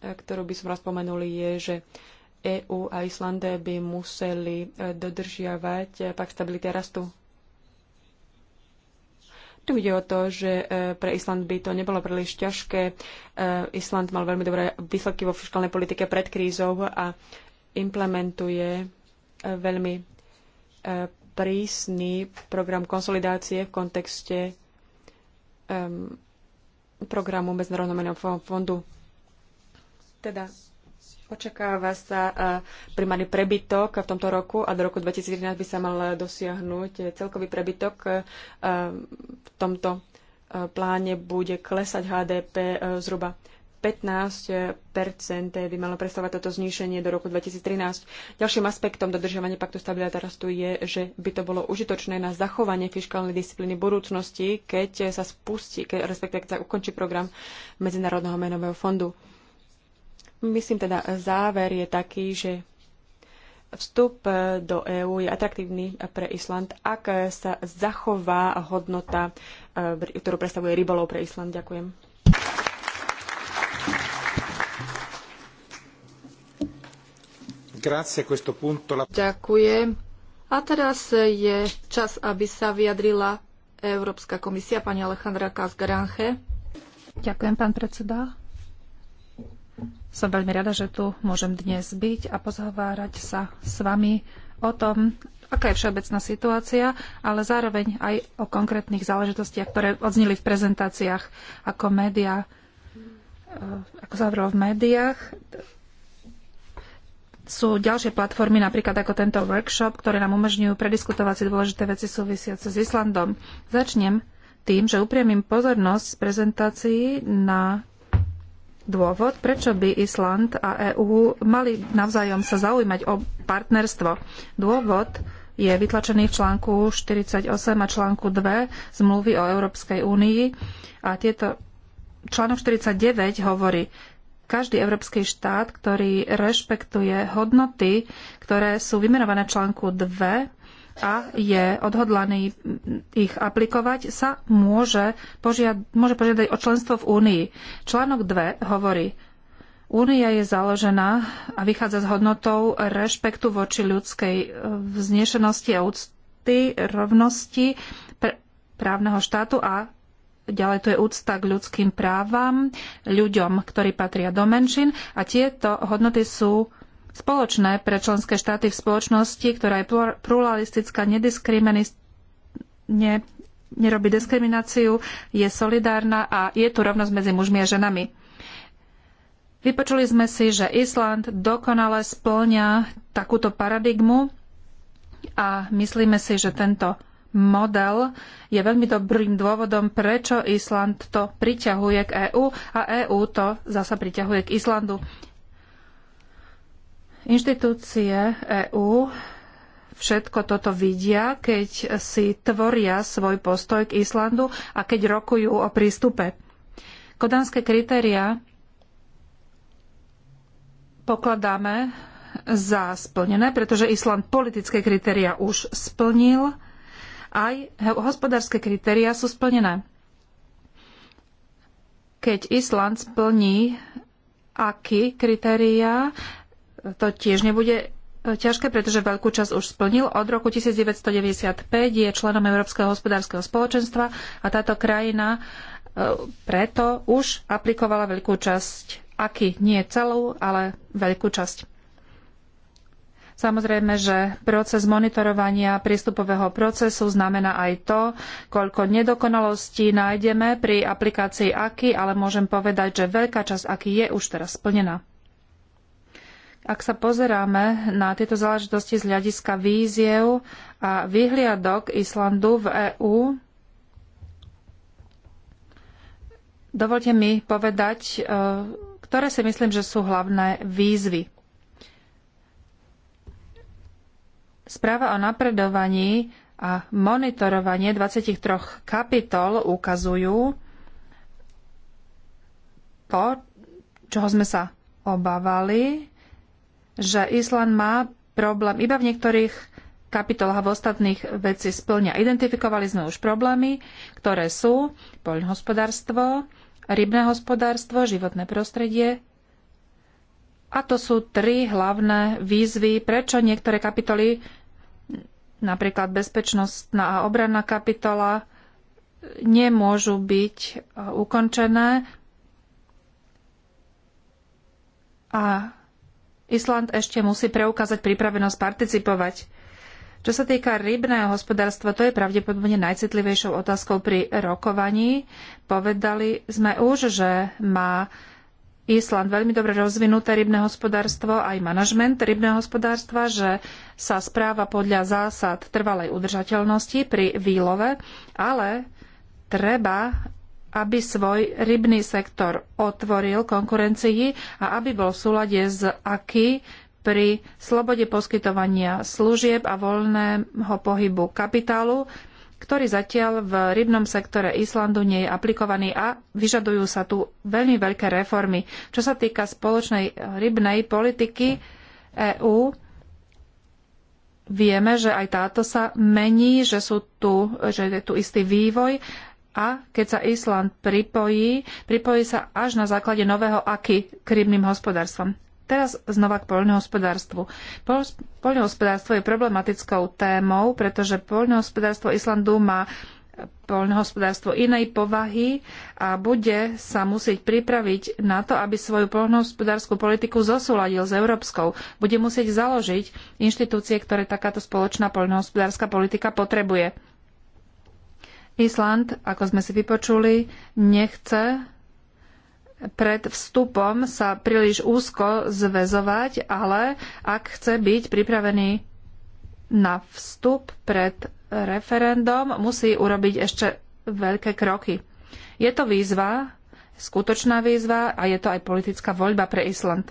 ktorú by som raz spomenul, je, že EÚ a Islande by museli dodržiavať pak stability rastu. Tu ide o to, že e, pre Island by to nebolo príliš ťažké. E, Island mal veľmi dobré výsledky vo fiskálnej politike pred krízou a implementuje veľmi e, prísny program konsolidácie v kontexte programu Medzinárodného fondu. Teda očakáva sa e, primárny prebytok v tomto roku a do roku 2011 by sa mal dosiahnuť celkový prebytok e, v tomto pláne bude klesať HDP zhruba 15 by malo predstavovať toto zníšenie do roku 2013. Ďalším aspektom dodržiavania paktu a rastu je, že by to bolo užitočné na zachovanie fiskálnej disciplíny budúcnosti, keď sa spustí, keď, respektíve keď sa ukončí program Medzinárodného menového fondu. Myslím teda, záver je taký, že vstup do EÚ je atraktívny pre Island, ak sa zachová hodnota, e, ktorú predstavuje rybolov pre Island. Ďakujem. Ďakujem. A teraz je čas, aby sa vyjadrila Európska komisia, pani Alejandra Kazgaranche. Ďakujem, pán predseda. Som veľmi rada, že tu môžem dnes byť a pozhovárať sa s vami o tom, aká je všeobecná situácia, ale zároveň aj o konkrétnych záležitostiach, ktoré odznili v prezentáciách ako média, e, ako zavrelo v médiách sú ďalšie platformy, napríklad ako tento workshop, ktoré nám umožňujú prediskutovať si dôležité veci súvisiace s Islandom. Začnem tým, že upriamím pozornosť z prezentácií na dôvod, prečo by Island a EÚ mali navzájom sa zaujímať o partnerstvo. Dôvod je vytlačený v článku 48 a článku 2 zmluvy o Európskej únii a tieto Článok 49 hovorí, každý európsky štát, ktorý rešpektuje hodnoty, ktoré sú vymenované článku 2 a je odhodlaný ich aplikovať, sa môže, požiad- môže požiadať o členstvo v Únii. Článok 2 hovorí, Únia je založená a vychádza s hodnotou rešpektu voči ľudskej e, vznešenosti a úcty, rovnosti, pr- právneho štátu a Ďalej tu je úcta k ľudským právam, ľuďom, ktorí patria do menšin a tieto hodnoty sú spoločné pre členské štáty v spoločnosti, ktorá je pluralistická, nediskriministická, nerobí diskrimináciu, je solidárna a je tu rovnosť medzi mužmi a ženami. Vypočuli sme si, že Island dokonale splňa takúto paradigmu a myslíme si, že tento model je veľmi dobrým dôvodom, prečo Island to priťahuje k EÚ a EÚ to zasa priťahuje k Islandu. Inštitúcie EÚ všetko toto vidia, keď si tvoria svoj postoj k Islandu a keď rokujú o prístupe. Kodanské kritéria pokladáme za splnené, pretože Island politické kritéria už splnil aj hospodárske kritéria sú splnené. Keď Island splní aký kritéria, to tiež nebude e, ťažké, pretože veľkú časť už splnil. Od roku 1995 je členom Európskeho hospodárskeho spoločenstva a táto krajina e, preto už aplikovala veľkú časť, aký nie celú, ale veľkú časť. Samozrejme, že proces monitorovania prístupového procesu znamená aj to, koľko nedokonalostí nájdeme pri aplikácii AKI, ale môžem povedať, že veľká časť AKI je už teraz splnená. Ak sa pozeráme na tieto záležitosti z hľadiska víziev a vyhliadok Islandu v EÚ, dovolte mi povedať, e, ktoré si myslím, že sú hlavné výzvy. Správa o napredovaní a monitorovanie 23 kapitol ukazujú to, čoho sme sa obávali, že Island má problém iba v niektorých kapitolách a v ostatných veci splňa. Identifikovali sme už problémy, ktoré sú poľnohospodárstvo, rybné hospodárstvo, životné prostredie, a to sú tri hlavné výzvy, prečo niektoré kapitoly, napríklad bezpečnostná a obranná kapitola, nemôžu byť e, ukončené. A Island ešte musí preukázať pripravenosť participovať. Čo sa týka rybného hospodárstva, to je pravdepodobne najcitlivejšou otázkou pri rokovaní. Povedali sme už, že má Island veľmi dobre rozvinuté rybné hospodárstvo, aj manažment rybného hospodárstva, že sa správa podľa zásad trvalej udržateľnosti pri výlove, ale treba, aby svoj rybný sektor otvoril konkurencii a aby bol v súlade s aký pri slobode poskytovania služieb a voľného pohybu kapitálu ktorý zatiaľ v rybnom sektore Islandu nie je aplikovaný a vyžadujú sa tu veľmi veľké reformy. Čo sa týka spoločnej eh, rybnej politiky EÚ, vieme, že aj táto sa mení, že, sú tu, že je tu istý vývoj a keď sa Island pripojí, pripojí sa až na základe nového aky k rybným hospodárstvom. Teraz znova k poľnohospodárstvu. Poľnohospodárstvo je problematickou témou, pretože poľnohospodárstvo Islandu má poľnohospodárstvo inej povahy a bude sa musieť pripraviť na to, aby svoju poľnohospodárskú politiku zosúladil s európskou. Bude musieť založiť inštitúcie, ktoré takáto spoločná poľnohospodárska politika potrebuje. Island, ako sme si vypočuli, nechce pred vstupom sa príliš úzko zväzovať, ale ak chce byť pripravený na vstup pred referendum, musí urobiť ešte veľké kroky. Je to výzva, skutočná výzva a je to aj politická voľba pre Island.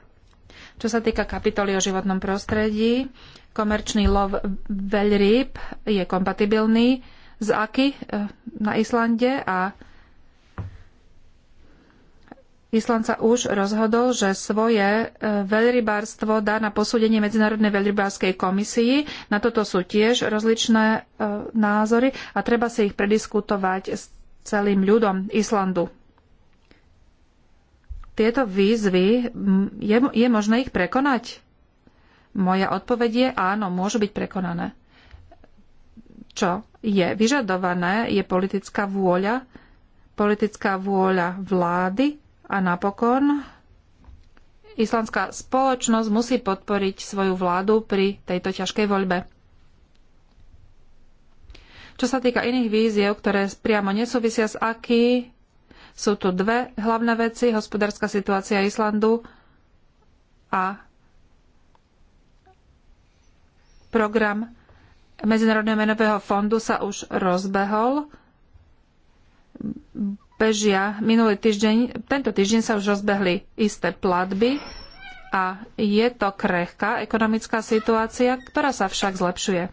Čo sa týka kapitoly o životnom prostredí, komerčný lov veľryb je kompatibilný s AKI e, na Islande a Island sa už rozhodol, že svoje e, veľrybárstvo dá na posúdenie Medzinárodnej veľrybárskej komisii. Na toto sú tiež rozličné e, názory a treba si ich prediskutovať s celým ľudom Islandu. Tieto výzvy, je, je možné ich prekonať? Moja odpoveď je áno, môžu byť prekonané. Čo je vyžadované, je politická vôľa, politická vôľa vlády a napokon islandská spoločnosť musí podporiť svoju vládu pri tejto ťažkej voľbe. Čo sa týka iných víziev, ktoré priamo nesúvisia s aký, sú tu dve hlavné veci. Hospodárska situácia Islandu a program Medzinárodného menového fondu sa už rozbehol bežia minulý týždeň, tento týždeň sa už rozbehli isté platby a je to krehká ekonomická situácia, ktorá sa však zlepšuje.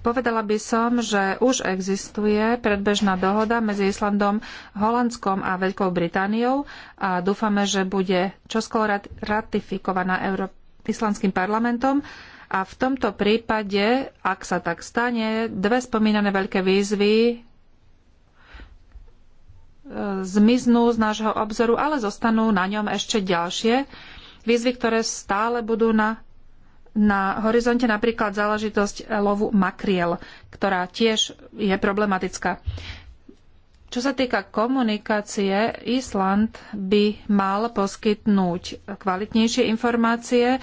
Povedala by som, že už existuje predbežná dohoda medzi Islandom, Holandskom a Veľkou Britániou a dúfame, že bude čoskoro ratifikovaná Euró- Islandským parlamentom. A v tomto prípade, ak sa tak stane, dve spomínané veľké výzvy zmiznú z nášho obzoru, ale zostanú na ňom ešte ďalšie výzvy, ktoré stále budú na, na horizonte, napríklad záležitosť lovu makriel, ktorá tiež je problematická. Čo sa týka komunikácie, Island by mal poskytnúť kvalitnejšie informácie,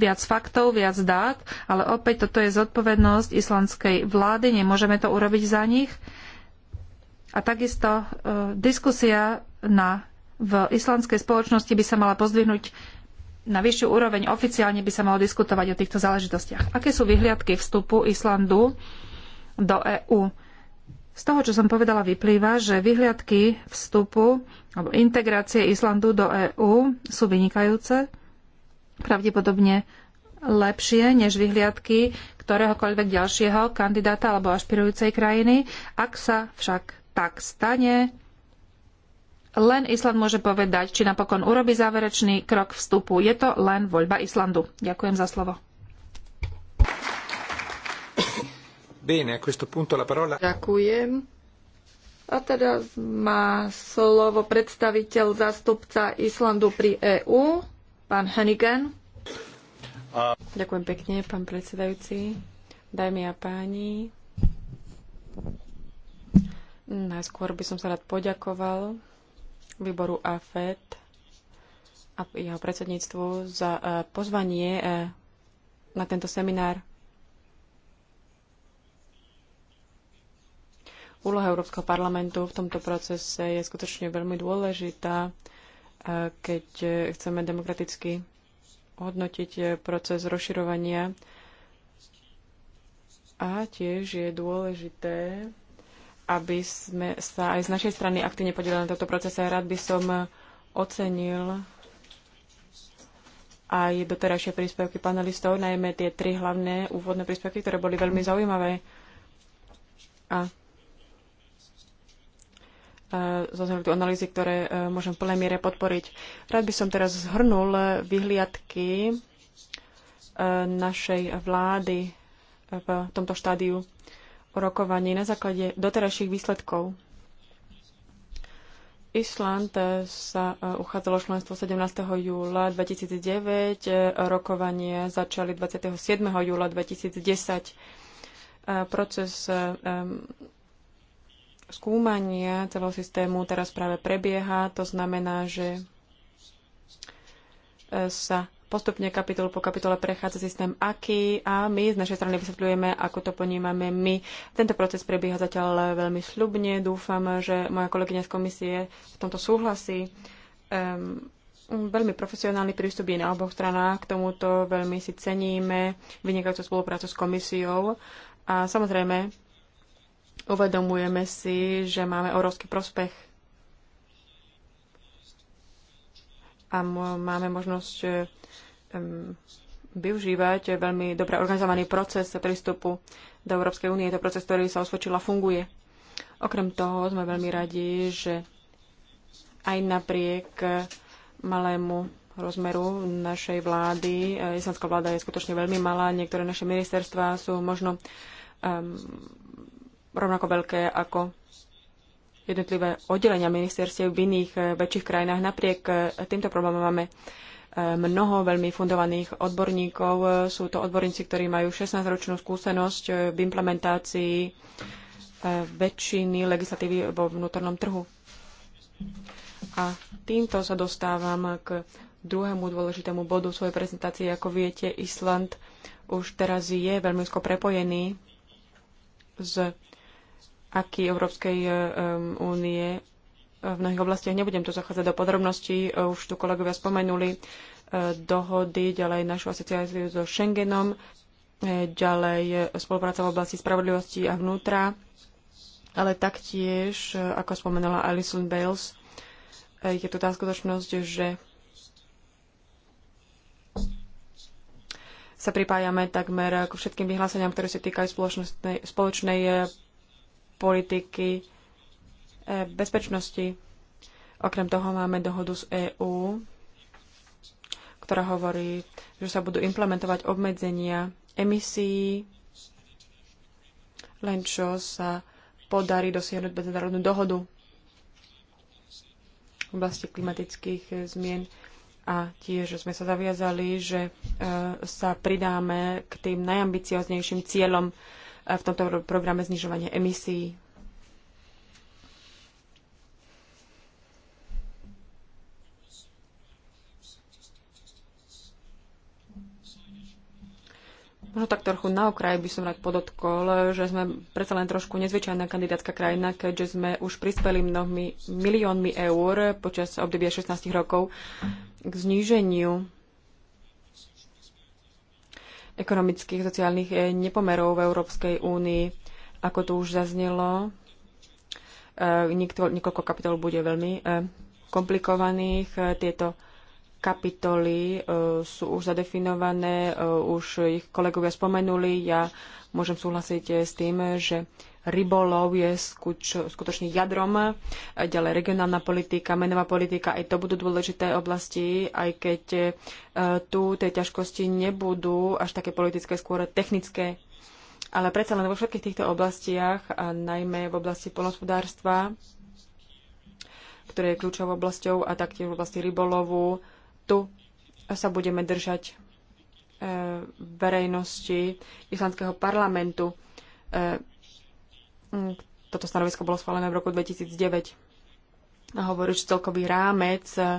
viac faktov, viac dát, ale opäť toto je zodpovednosť islandskej vlády, nemôžeme to urobiť za nich. A takisto e, diskusia na, v islandskej spoločnosti by sa mala pozdvihnúť na vyššiu úroveň. Oficiálne by sa malo diskutovať o týchto záležitostiach. Aké sú vyhliadky vstupu Islandu do EÚ? Z toho, čo som povedala, vyplýva, že vyhliadky vstupu alebo integrácie Islandu do EÚ sú vynikajúce, pravdepodobne lepšie než vyhliadky ktoréhokoľvek ďalšieho kandidáta alebo ašpirujúcej krajiny, ak sa však tak stane, len Island môže povedať, či napokon urobí záverečný krok vstupu. Je to len voľba Islandu. Ďakujem za slovo. Bene, a questo punto la parola... Ďakujem. A teraz má slovo predstaviteľ zástupca Islandu pri EÚ, pán Hennigan. A... Ďakujem pekne, pán predsedajúci. dajmy a páni, Najskôr by som sa rád poďakoval výboru AFET a jeho predsedníctvu za e, pozvanie e, na tento seminár. Úloha Európskeho parlamentu v tomto procese je skutočne veľmi dôležitá, e, keď chceme demokraticky hodnotiť proces rozširovania. A tiež je dôležité aby sme sa aj z našej strany aktívne podielali na tomto procese. Rád by som ocenil aj doterajšie príspevky panelistov, najmä tie tri hlavné úvodné príspevky, ktoré boli veľmi zaujímavé. A e, zoznam tu analýzy, ktoré e, môžem v plnej miere podporiť. Rád by som teraz zhrnul vyhliadky e, našej vlády v tomto štádiu rokovaní na základe doterajších výsledkov. Island e, sa e, uchádzalo členstvo 17. júla 2009, e, rokovanie začali 27. júla 2010. Proces skúmania celého systému teraz práve prebieha, to znamená, že sa postupne kapitolu po kapitole prechádza systém aký a my z našej strany vysvetľujeme, ako to ponímame my. Tento proces prebieha zatiaľ veľmi slubne. Dúfam, že moja kolegyňa z komisie v tomto súhlasí. Um, veľmi profesionálny prístup je na oboch stranách. K tomuto veľmi si ceníme vynikajúcu spoluprácu s komisiou. A samozrejme, uvedomujeme si, že máme obrovský prospech a máme možnosť e, využívať veľmi dobre organizovaný proces prístupu do Európskej únie. Je to proces, ktorý sa osvedčila funguje. Okrem toho sme veľmi radi, že aj napriek e, malému rozmeru našej vlády, e, islandská vláda je skutočne veľmi malá, niektoré naše ministerstva sú možno um, rovnako veľké ako jednotlivé oddelenia ministerstiev v iných eh, väčších krajinách. Napriek eh, týmto problémom máme eh, mnoho veľmi fundovaných odborníkov. Sú to odborníci, ktorí majú 16-ročnú skúsenosť v implementácii väčšiny legislatívy vo vnútornom trhu. A týmto sa dostávam k druhému dôležitému bodu svojej prezentácie. Ako viete, Island už teraz je veľmi úzko prepojený s aký Európskej e, únie e, v mnohých oblastiach. Nebudem tu zachádzať do podrobností, e, už tu kolegovia spomenuli dohody, ďalej našu asociáciu so Schengenom, ďalej spolupráca v oblasti spravodlivosti a vnútra, ale taktiež, ako spomenula Alison Bales, je tu tá skutočnosť, že sa pripájame takmer k všetkým vyhláseniam, ktoré sa týkajú spoločnej, spoločnej politiky eh, bezpečnosti. Okrem toho máme dohodu z EÚ, ktorá hovorí, že sa budú implementovať obmedzenia emisí, len čo sa podarí dosiahnuť medzinárodnú dohodu v oblasti klimatických zmien. A tiež sme sa zaviazali, že eh, sa pridáme k tým najambicioznejším cieľom v tomto programe znižovania emisí. Možno tak trochu na okraj by som rád podotkol, že sme predsa len trošku nezvyčajná kandidátska krajina, keďže sme už prispeli mnohmi miliónmi eur počas obdobia 16 rokov k zníženiu ekonomických a sociálnych eh, nepomerov v Európskej únii. Ako to už zaznelo, eh, niekoľko kapitol bude veľmi eh, komplikovaných. Tieto kapitoly sú už zadefinované, už ich kolegovia spomenuli. Ja môžem súhlasiť s tým, že rybolov je skutočne jadrom, ďalej regionálna politika, menová politika, aj to budú dôležité oblasti, aj keď e, tu tie ťažkosti nebudú až také politické, skôr technické. Ale predsa len vo všetkých týchto oblastiach, a najmä v oblasti polnospodárstva, ktoré je kľúčovou oblasťou a taktiež v oblasti rybolovu, tu sa budeme držať e, verejnosti islandského parlamentu. E, Mm, toto stanovisko bolo schválené v roku 2009 a hovorí, že celkový rámec o eh,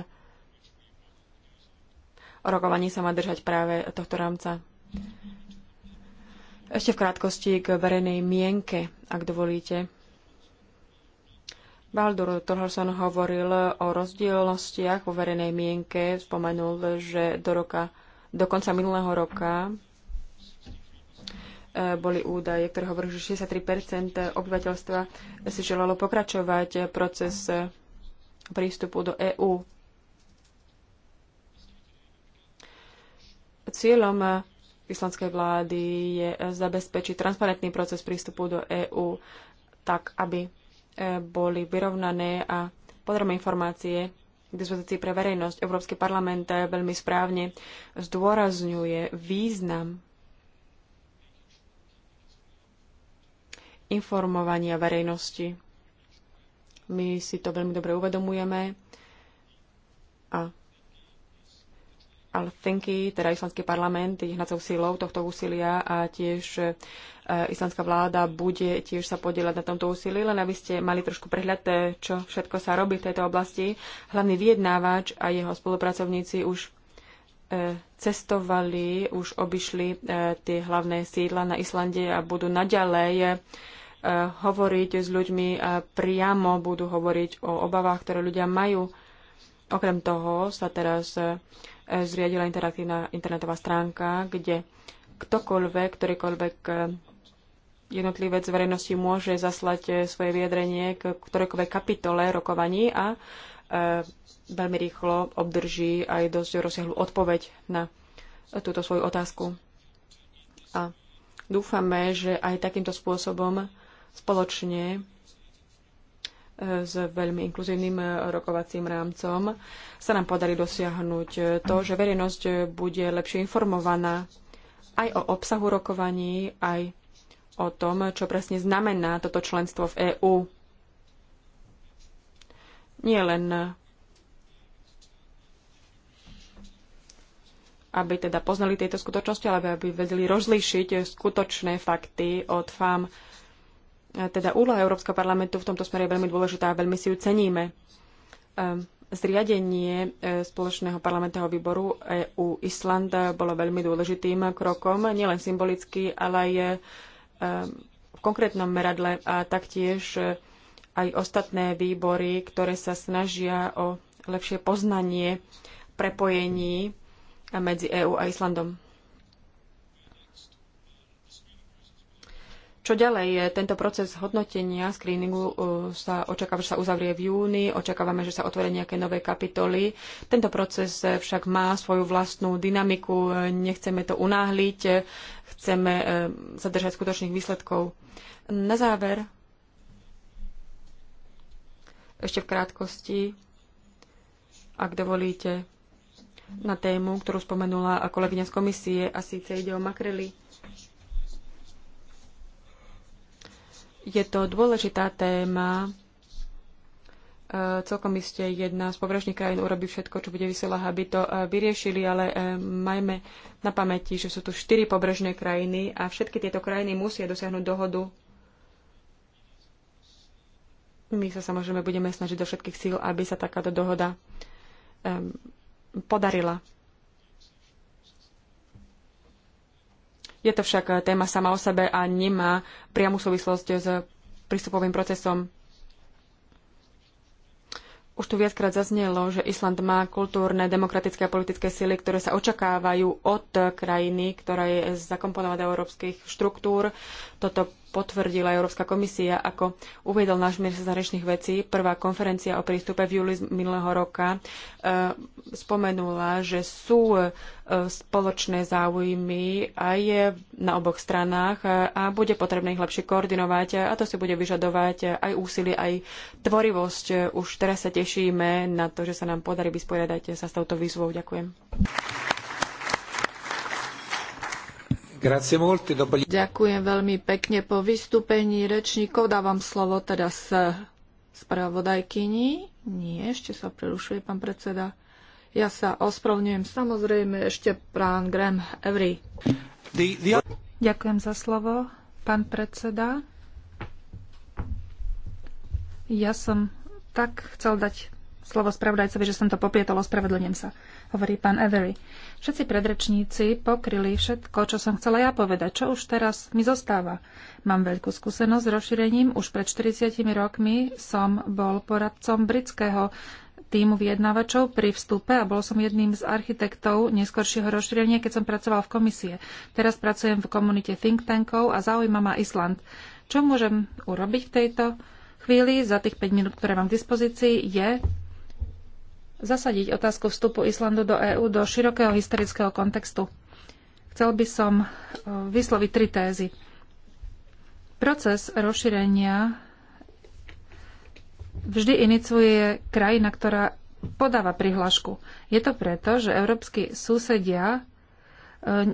rokovaní sa má držať práve tohto rámca. Ešte v krátkosti k verejnej mienke, ak dovolíte. Baldur Torhalson hovoril o rozdielnostiach vo verejnej mienke, spomenul, že do, roka, do konca minulého roka boli údaje, ktoré hovorí, že 63 obyvateľstva si želalo pokračovať proces prístupu do EÚ. Cieľom islandskej vlády je zabezpečiť transparentný proces prístupu do EÚ tak, aby e, boli vyrovnané a podrobné informácie k dispozícii pre verejnosť. Európsky parlament e, veľmi správne zdôrazňuje význam informovania verejnosti. My si to veľmi dobre uvedomujeme a Helsinki, teda islandský parlament, je hnacou sílou tohto úsilia a tiež e, islandská vláda bude tiež sa podielať na tomto úsilí, len aby ste mali trošku prehľad, e, čo všetko sa robí v tejto oblasti. Hlavný vyjednávač a jeho spolupracovníci už e, cestovali, už obišli tie hlavné sídla na Islande a budú naďalej E, hovoriť s ľuďmi priamo, budú hovoriť o obavách, ktoré ľudia majú. Okrem toho sa teraz e, zriadila interaktívna internetová stránka, kde ktokoľvek, ktorýkoľvek e, jednotlivec z verejnosti môže zaslať svoje vyjadrenie k ktorékoľvek kapitole rokovaní a veľmi rýchlo obdrží aj dosť rozsiahlu odpoveď na túto svoju otázku. A dúfame, že aj takýmto spôsobom spoločne e, s veľmi inkluzívnym e, rokovacím rámcom sa nám podarí dosiahnuť e, to, že verejnosť bude lepšie informovaná aj o obsahu rokovaní, aj o tom, čo presne znamená toto členstvo v EÚ. Nie len aby teda poznali tieto skutočnosti, ale aby vedeli rozlíšiť skutočné fakty od fám. Teda úloha Európskeho parlamentu v tomto smere je veľmi dôležitá a veľmi si ju ceníme. Ehm, zriadenie e, spoločného parlamentného výboru EU Island bolo veľmi dôležitým krokom, nielen symbolicky, ale aj ehm, v konkrétnom meradle a taktiež e, aj ostatné výbory, ktoré sa snažia o lepšie poznanie prepojení medzi EÚ a Islandom. Čo ďalej? Tento proces hodnotenia, screeningu e, sa očakáva, že sa uzavrie v júni, očakávame, že sa otvoria nejaké nové kapitoly. Tento proces e, však má svoju vlastnú dynamiku, e, nechceme to unáhliť, chceme sa držať skutočných výsledkov. Na záver, ešte v krátkosti, ak dovolíte, na tému, ktorú spomenula kolegyňa z komisie, a síce ide o makrely Je to dôležitá téma. E, celkom iste jedna z pobrežných krajín urobí všetko, čo bude vysielať, aby to e, vyriešili, ale e, majme na pamäti, že sú tu štyri pobrežné krajiny a všetky tieto krajiny musia dosiahnuť dohodu my sa samozrejme budeme snažiť do všetkých síl, aby sa takáto dohoda um, podarila. Je to však eh, téma sama o sebe a nemá priamu súvislosť s prístupovým procesom. Už tu viackrát zaznelo, že Island má kultúrne, demokratické a politické sily, ktoré sa očakávajú od krajiny, ktorá je zakomponovaná do európskych štruktúr. Toto potvrdila Európska komisia, ako uviedol náš minister zahraničných vecí. Prvá konferencia o prístupe v júli minulého roka e, spomenula, že sú e, spoločné záujmy aj na oboch stranách e, a bude potrebné ich lepšie koordinovať a to si bude vyžadovať aj úsilie, aj tvorivosť. Už teraz sa tešíme na to, že sa nám podarí vysporiadať sa s touto výzvou. Ďakujem. Ďakujem veľmi pekne. Po vystúpení rečníkov dávam slovo teda s spravodajkyni. Nie, ešte sa prerušuje pán predseda. Ja sa ospravňujem. Samozrejme, ešte pán Graham Every. The, the... Ďakujem za slovo, pán predseda. Ja som tak chcel dať slovo spravodajcovi, že som to popietol, ospravedlňujem sa, hovorí pán Every. Uh, Všetci predrečníci pokryli všetko, čo som chcela ja povedať, čo už teraz mi zostáva. Mám veľkú skúsenosť s rozšírením. Už pred 40 rokmi som bol poradcom britského týmu vyjednávačov pri vstupe a bol som jedným z architektov neskoršieho rozšírenia, keď som pracoval v komisie. Teraz pracujem v komunite think tankov a zaujíma ma Island. Čo môžem urobiť v tejto chvíli za tých 5 minút, ktoré mám k dispozícii, je zasadiť otázku vstupu Islandu do EÚ do širokého historického kontextu. Chcel by som e, vysloviť tri tézy. Proces rozšírenia vždy iniciuje krajina, ktorá podáva prihlášku. Je to preto, že európsky susedia e,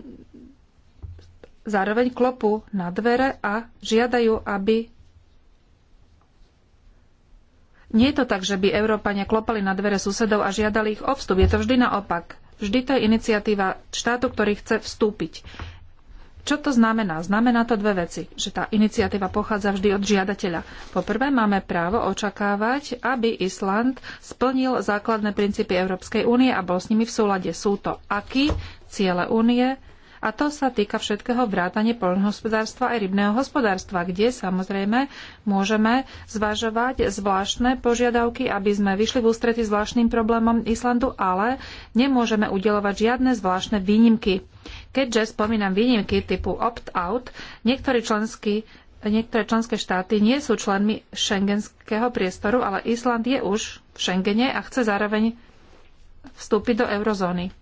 zároveň klopu na dvere a žiadajú, aby nie je to tak, že by Európania klopali na dvere susedov a žiadali ich o vstup. Je to vždy naopak. Vždy to je iniciatíva štátu, ktorý chce vstúpiť. Čo to znamená? Znamená to dve veci. Že tá iniciatíva pochádza vždy od žiadateľa. Po prvé, máme právo očakávať, aby Island splnil základné princípy Európskej únie a bol s nimi v súlade. Sú to aký, ciele únie, a to sa týka všetkého vrátane poľnohospodárstva aj rybného hospodárstva, kde samozrejme môžeme zvažovať zvláštne požiadavky, aby sme vyšli v ústrety zvláštnym problémom Islandu, ale nemôžeme udelovať žiadne zvláštne výnimky. Keďže spomínam výnimky typu opt-out, niektorí členskí niektoré členské štáty nie sú členmi šengenského priestoru, ale Island je už v Schengene a chce zároveň vstúpiť do eurozóny.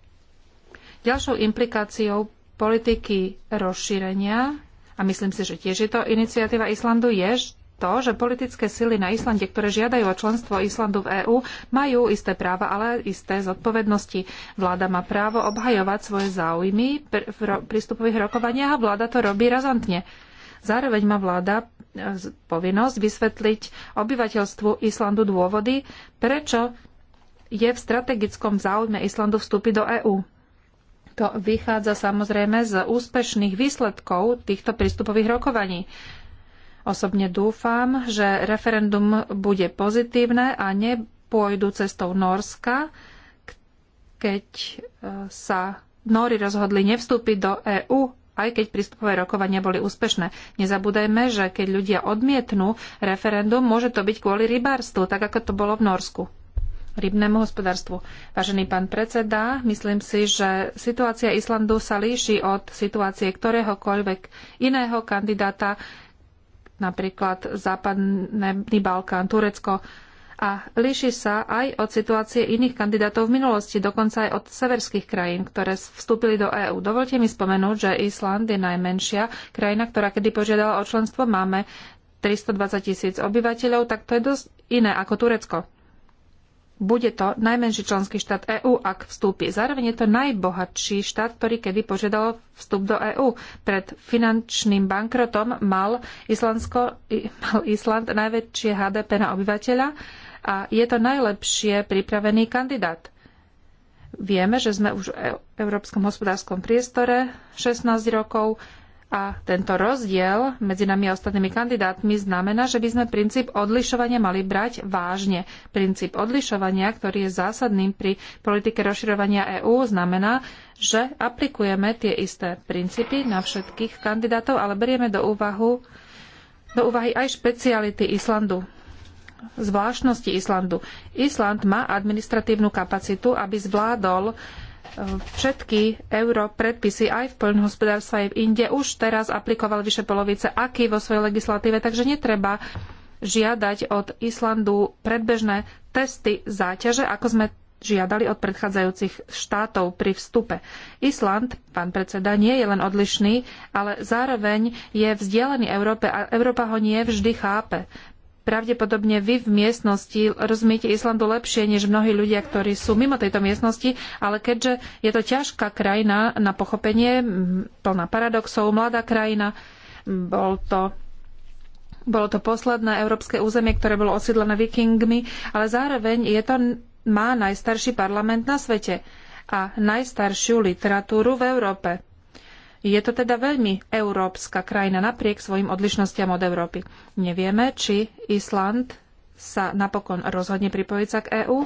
Ďalšou implikáciou politiky rozšírenia, a myslím si, že tiež je to iniciatíva Islandu, je to, že politické sily na Islande, ktoré žiadajú o členstvo Islandu v EÚ, majú isté práva, ale isté zodpovednosti. Vláda má právo obhajovať svoje záujmy v prístupových rokovaniach a vláda to robí razantne. Zároveň má vláda e, povinnosť vysvetliť obyvateľstvu Islandu dôvody, prečo je v strategickom záujme Islandu vstúpiť do EÚ. To vychádza samozrejme z úspešných výsledkov týchto prístupových rokovaní. Osobne dúfam, že referendum bude pozitívne a nepôjdu cestou Norska, keď e, sa Nóri rozhodli nevstúpiť do EÚ, aj keď prístupové rokovania boli úspešné. Nezabúdajme, že keď ľudia odmietnú referendum, môže to byť kvôli rybárstvu, tak ako to bolo v Norsku rybnému hospodárstvu. Vážený pán predseda, myslím si, že situácia Islandu sa líši od situácie ktoréhokoľvek iného kandidáta, napríklad Západný Balkán, Turecko, a líši sa aj od situácie iných kandidátov v minulosti, dokonca aj od severských krajín, ktoré vstúpili do EÚ. Dovolte mi spomenúť, že Island je najmenšia krajina, ktorá kedy požiadala o členstvo. Máme 320 tisíc obyvateľov, tak to je dosť iné ako Turecko bude to najmenší členský štát EÚ, ak vstúpi. Zároveň je to najbohatší štát, ktorý kedy požiadal vstup do EÚ. Pred finančným bankrotom mal, Islandsko, mal Island najväčšie HDP na obyvateľa a je to najlepšie pripravený kandidát. Vieme, že sme už v e európskom hospodárskom priestore 16 rokov, a tento rozdiel medzi nami a ostatnými kandidátmi znamená, že by sme princíp odlišovania mali brať vážne. Princíp odlišovania, ktorý je zásadným pri politike rozširovania EÚ, znamená, že aplikujeme tie isté princípy na všetkých kandidátov, ale berieme do, úvahu, do úvahy aj špeciality Islandu zvláštnosti Islandu. Island má administratívnu kapacitu, aby zvládol všetky euro predpisy aj v poľnohospodárstve aj v inde už teraz aplikoval vyše polovice aký vo svojej legislatíve, takže netreba žiadať od Islandu predbežné testy záťaže, ako sme žiadali od predchádzajúcich štátov pri vstupe. Island, pán predseda, nie je len odlišný, ale zároveň je vzdialený Európe a Európa ho nie vždy chápe pravdepodobne vy v miestnosti rozumiete Islandu lepšie než mnohí ľudia, ktorí sú mimo tejto miestnosti, ale keďže je to ťažká krajina na pochopenie, plná paradoxov, mladá krajina, bol to, bolo to posledné európske územie, ktoré bolo osídlené vikingmi, ale zároveň je to, má najstarší parlament na svete a najstaršiu literatúru v Európe. Je to teda veľmi európska krajina napriek svojim odlišnostiam od Európy. Nevieme, či Island sa napokon rozhodne pripojiť sa k EÚ.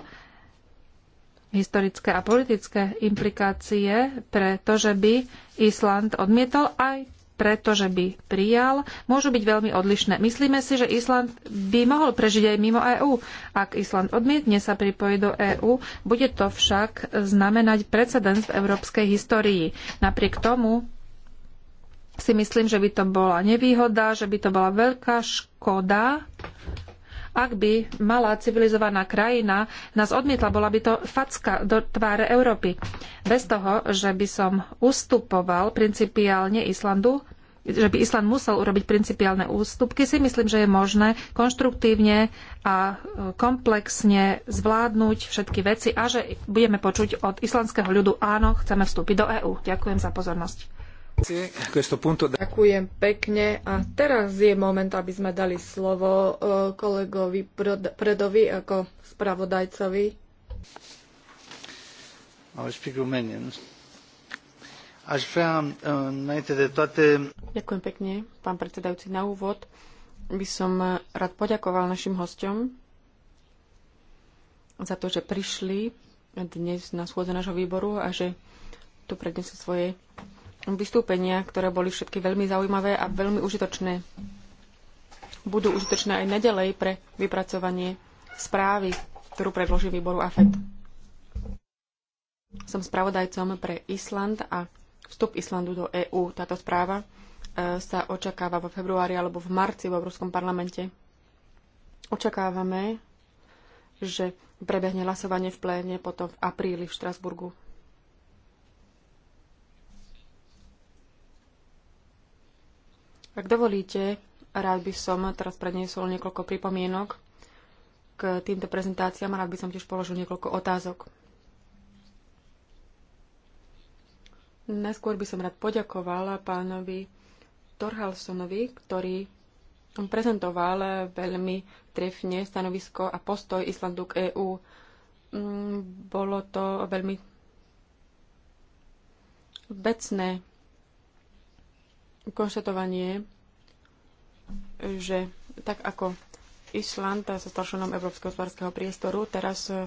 Historické a politické implikácie pre to, že by Island odmietol aj preto, že by prijal, môžu byť veľmi odlišné. Myslíme si, že Island by mohol prežiť aj mimo EÚ. Ak Island odmietne sa pripojiť do EÚ, bude to však znamenať precedens v európskej histórii. Napriek tomu si myslím, že by to bola nevýhoda, že by to bola veľká škoda, ak by malá civilizovaná krajina nás odmietla, bola by to facka do tváre Európy. Bez toho, že by som ustupoval principiálne Islandu, že by Island musel urobiť principiálne ústupky, si myslím, že je možné konštruktívne a e, komplexne zvládnuť všetky veci a že budeme počuť od islandského ľudu áno, chceme vstúpiť do EÚ. Ďakujem za pozornosť. Ďakujem pekne a teraz je moment, aby sme dali slovo e, kolegovi Predovi ako spravodajcovi. E, Ďakujem pekne, pán predsedajúci. Na úvod by som e, rád poďakoval našim hostom za to, že prišli dnes na schôdze nášho výboru a že tu prednesú svoje vystúpenia, ktoré boli všetky veľmi zaujímavé a veľmi užitočné. Budú užitočné aj naďalej pre vypracovanie správy, ktorú predloží výboru AFED. Som spravodajcom pre Island a vstup Islandu do EÚ. Táto správa e, sa očakáva vo februári alebo v marci v Európskom parlamente. Očakávame, že prebehne hlasovanie v pléne potom v apríli v Štrasburgu. Ak dovolíte, rád by som teraz predniesol niekoľko pripomienok k týmto prezentáciám a rád by som tiež položil niekoľko otázok. Najskôr by som rád poďakovala pánovi Torhalsonovi, ktorý prezentoval veľmi trefne stanovisko a postoj Islandu k EÚ. Mm, bolo to veľmi vecné konštatovanie, že tak ako Island sa stal členom Európskeho hospodárskeho priestoru, teraz e,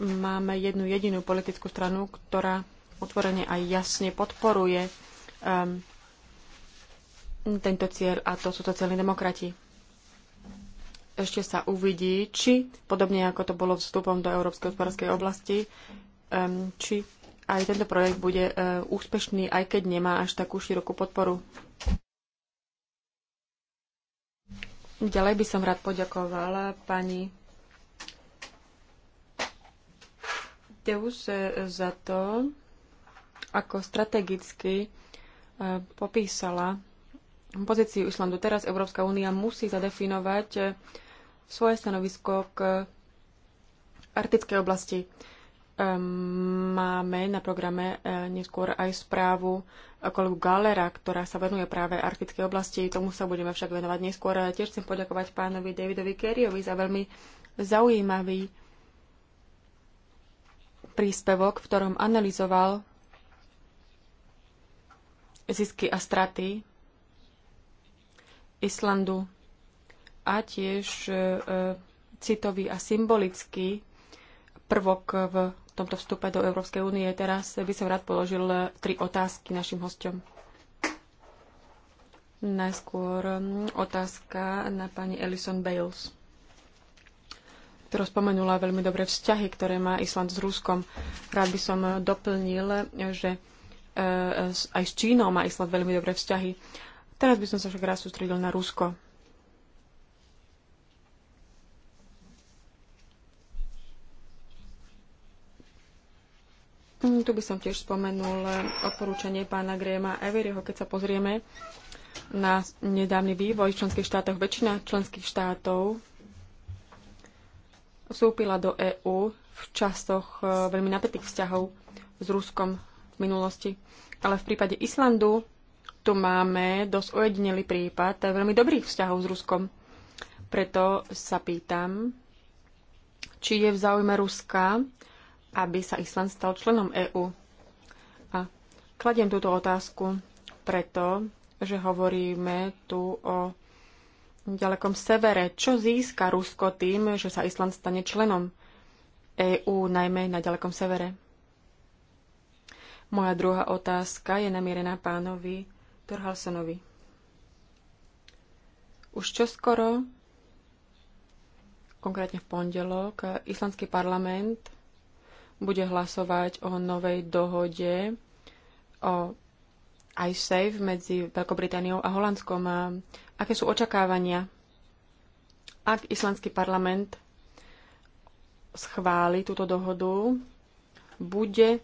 máme jednu jedinú politickú stranu, ktorá otvorene aj jasne podporuje um, tento cieľ a to sú sociálni demokrati. Ešte sa uvidí, či, podobne ako to bolo vstupom do Európskej hospodárskej oblasti, um, či aj tento projekt bude uh, úspešný, aj keď nemá až takú širokú podporu. Ďalej by som rád poďakovala pani Deus za to, ako strategicky e, popísala pozíciu Islandu. Teraz Európska únia musí zadefinovať e, svoje stanovisko k arktickej oblasti. Ehm, máme na programe e, neskôr aj správu kolegu Galera, ktorá sa venuje práve arktickej oblasti. Tomu sa budeme však venovať neskôr. E, tiež chcem poďakovať pánovi Davidovi Kerryovi za veľmi zaujímavý príspevok, v ktorom analyzoval zisky a straty Islandu a tiež e, citový a symbolický prvok v tomto vstupe do Európskej únie. Teraz by som rád položil tri otázky našim hostom. Najskôr otázka na pani Ellison Bales, ktorá spomenula veľmi dobré vzťahy, ktoré má Island s Ruskom. Rád by som doplnil, že e, aj s Čínou má Island veľmi dobré vzťahy. Teraz by som sa však rád sústredil na Rusko. Mm, tu by som tiež spomenul odporúčanie pána Gréma Everyho, keď sa pozrieme na nedávny vývoj v členských štátoch. Väčšina členských štátov vstúpila do EÚ v časoch e, veľmi napätých vzťahov s Ruskom v minulosti. Ale v prípade Islandu tu máme dosť ojedinelý prípad veľmi dobrých vzťahov s Ruskom. Preto sa pýtam, či je v záujme Ruska aby sa Island stal členom EÚ. A kladiem túto otázku preto, že hovoríme tu o ďalekom severe. Čo získa Rusko tým, že sa Island stane členom EÚ, najmä na ďalekom severe? Moja druhá otázka je namierená pánovi Torhalsonovi. Už čoskoro, konkrétne v pondelok, islandský parlament bude hlasovať o novej dohode o iSafe medzi Veľkou Britániou a Holandskom. A aké sú očakávania, ak islandský parlament schváli túto dohodu, bude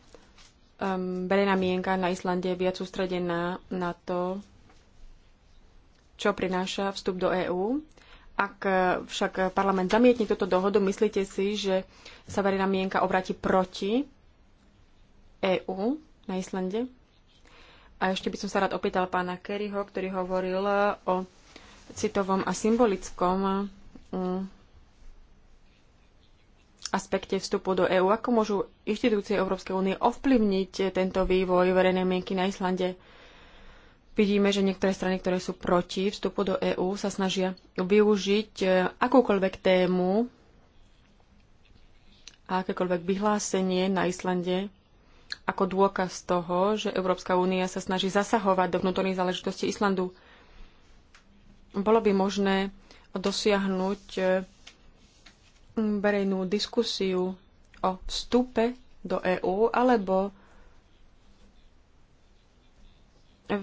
um, verejná mienka na Islande viac sústredená na to, čo prináša vstup do EÚ ak e, však parlament zamietne túto dohodu, myslíte si, že sa verejná mienka obráti proti EÚ na Islande? A ešte by som sa rád opýtal pána Kerryho, ktorý hovoril o citovom a symbolickom mm, aspekte vstupu do EÚ. Ako môžu inštitúcie Európskej únie ovplyvniť tento vývoj verejnej mienky na Islande? Vidíme, že niektoré strany, ktoré sú proti vstupu do EÚ, sa snažia využiť e, akúkoľvek tému a akékoľvek vyhlásenie na Islande ako dôkaz toho, že Európska únia sa snaží zasahovať do vnútorných záležitostí Islandu. Bolo by možné dosiahnuť e, verejnú diskusiu o vstupe do EÚ alebo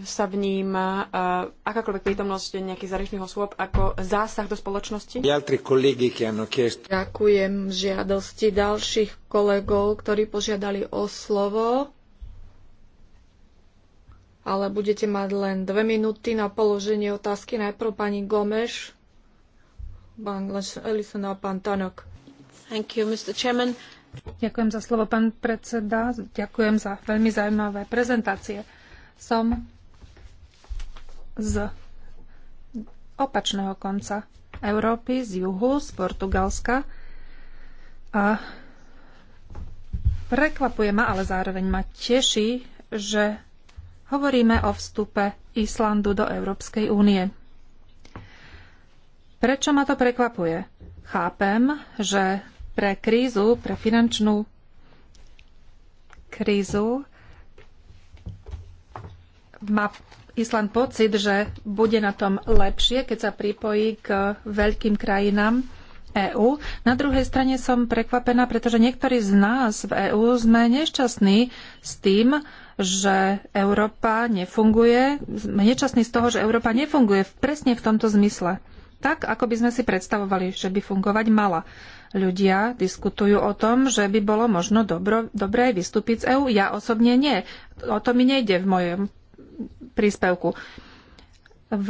sa vníma eh, akákoľvek prítomnosť nejakých zahraničných osôb ako zásah do spoločnosti? Ďakujem žiadosti ďalších kolegov, ktorí požiadali o slovo. Ale budete mať len dve minúty na položenie otázky. Najprv pani Gomeš, pán Elison a pán Tanok. Thank you, Mr. Chairman. Ďakujem za slovo, pán predseda. Ďakujem za veľmi zaujímavé prezentácie. Som z opačného konca Európy, z juhu, z Portugalska. A prekvapuje ma, ale zároveň ma teší, že hovoríme o vstupe Islandu do Európskej únie. Prečo ma to prekvapuje? Chápem, že pre krízu, pre finančnú krízu má Island pocit, že bude na tom lepšie, keď sa pripojí k veľkým krajinám EÚ. Na druhej strane som prekvapená, pretože niektorí z nás v EÚ sme nešťastní s tým, že Európa nefunguje. Sme nešťastní z toho, že Európa nefunguje presne v tomto zmysle. Tak, ako by sme si predstavovali, že by fungovať mala. Ľudia diskutujú o tom, že by bolo možno dobro, dobré vystúpiť z EÚ. Ja osobne nie. O to mi nejde v mojom príspevku. V,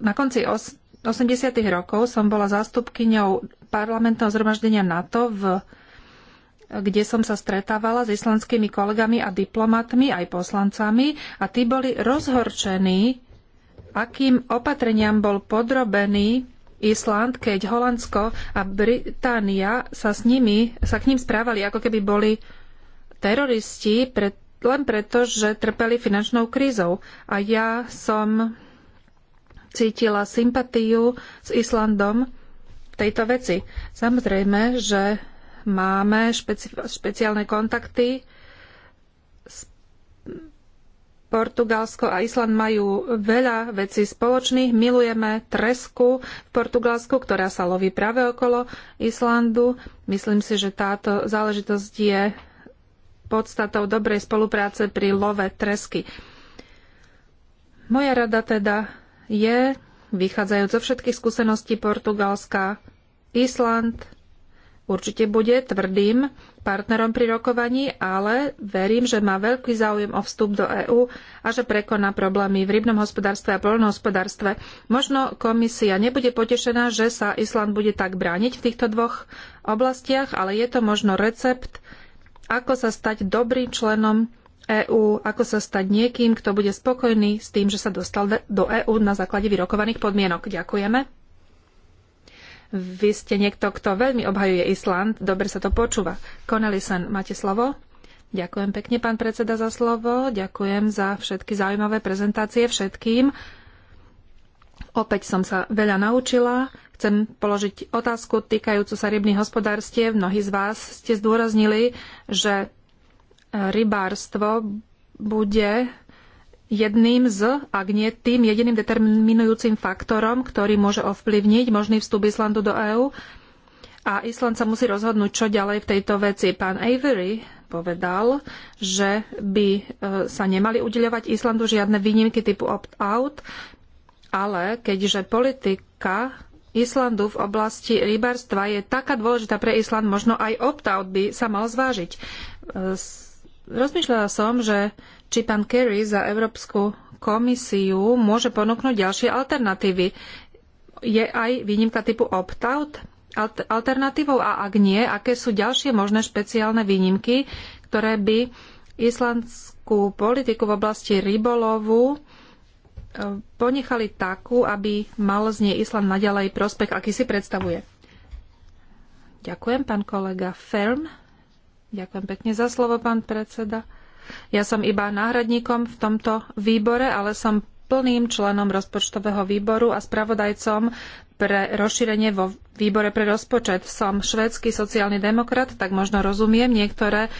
na konci os, 80. rokov som bola zástupkyňou parlamentného zhromaždenia NATO v kde som sa stretávala s islandskými kolegami a diplomatmi, aj poslancami, a tí boli rozhorčení, akým opatreniam bol podrobený Island, keď Holandsko a Británia sa s nimi, sa k ním správali, ako keby boli teroristi, pretože len preto, že trpeli finančnou krízou. A ja som cítila sympatiu s Islandom v tejto veci. Samozrejme, že máme špeci- špeciálne kontakty. Portugalsko a Island majú veľa vecí spoločných. Milujeme tresku v Portugalsku, ktorá sa loví práve okolo Islandu. Myslím si, že táto záležitosť je podstatou dobrej spolupráce pri love tresky. Moja rada teda je, vychádzajúc zo všetkých skúseností Portugalska, Island určite bude tvrdým partnerom pri rokovaní, ale verím, že má veľký záujem o vstup do EÚ a že prekoná problémy v rybnom hospodárstve a poľnohospodárstve. Možno komisia nebude potešená, že sa Island bude tak brániť v týchto dvoch oblastiach, ale je to možno recept, ako sa stať dobrým členom EÚ, ako sa stať niekým, kto bude spokojný s tým, že sa dostal do EÚ na základe vyrokovaných podmienok. Ďakujeme. Vy ste niekto, kto veľmi obhajuje Island. Dobre sa to počúva. Connellison, máte slovo? Ďakujem pekne, pán predseda, za slovo. Ďakujem za všetky zaujímavé prezentácie všetkým. Opäť som sa veľa naučila. Chcem položiť otázku týkajúcu sa rybných hospodárstiev. Mnohí z vás ste zdôraznili, že e, rybárstvo bude jedným z, ak nie tým jediným determinujúcim faktorom, ktorý môže ovplyvniť možný vstup Islandu do EÚ. A Island sa musí rozhodnúť, čo ďalej v tejto veci. Pán Avery povedal, že by e, sa nemali udeľovať Islandu žiadne výnimky typu opt-out, ale keďže politika Islandu v oblasti rybárstva je taká dôležitá pre Island, možno aj opt-out by sa mal zvážiť. Rozmýšľala som, že či pán Kerry za Európsku komisiu môže ponúknuť ďalšie alternatívy. Je aj výnimka typu opt-out alternatívou a ak nie, aké sú ďalšie možné špeciálne výnimky, ktoré by islandskú politiku v oblasti rybolovu ponechali takú, aby mal z nej Island naďalej prospech, aký si predstavuje. Ďakujem, pán kolega Ferm. Ďakujem pekne za slovo, pán predseda. Ja som iba náhradníkom v tomto výbore, ale som plným členom rozpočtového výboru a spravodajcom pre rozšírenie vo výbore pre rozpočet. Som švédsky sociálny demokrat, tak možno rozumiem niektoré e,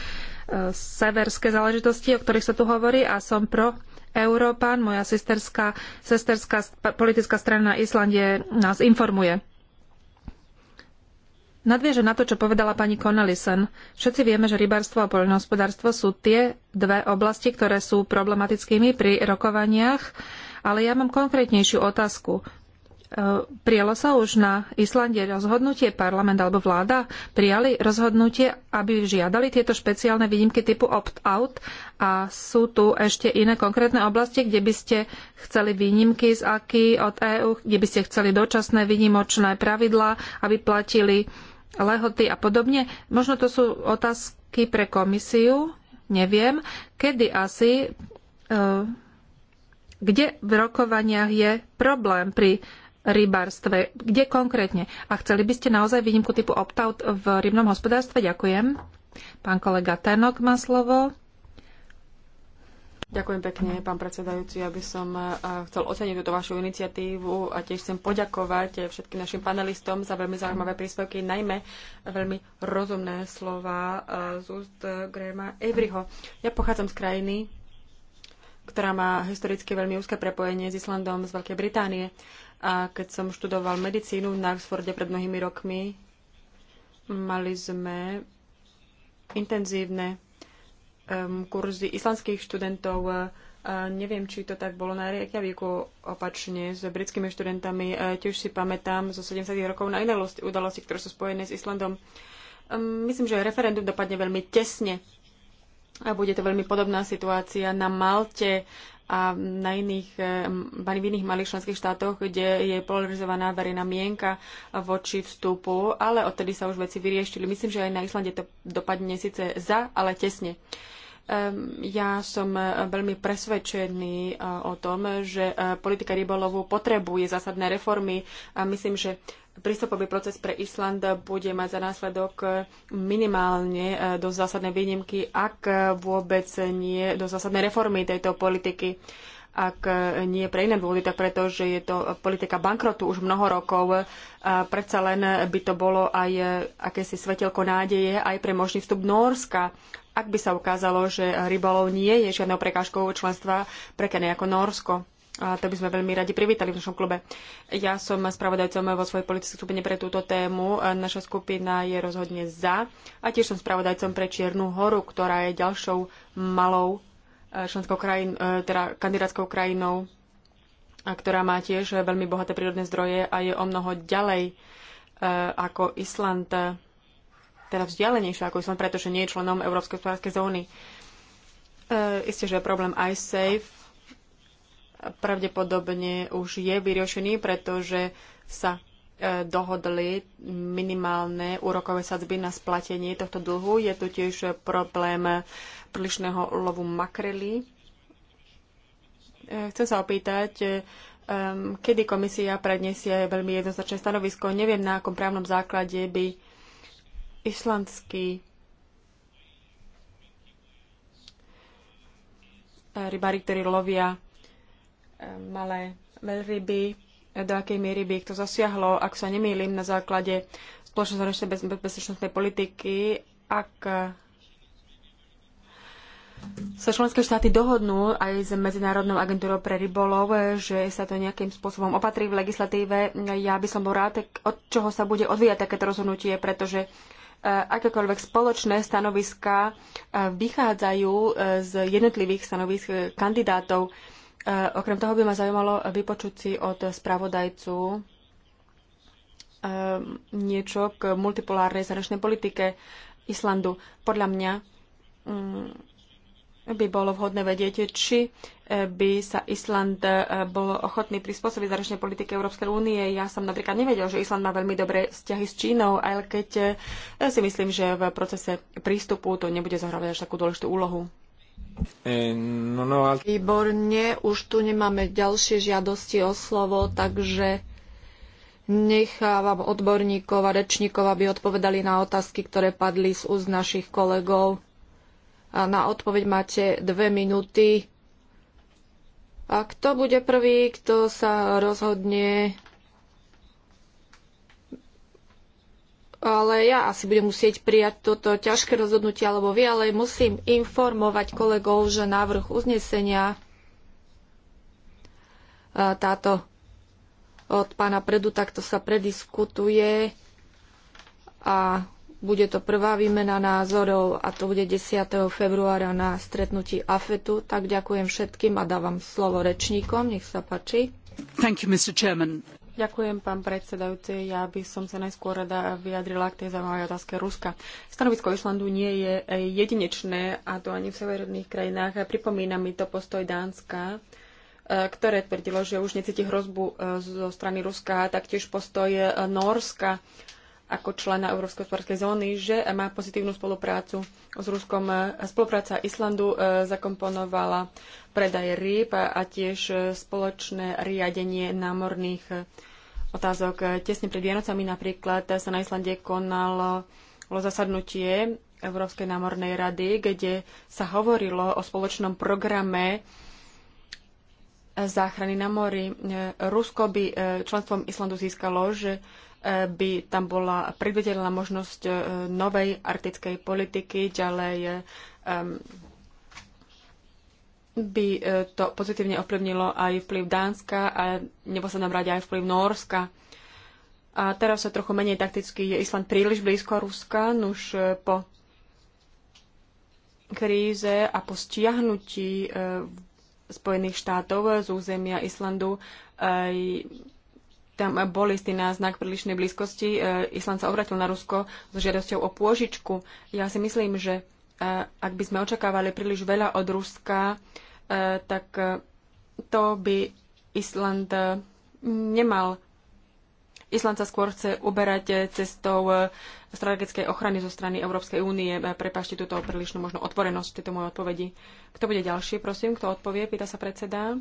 severské záležitosti, o ktorých sa tu hovorí a som pro Európan, moja sesterská, sesterská politická strana na Islande nás informuje. Nadvieže na to, čo povedala pani Connellisen. Všetci vieme, že rybárstvo a poľnohospodárstvo sú tie dve oblasti, ktoré sú problematickými pri rokovaniach, ale ja mám konkrétnejšiu otázku. E, prijalo sa už na Islande rozhodnutie, parlament alebo vláda prijali rozhodnutie, aby žiadali tieto špeciálne výnimky typu opt-out a sú tu ešte iné konkrétne oblasti, kde by ste chceli výnimky z AKI od EÚ, kde by ste chceli dočasné výnimočné pravidlá, aby platili lehoty a podobne. Možno to sú otázky pre komisiu, neviem, kedy asi, e, kde v rokovaniach je problém pri rybarstve. Kde konkrétne? A chceli by ste naozaj výnimku typu opt-out v rybnom hospodárstve? Ďakujem. Pán kolega Tenok má slovo. Ďakujem pekne, pán predsedajúci. Ja by som eh, chcel oceniť túto vašu iniciatívu a tiež chcem poďakovať eh, všetkým našim panelistom za veľmi zaujímavé príspevky, najmä veľmi rozumné slova eh, z úst Gréma Averyho. Ja pochádzam z krajiny, ktorá má historicky veľmi úzke prepojenie s Islandom z Veľkej Británie. A keď som študoval medicínu na Oxforde pred mnohými rokmi, mali sme intenzívne um, kurzy islandských študentov. Uh, neviem, či to tak bolo na Reykjavíku opačne s britskými študentami. Uh, tiež si pamätám zo 70. rokov na iné udalosti, ktoré sú spojené s Islandom. Um, myslím, že referendum dopadne veľmi tesne a bude to veľmi podobná situácia na Malte a na iných, e, v iných malých členských štátoch, kde je polarizovaná verejná mienka voči vstupu, ale odtedy sa už veci vyriešili. Myslím, že aj na Islande to dopadne síce za, ale tesne. Ehm, ja som e, veľmi presvedčený e, o tom, že politika rybolovu potrebuje zásadné reformy a myslím, že prístupový proces pre Island bude mať za následok minimálne e, do zásadnej výnimky, ak vôbec nie do zásadnej reformy tejto politiky. Ak e, nie pre iné dôvody, tak preto, že je to politika bankrotu už mnoho rokov. A e, predsa len by to bolo aj akési svetelko nádeje aj pre možný vstup Norska. Ak by sa ukázalo, že rybolov nie je žiadnou prekážkou členstva pre krajiny ako Norsko. A to by sme veľmi radi privítali v našom klube. Ja som spravodajcom vo svojej politickej skupine pre túto tému. Naša skupina je rozhodne za. A tiež som spravodajcom pre Čiernu horu, ktorá je ďalšou malou eh, členskou krajín, eh, teda kandidátskou krajinou, a ktorá má tiež veľmi bohaté prírodné zdroje a je o mnoho ďalej eh, ako Island, teda vzdialenejšie ako Island, pretože nie je členom Európskej hospodárskej zóny. Isté, že je problém iSafe, pravdepodobne už je vyriešený, pretože sa e, dohodli minimálne úrokové sadzby na splatenie tohto dlhu. Je tu tiež problém prílišného lovu makrely. E, chcem sa opýtať, e, kedy komisia predniesie veľmi jednoznačné stanovisko. Neviem, na akom právnom základe by islandský rybári, ktorí lovia malé veľryby, do akej miery by ich to zasiahlo, ak sa nemýlim, na základe spoločnosti bezpečnostnej politiky, ak sa členské štáty dohodnú aj s Medzinárodnou agentúrou pre rybolov, že sa to nejakým spôsobom opatrí v legislatíve. Ja by som bol rád, od čoho sa bude odvíjať takéto rozhodnutie, pretože e, akékoľvek spoločné stanoviska e, vychádzajú e, z jednotlivých stanovisk kandidátov. Okrem toho by ma zaujímalo vypočuť si od spravodajcu ehm, niečo k multipolárnej zahraničnej politike Islandu. Podľa mňa mm, by bolo vhodné vedieť, či e, by sa Island e, bol ochotný prispôsobiť zahraničnej politike Európskej únie. Ja som napríklad nevedel, že Island má veľmi dobré vzťahy s Čínou, aj keď e, si myslím, že v procese prístupu to nebude zohrávať až takú dôležitú úlohu. E, no, no, Výborne, už tu nemáme ďalšie žiadosti o slovo, takže nechávam odborníkov a rečníkov, aby odpovedali na otázky, ktoré padli z úst našich kolegov. A na odpoveď máte dve minúty. A kto bude prvý, kto sa rozhodne ale ja asi budem musieť prijať toto ťažké rozhodnutie, alebo vy, ale musím informovať kolegov, že návrh uznesenia e, táto od pána Predu takto sa prediskutuje a bude to prvá výmena názorov a to bude 10. februára na stretnutí AFETu. Tak ďakujem všetkým a dávam slovo rečníkom. Nech sa páči. You, Ďakujem, pán predsedajúci. Ja by som sa najskôr rada vyjadrila k tej zaujímavej otázke Ruska. Stanovisko Islandu nie je jedinečné, a to ani v severných krajinách. Pripomína mi to postoj Dánska, e, ktoré tvrdilo, že už necíti hrozbu e, zo strany Ruska, taktiež postoj e, Norska ako člena Európskej hospodárskej zóny, že má pozitívnu spoluprácu s Ruskom. Spolupráca Islandu zakomponovala predaje rýb a tiež spoločné riadenie námorných otázok. Tesne pred Vianocami napríklad sa na Islande konalo zasadnutie Európskej námornej rady, kde sa hovorilo o spoločnom programe záchrany na mori. Rusko by e, členstvom Islandu získalo, že e, by tam bola predvidelná možnosť e, novej arktickej politiky, ďalej by e, to pozitívne ovplyvnilo aj vplyv Dánska a nebo sa nám aj vplyv Norska. A teraz sa trochu menej takticky je Island príliš blízko Ruska, už e, po kríze a po stiahnutí e, Spojených štátov z územia Islandu tam bol istý náznak prílišnej blízkosti. Island sa obratil na Rusko so žiadosťou o pôžičku. Ja si myslím, že ak by sme očakávali príliš veľa od Ruska, e, tak e, to by Island e, nemal. Island sa skôr chce uberať cestou strategickej ochrany zo strany Európskej únie. Prepašte túto prílišnú možno otvorenosť tejto mojej odpovedi. Kto bude ďalší, prosím? Kto odpovie? Pýta sa predseda.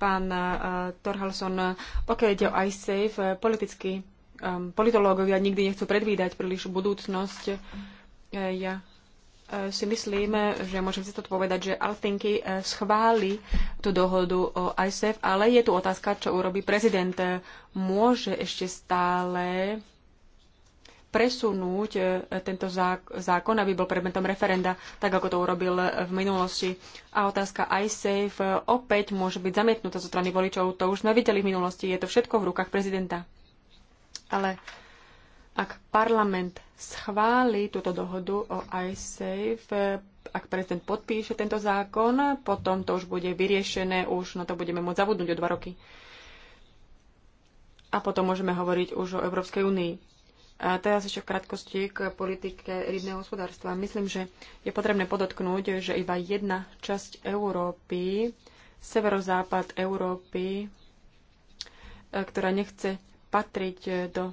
Pán uh, Torhalson, pokiaľ ide o iSafe, politicky um, politológovia nikdy nechcú predvídať príliš budúcnosť. Uh, ja E, si myslím, že môžem si to povedať, že Althinky e, schváli tú dohodu o ISF, e ale je tu otázka, čo urobí prezident. Môže ešte stále presunúť tento zákon, aby bol predmetom referenda, tak ako to urobil v minulosti. A otázka ISAFE opäť môže byť zamietnutá zo strany voličov. To už sme videli v minulosti. Je to všetko v rukách prezidenta. Ale uh, ak parlament schváli túto dohodu o iSafe, ak prezident podpíše tento zákon, potom to už bude vyriešené, už na to budeme môcť zabudnúť o dva roky. A potom môžeme hovoriť už o Európskej únii. A teraz ešte v krátkosti k politike rybného hospodárstva. Myslím, že je potrebné podotknúť, že iba jedna časť Európy, severozápad Európy, e, ktorá nechce patriť do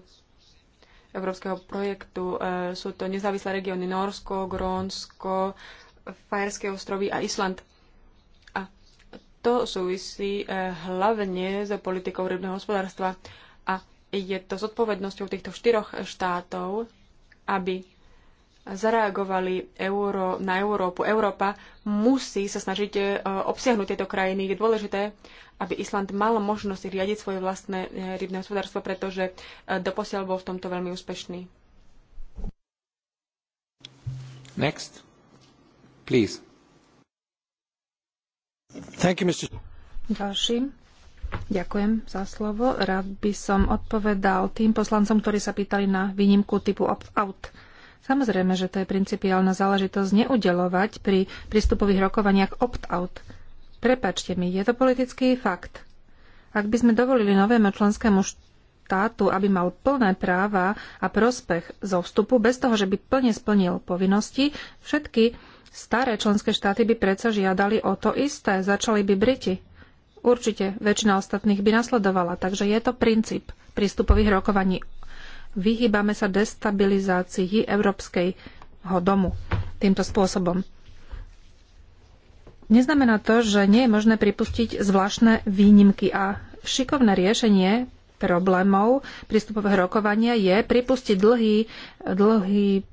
európskeho projektu. E, sú to nezávislé regióny Norsko, Grónsko, Fajerské ostrovy a Island. A to súvisí e, hlavne s politikou rybného hospodárstva. A je to zodpovednosťou týchto štyroch štátov, aby zareagovali Euro, na Európu. Európa musí sa snažiť e, obsiahnuť tieto krajiny. Je dôležité, aby Island mal možnosť riadiť svoje vlastné e, rybné hospodárstvo, pretože e, doposiaľ bol v tomto veľmi úspešný. Next. Please. Thank you, Mr. Ďakujem za slovo. Rád by som odpovedal tým poslancom, ktorí sa pýtali na výnimku typu opt-out. Samozrejme, že to je principiálna záležitosť neudelovať pri prístupových rokovaniach opt-out. Prepačte mi, je to politický fakt. Ak by sme dovolili novému členskému štátu, aby mal plné práva a prospech zo vstupu, bez toho, že by plne splnil povinnosti, všetky staré členské štáty by predsa žiadali o to isté, začali by Briti. Určite väčšina ostatných by nasledovala, takže je to princíp prístupových rokovaní vyhýbame sa destabilizácii európskeho domu týmto spôsobom. Neznamená to, že nie je možné pripustiť zvláštne výnimky a šikovné riešenie problémov prístupového rokovania je pripustiť dlhý, dlhý,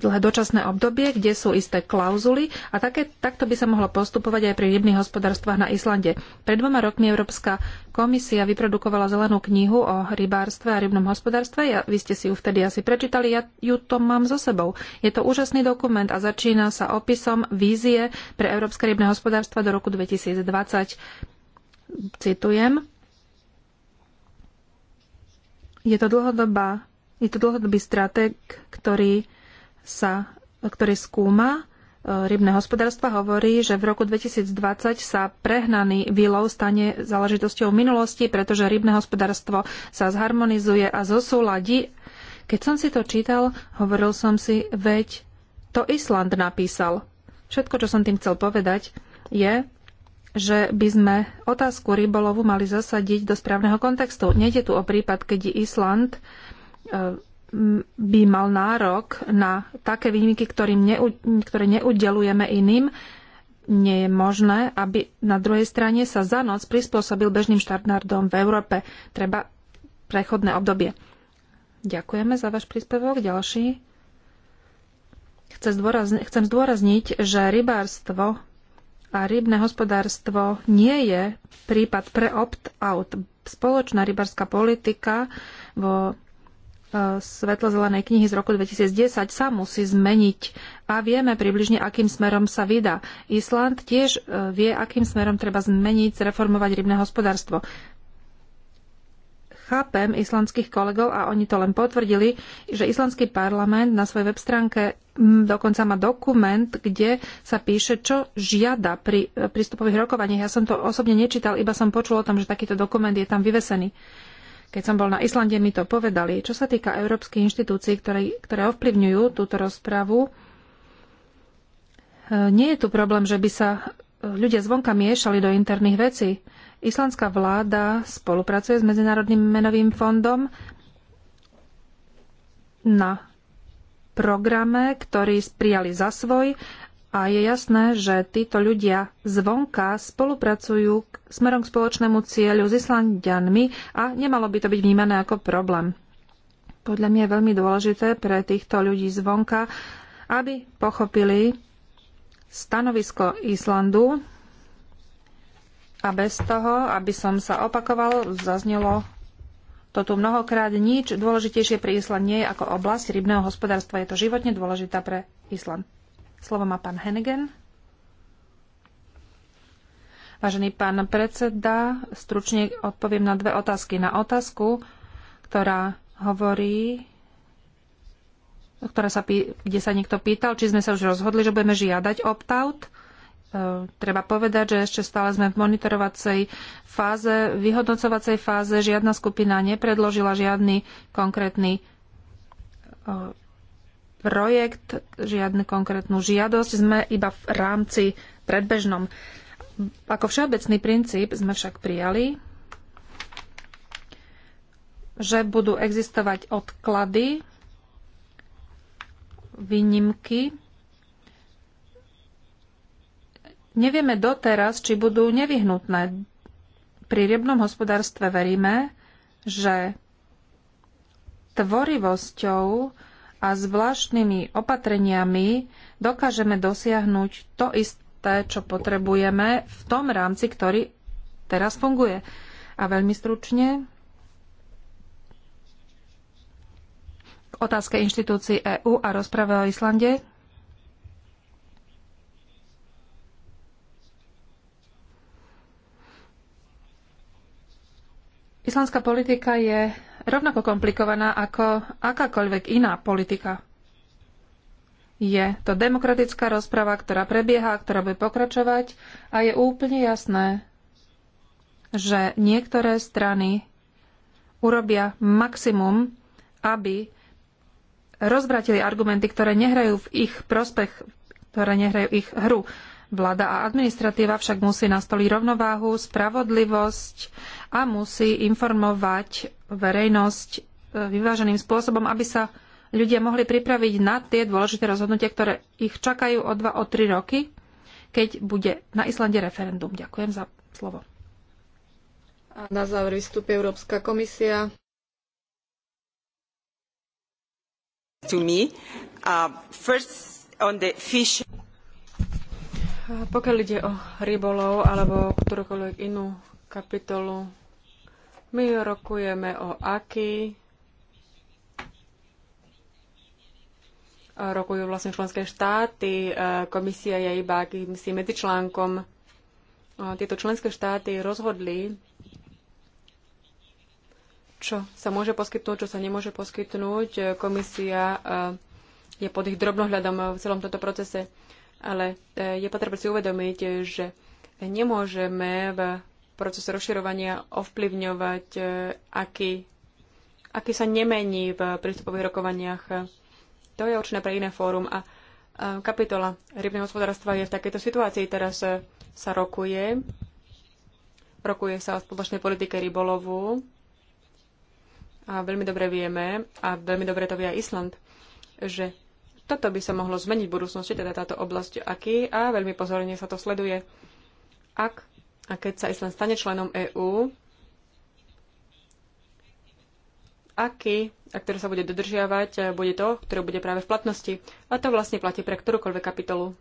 dlhé dočasné obdobie, kde sú isté klauzuly a také, takto by sa mohlo postupovať aj pri rybných hospodárstvách na Islande. Pred dvoma rokmi Európska komisia vyprodukovala zelenú knihu o rybárstve a rybnom hospodárstve. Ja, vy ste si ju vtedy asi prečítali, ja ju to mám so sebou. Je to úžasný dokument a začína sa opisom vízie pre Európske rybné hospodárstva do roku 2020. Citujem. Je to, dlhodobá, je to dlhodobý stratég, ktorý, sa, ktorý skúma e, rybné hospodárstva, hovorí, že v roku 2020 sa prehnaný výlov stane záležitosťou minulosti, pretože rybné hospodárstvo sa zharmonizuje a zosúladí. Keď som si to čítal, hovoril som si, veď to Island napísal. Všetko, čo som tým chcel povedať, je, že by sme otázku rybolovu mali zasadiť do správneho kontextu. Nejde tu o prípad, keď Island e, by mal nárok na také výnimky, neu, ktoré neudelujeme iným. Nie je možné, aby na druhej strane sa za noc prispôsobil bežným štandardom v Európe. Treba prechodné obdobie. Ďakujeme za váš príspevok. Ďalší. Chcem zdôrazniť, že rybárstvo a rybné hospodárstvo nie je prípad pre opt-out. Spoločná rybárska politika vo e, svetlozelenej knihy z roku 2010 sa musí zmeniť a vieme približne, akým smerom sa vydá. Island tiež e, vie, akým smerom treba zmeniť, zreformovať rybné hospodárstvo chápem islandských kolegov, a oni to len potvrdili, že islandský parlament na svojej web stránke dokonca má dokument, kde sa píše, čo žiada pri e, prístupových rokovaniach. Ja som to osobne nečítal, iba som počul o tom, že takýto dokument je tam vyvesený. Keď som bol na Islande, mi to povedali. Čo sa týka európskych inštitúcií, ktoré, ktoré ovplyvňujú túto rozpravu, e, nie je tu problém, že by sa ľudia zvonka miešali do interných vecí. Islandská vláda spolupracuje s Medzinárodným menovým fondom na programe, ktorý prijali za svoj a je jasné, že títo ľudia zvonka spolupracujú k, smerom k spoločnému cieľu s Islandianmi a nemalo by to byť vnímané ako problém. Podľa mňa je veľmi dôležité pre týchto ľudí zvonka, aby pochopili stanovisko Islandu a bez toho, aby som sa opakoval, zaznelo to tu mnohokrát, nič dôležitejšie pre Island nie je ako oblasť rybného hospodárstva. Je to životne dôležitá pre Island. Slovo má pán Hennigan. Vážený pán predseda, stručne odpoviem na dve otázky. Na otázku, ktorá hovorí, ktorá sa, pý, kde sa niekto pýtal, či sme sa už rozhodli, že budeme žiadať opt-out E, treba povedať, že ešte stále sme v monitorovacej fáze, vyhodnocovacej fáze. Žiadna skupina nepredložila žiadny konkrétny e, projekt, žiadnu konkrétnu žiadosť. Sme iba v rámci predbežnom. Ako všeobecný princíp sme však prijali, že budú existovať odklady, výnimky Nevieme doteraz, či budú nevyhnutné. Pri rybnom hospodárstve veríme, že tvorivosťou a zvláštnymi opatreniami dokážeme dosiahnuť to isté, čo potrebujeme v tom rámci, ktorý teraz funguje. A veľmi stručne k otázke inštitúcií EÚ a rozprave o Islande. Islandská politika je rovnako komplikovaná ako akákoľvek iná politika. Je to demokratická rozprava, ktorá prebieha, ktorá bude pokračovať a je úplne jasné, že niektoré strany urobia maximum, aby rozvratili argumenty, ktoré nehrajú v ich prospech, ktoré nehrajú ich hru. Vláda a administratíva však musí nastoliť rovnováhu, spravodlivosť a musí informovať verejnosť e, vyváženým spôsobom, aby sa ľudia mohli pripraviť na tie dôležité rozhodnutia, ktoré ich čakajú o 2 o 3 roky, keď bude na Islande referendum. Ďakujem za slovo. A na záver vystúpi Európska komisia. to me. Uh, first on the fish. Pokiaľ ide o rybolov alebo ktorúkoľvek inú kapitolu, my rokujeme o aký rokujú vlastne členské štáty, e, komisia je iba akýmsi medzičlánkom. E, tieto členské štáty rozhodli, čo sa môže poskytnúť, čo sa nemôže poskytnúť. E, komisia je pod ich drobnohľadom v celom tomto procese. Ale e, je potrebné si uvedomiť, že nemôžeme v procese rozširovania ovplyvňovať, e, aký, aký sa nemení v prístupových rokovaniach. To je určené pre iné fórum a e, kapitola rybného hospodárstva je v takejto situácii. Teraz sa rokuje, rokuje sa o spoločnej politike rybolovu a veľmi dobre vieme, a veľmi dobre to vie aj Island, že toto by sa mohlo zmeniť v budúcnosti, teda táto oblasť aký a veľmi pozorne sa to sleduje. Ak a keď sa Island stane členom EÚ, aký, a ktoré sa bude dodržiavať, bude to, ktoré bude práve v platnosti. A to vlastne platí pre ktorúkoľvek kapitolu.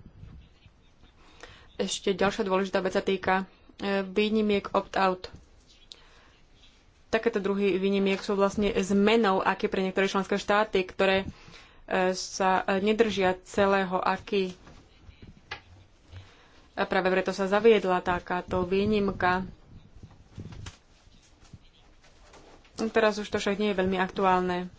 Ešte ďalšia dôležitá vec sa týka e, výnimiek opt-out. Takéto druhy výnimiek sú vlastne zmenou, aké pre niektoré členské štáty, ktoré sa nedržia celého aký. A práve preto sa zaviedla takáto výnimka. Teraz už to však nie je veľmi aktuálne.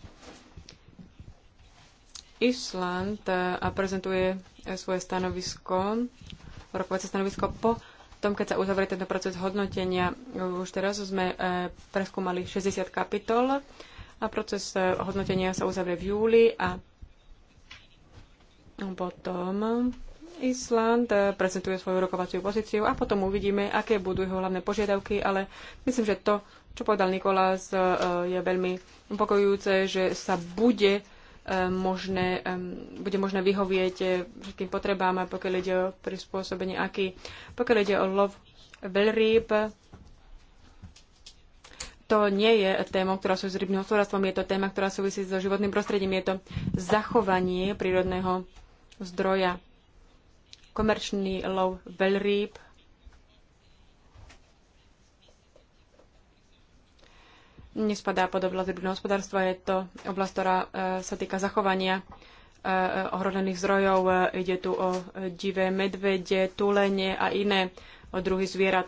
Island e, prezentuje e, svoje stanovisko, rokovacie stanovisko po tom, keď sa uzavrie tento proces hodnotenia. Už teraz sme e, preskúmali 60 kapitol a proces hodnotenia sa uzavrie v júli a potom Island eh, prezentuje svoju rokovaciu pozíciu a potom uvidíme, aké budú jeho hlavné požiadavky, ale myslím, že to, čo povedal Nikolás, eh, eh, je veľmi upokojujúce, že sa bude možné, bude možné vyhovieť všetkým potrebám, pokiaľ ide o prispôsobenie aký. Pokiaľ ide o lov veľrýb, to nie je téma, ktorá súvisí s rybným hospodárstvom, je to téma, ktorá súvisí so životným prostredím, je to zachovanie prírodného zdroja. Komerčný lov veľrýb nespadá pod oblasť rybného hospodárstva. Je to oblasť, ktorá e, sa týka zachovania e, e, ohrodených zdrojov. Ide tu o divé medvede, tulenie a iné druhy zvierat.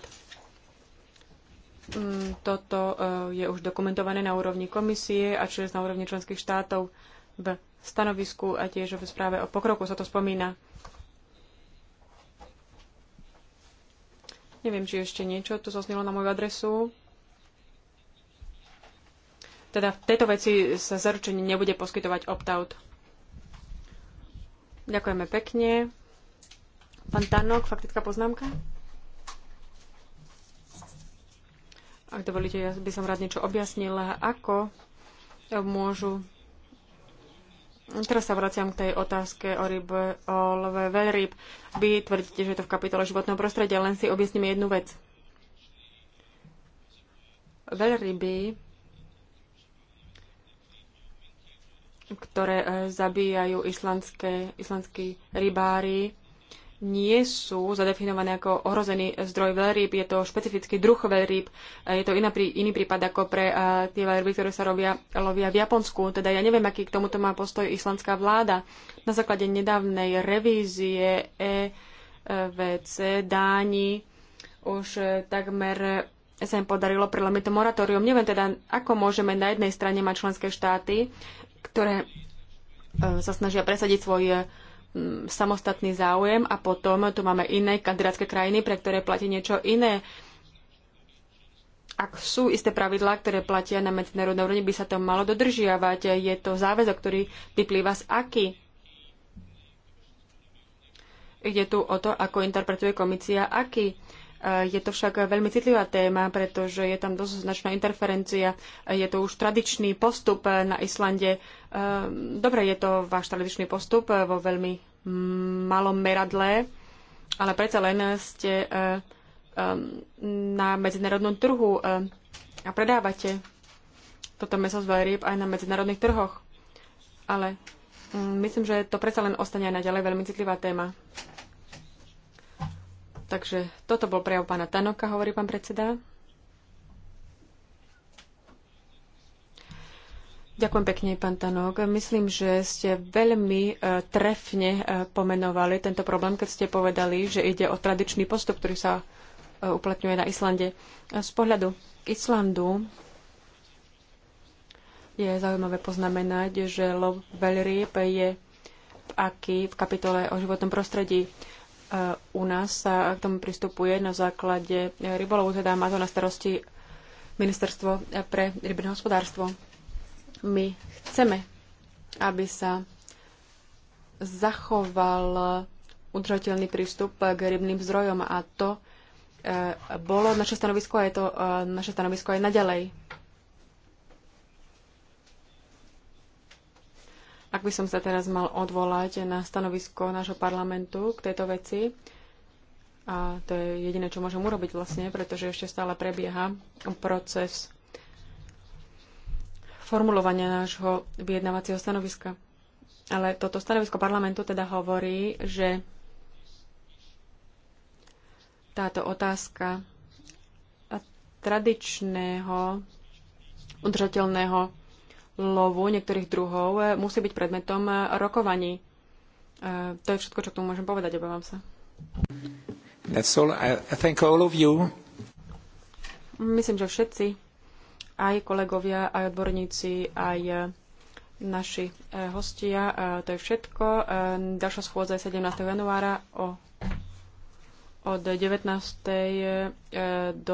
Mm, toto je už dokumentované na úrovni komisie a čiže na úrovni členských štátov v stanovisku a tiež v správe o pokroku sa to spomína. Neviem, či ešte niečo tu zaznelo na moju adresu. Teda v tejto veci sa zaručenie nebude poskytovať opt-out. Ďakujeme pekne. Pán Tanok, faktická poznámka? Ak dovolíte, ja by som rád niečo objasnila, ako môžu Teraz sa vraciam k tej otázke o, ryb, o lve veľryb. Vy tvrdíte, že je to v kapitole životného prostredia, len si objasníme jednu vec. Veľryby, ktoré e, zabíjajú islandské, islandskí rybári, nie sú zadefinované ako ohrozený zdroj veľrýb. Je to špecifický druh veľrýb. Je to iná, iný prípad ako pre tie veľryby, ktoré sa robia, lovia v Japonsku. Teda ja neviem, aký k tomuto má postoj islandská vláda. Na základe nedávnej revízie EVC Dáni už e, takmer sa im podarilo prelomiť to moratórium. Neviem teda, ako môžeme na jednej strane mať členské štáty, ktoré e, sa snažia presadiť svoj e, Mm, samostatný záujem a potom tu máme iné kandidátske krajiny, pre ktoré platí niečo iné. Ak sú isté pravidlá, ktoré platia na medzinárodnej úrovni, by sa to malo dodržiavať. Je to záväzok, ktorý vyplýva z aký. Ide tu o to, ako interpretuje komisia aký. Je to však veľmi citlivá téma, pretože je tam dosť značná interferencia. Je to už tradičný postup na Islande Ehm, dobre, je to váš tradičný postup eh, vo veľmi malom meradle, ale predsa len ste eh, ehm, na medzinárodnom trhu eh, a predávate toto meso z veľrýb aj na medzinárodných trhoch. Ale mm, myslím, že to predsa len ostane aj naďalej veľmi citlivá téma. Takže toto bol prejav pána Tanoka, hovorí pán predseda. Ďakujem pekne, pán Tanok. Myslím, že ste veľmi e, trefne e, pomenovali tento problém, keď ste povedali, že ide o tradičný postup, ktorý sa e, uplatňuje na Islande. Z pohľadu k Islandu je zaujímavé poznamenať, že lov veľrýb je v aký v kapitole o životnom prostredí. U nás sa k tomu pristupuje na základe rybolovu, teda má to na starosti Ministerstvo pre rybné hospodárstvo. My chceme, aby sa zachoval udržateľný prístup k rybným zdrojom a to e, bolo naše stanovisko a je to e, naše stanovisko aj naďalej. Ak by som sa teraz mal odvolať na stanovisko nášho parlamentu k tejto veci, a to je jediné, čo môžem urobiť vlastne, pretože ešte stále prebieha proces formulovania nášho vyjednávacieho stanoviska. Ale toto stanovisko parlamentu teda hovorí, že táto otázka tradičného udržateľného lovu niektorých druhov musí byť predmetom rokovaní. E, to je všetko, čo k tomu môžem povedať, obávam sa. That's all. I thank all of you. Myslím, že všetci aj kolegovia, aj odborníci, aj e, naši e, hostia. E, to je všetko. Ďalšia schôdza je 17. januára o, od 19. do